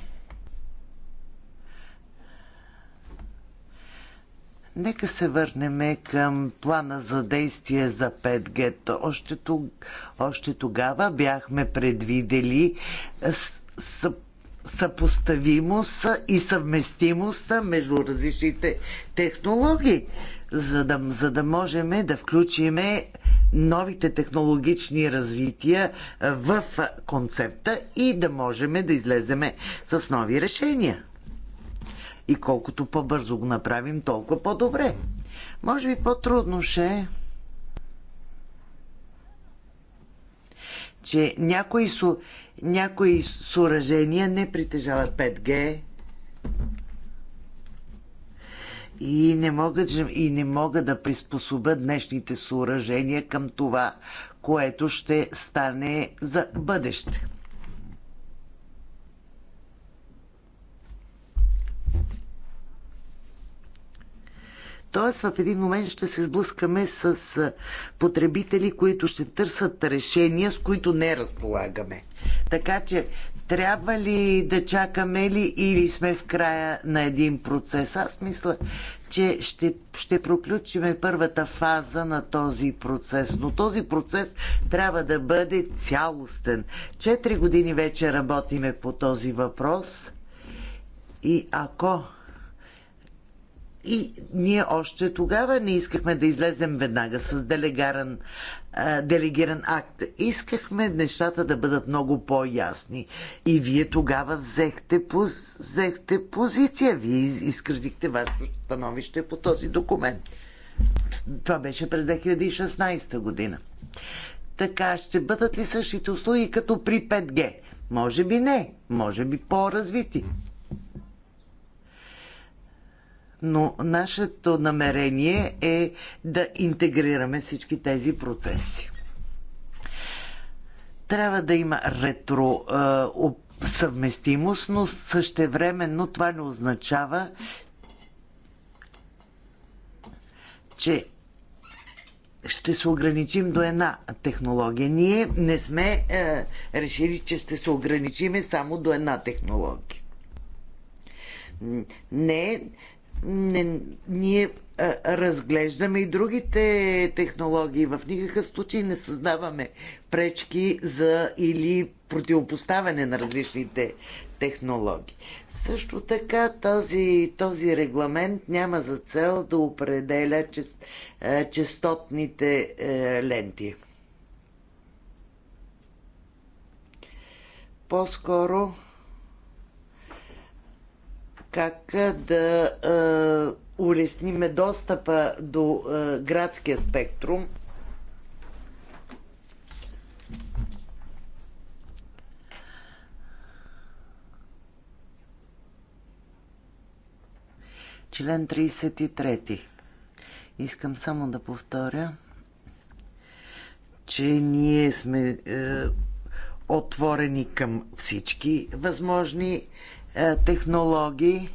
Нека се върнем към плана за действие за 5G. Още, още тогава бяхме предвидели съпоставимост и съвместимост между различните технологии, за да, за да можем да включим новите технологични развития в концепта и да можем да излеземе с нови решения. И колкото по-бързо го направим, толкова по-добре. Може би по-трудно ще е, че някои, су, някои суражения не притежават 5G и не могат, и не могат да приспособят днешните съоръжения към това, което ще стане за бъдеще. Тоест в един момент ще се сблъскаме с потребители, които ще търсят решения, с които не разполагаме. Така че трябва ли да чакаме ли или сме в края на един процес? Аз мисля, че ще, ще проключиме първата фаза на този процес. Но този процес трябва да бъде цялостен. Четири години вече работиме по този въпрос. И ако и ние още тогава не искахме да излезем веднага с делегаран, а, делегиран акт. Искахме нещата да бъдат много по-ясни. И вие тогава взехте, поз, взехте позиция. Вие изкръзихте вашето становище по този документ. Това беше през 2016 година. Така, ще бъдат ли същите услуги като при 5G? Може би не, може би по-развити но нашето намерение е да интегрираме всички тези процеси. Трябва да има ретро е, съвместимост, но същевременно това не означава, че ще се ограничим до една технология. Ние не сме е, решили, че ще се ограничиме само до една технология. Не, не, ние а, разглеждаме и другите технологии. В никакъв случай не създаваме пречки за или противопоставяне на различните технологии. Също така този, този регламент няма за цел да определя чест, а, частотните а, ленти. По-скоро как да улесниме достъпа до градския спектрум. Член 33. Искам само да повторя, че ние сме е, отворени към всички възможни е, технологии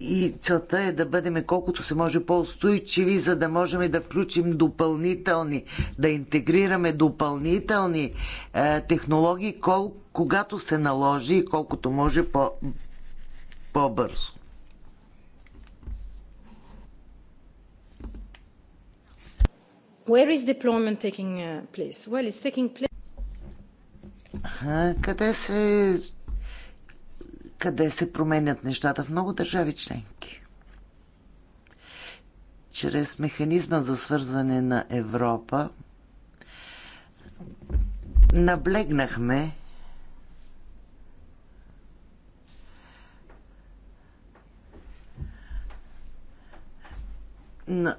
и целта е да бъдем колкото се може по-устойчиви, за да можем да включим допълнителни, да интегрираме допълнителни е, технологии, кол, когато се наложи и колкото може по, по-бързо. Where is deployment taking uh, place? Well, it's taking place. къде се къде се променят нещата в много държави членки. Чрез механизма за свързване на Европа наблегнахме на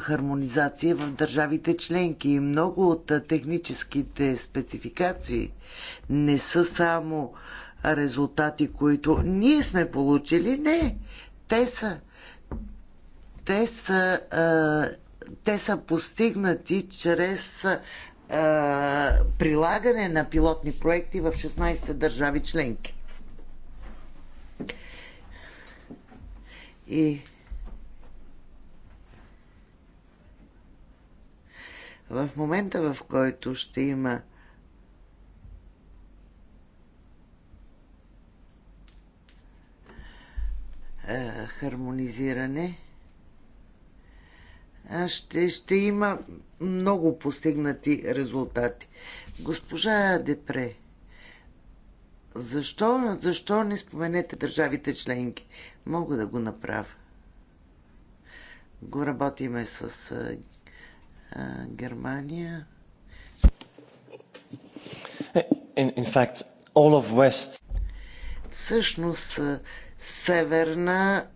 хармонизация в държавите членки. И много от техническите спецификации не са само резултати, които ние сме получили. Не, те са. Те са. А, те са постигнати чрез а, прилагане на пилотни проекти в 16 държави членки. И в момента, в който ще има Е, хармонизиране, ще, ще има много постигнати резултати. Госпожа Депре, защо, защо не споменете държавите членки? Мога да го направя. Го работиме с а, а, Германия. Е, in, in fact, all of West. Всъщност, Северна,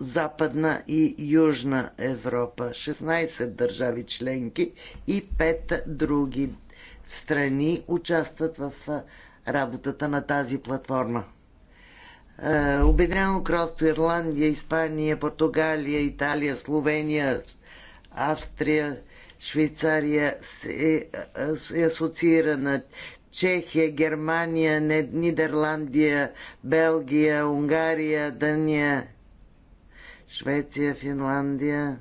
Западна и Южна Европа. 16 държави членки и 5 други страни участват в работата на тази платформа. Обединено кралство Ирландия, Испания, Португалия, Италия, Словения, Австрия, Швейцария е асоциирана. Чехия, Германия, Нидерландия, Белгия, Унгария, Дания, Швеция, Финландия.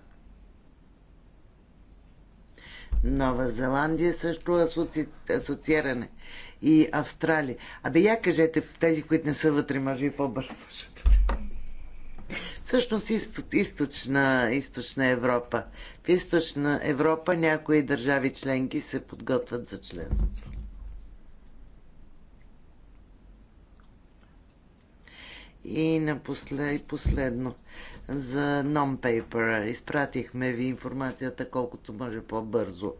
Нова Зеландия също асоци... асоцииране. И Австралия. Абе, я кажете, тези, които не са вътре, може би по-бързо ще Всъщност исто... източна, източна Европа. В източна Европа някои държави членки се подготвят за членство. И на последно, за non-paper. Изпратихме ви информацията колкото може по-бързо.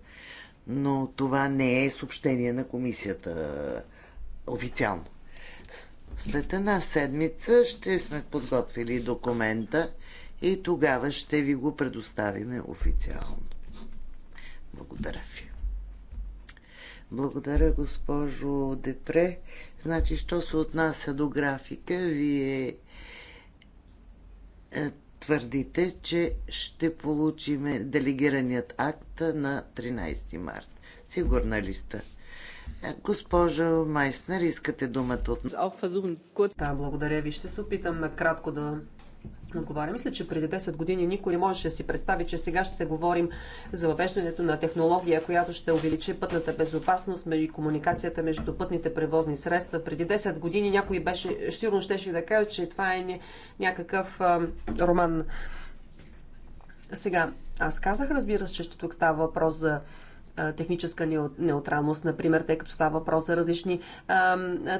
Но това не е съобщение на комисията официално. След една седмица ще сме подготвили документа и тогава ще ви го предоставим официално. Благодаря ви. Благодаря, госпожо Депре. Значи, що се отнася до графика, вие е, твърдите, че ще получиме делегираният акт на 13 март. Сигурна ли сте? Е, госпожо Майснер, искате думата от... Да, благодаря ви. Ще се опитам накратко да отговаря. Мисля, че преди 10 години никой не можеше да си представи, че сега ще говорим за въвеждането на технология, която ще увеличи пътната безопасност и комуникацията между пътните превозни средства. Преди 10 години някой беше, сигурно щеше да каже, че това е някакъв а, роман. Сега, аз казах, разбира се, че тук става въпрос за техническа неутралност, например, тъй като става въпрос за различни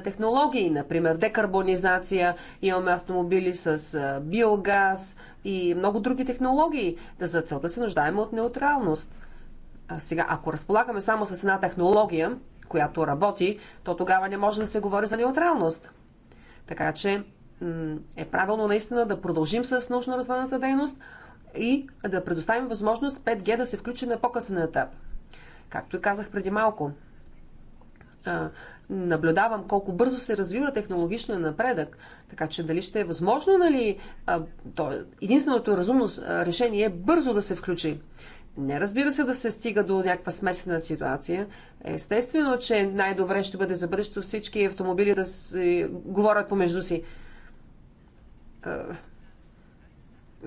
технологии, например, декарбонизация, имаме автомобили с биогаз и много други технологии. За целта се нуждаем от неутралност. А сега, ако разполагаме само с една технология, която работи, то тогава не може да се говори за неутралност. Така че е правилно наистина да продължим с научно-развойната дейност и да предоставим възможност 5G да се включи на по-късен етап. Както и казах преди малко, наблюдавам колко бързо се развива технологичния напредък, така че дали ще е възможно, нали, то единственото разумно решение е бързо да се включи. Не разбира се да се стига до някаква смесена ситуация. Естествено, че най-добре ще бъде за бъдещето всички автомобили да си, говорят помежду си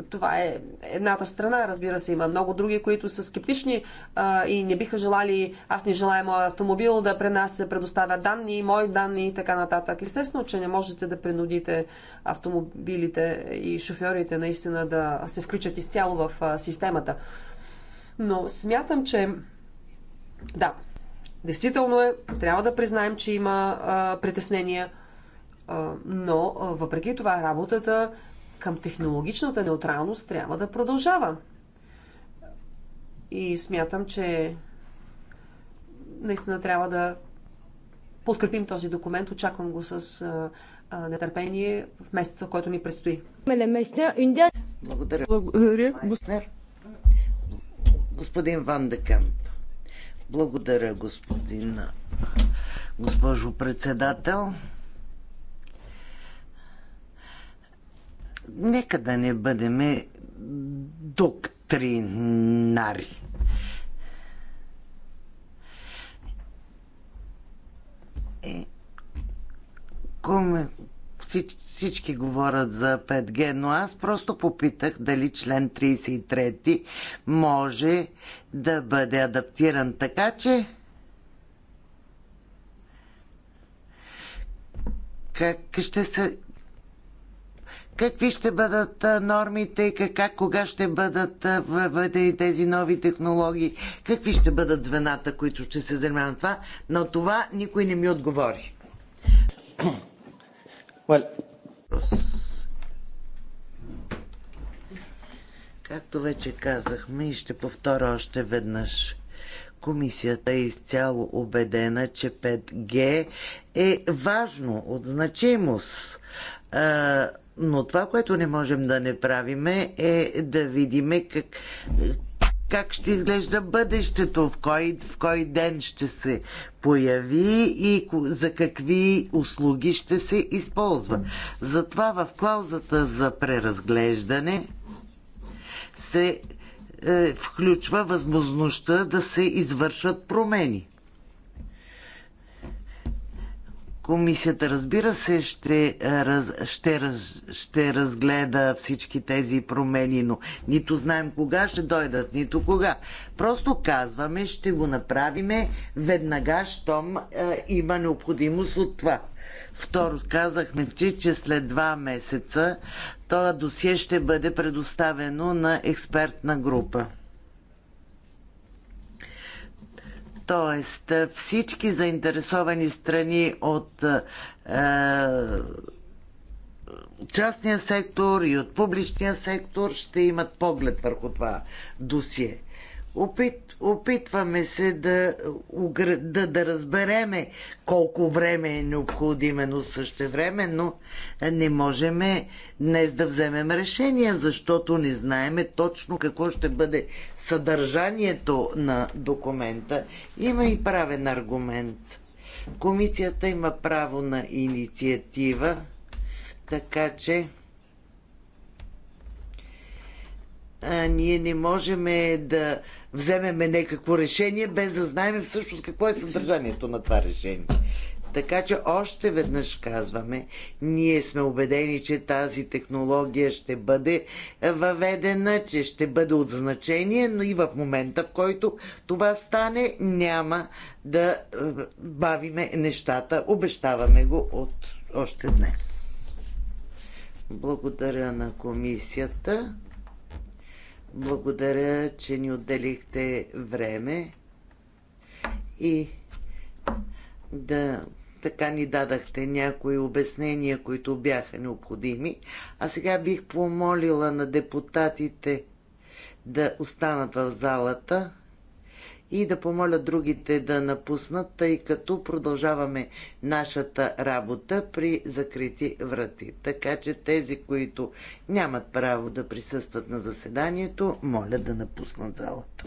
това е едната страна, разбира се, има много други, които са скептични а, и не биха желали, аз не желая моят автомобил да пренася, предоставя данни, мои данни и така нататък. Естествено, че не можете да принудите автомобилите и шофьорите наистина да се включат изцяло в а, системата. Но смятам, че да, действително е, трябва да признаем, че има а, притеснения, а, но а, въпреки това работата към технологичната неутралност трябва да продължава. И смятам, че наистина трябва да подкрепим този документ. Очаквам го с нетърпение в месеца, който ни предстои. Благодаря. Благодаря. Господин Ван Декамп. Благодаря, господин госпожо председател. нека да не бъдеме доктринари. Е, коме, всич, всички говорят за 5G, но аз просто попитах дали член 33 може да бъде адаптиран така, че как ще се какви ще бъдат нормите, как, кога ще бъдат въведени тези нови технологии, какви ще бъдат звената, които ще се занимават това. На това никой не ми отговори. Well. Както вече казахме и ще повторя още веднъж. Комисията е изцяло убедена, че 5G е важно от значимост но това, което не можем да не правиме е да видиме как, как ще изглежда бъдещето, в кой, в кой ден ще се появи и за какви услуги ще се използва. Затова в клаузата за преразглеждане се е, включва възможността да се извършват промени. Комисията, разбира се, ще, раз, ще, раз, ще разгледа всички тези промени, но нито знаем кога ще дойдат, нито кога. Просто казваме, ще го направиме веднага, щом е, има необходимост от това. Второ, казахме, че, че след два месеца това досие ще бъде предоставено на експертна група. Тоест всички заинтересовани страни от е, частния сектор и от публичния сектор ще имат поглед върху това досие. Опит, опитваме се да, да, да разбереме колко време е необходимено време, но не можем днес да вземем решение, защото не знаеме точно какво ще бъде съдържанието на документа. Има и правен аргумент. Комисията има право на инициатива, така че а, ние не можем да вземеме някакво решение, без да знаем всъщност какво е съдържанието на това решение. Така че още веднъж казваме, ние сме убедени, че тази технология ще бъде въведена, че ще бъде от значение, но и в момента, в който това стане, няма да е, бавиме нещата. Обещаваме го от още днес. Благодаря на комисията. Благодаря, че ни отделихте време и да така ни дадахте някои обяснения, които бяха необходими. А сега бих помолила на депутатите да останат в залата и да помоля другите да напуснат, тъй като продължаваме нашата работа при закрити врати. Така че тези, които нямат право да присъстват на заседанието, моля да напуснат залата.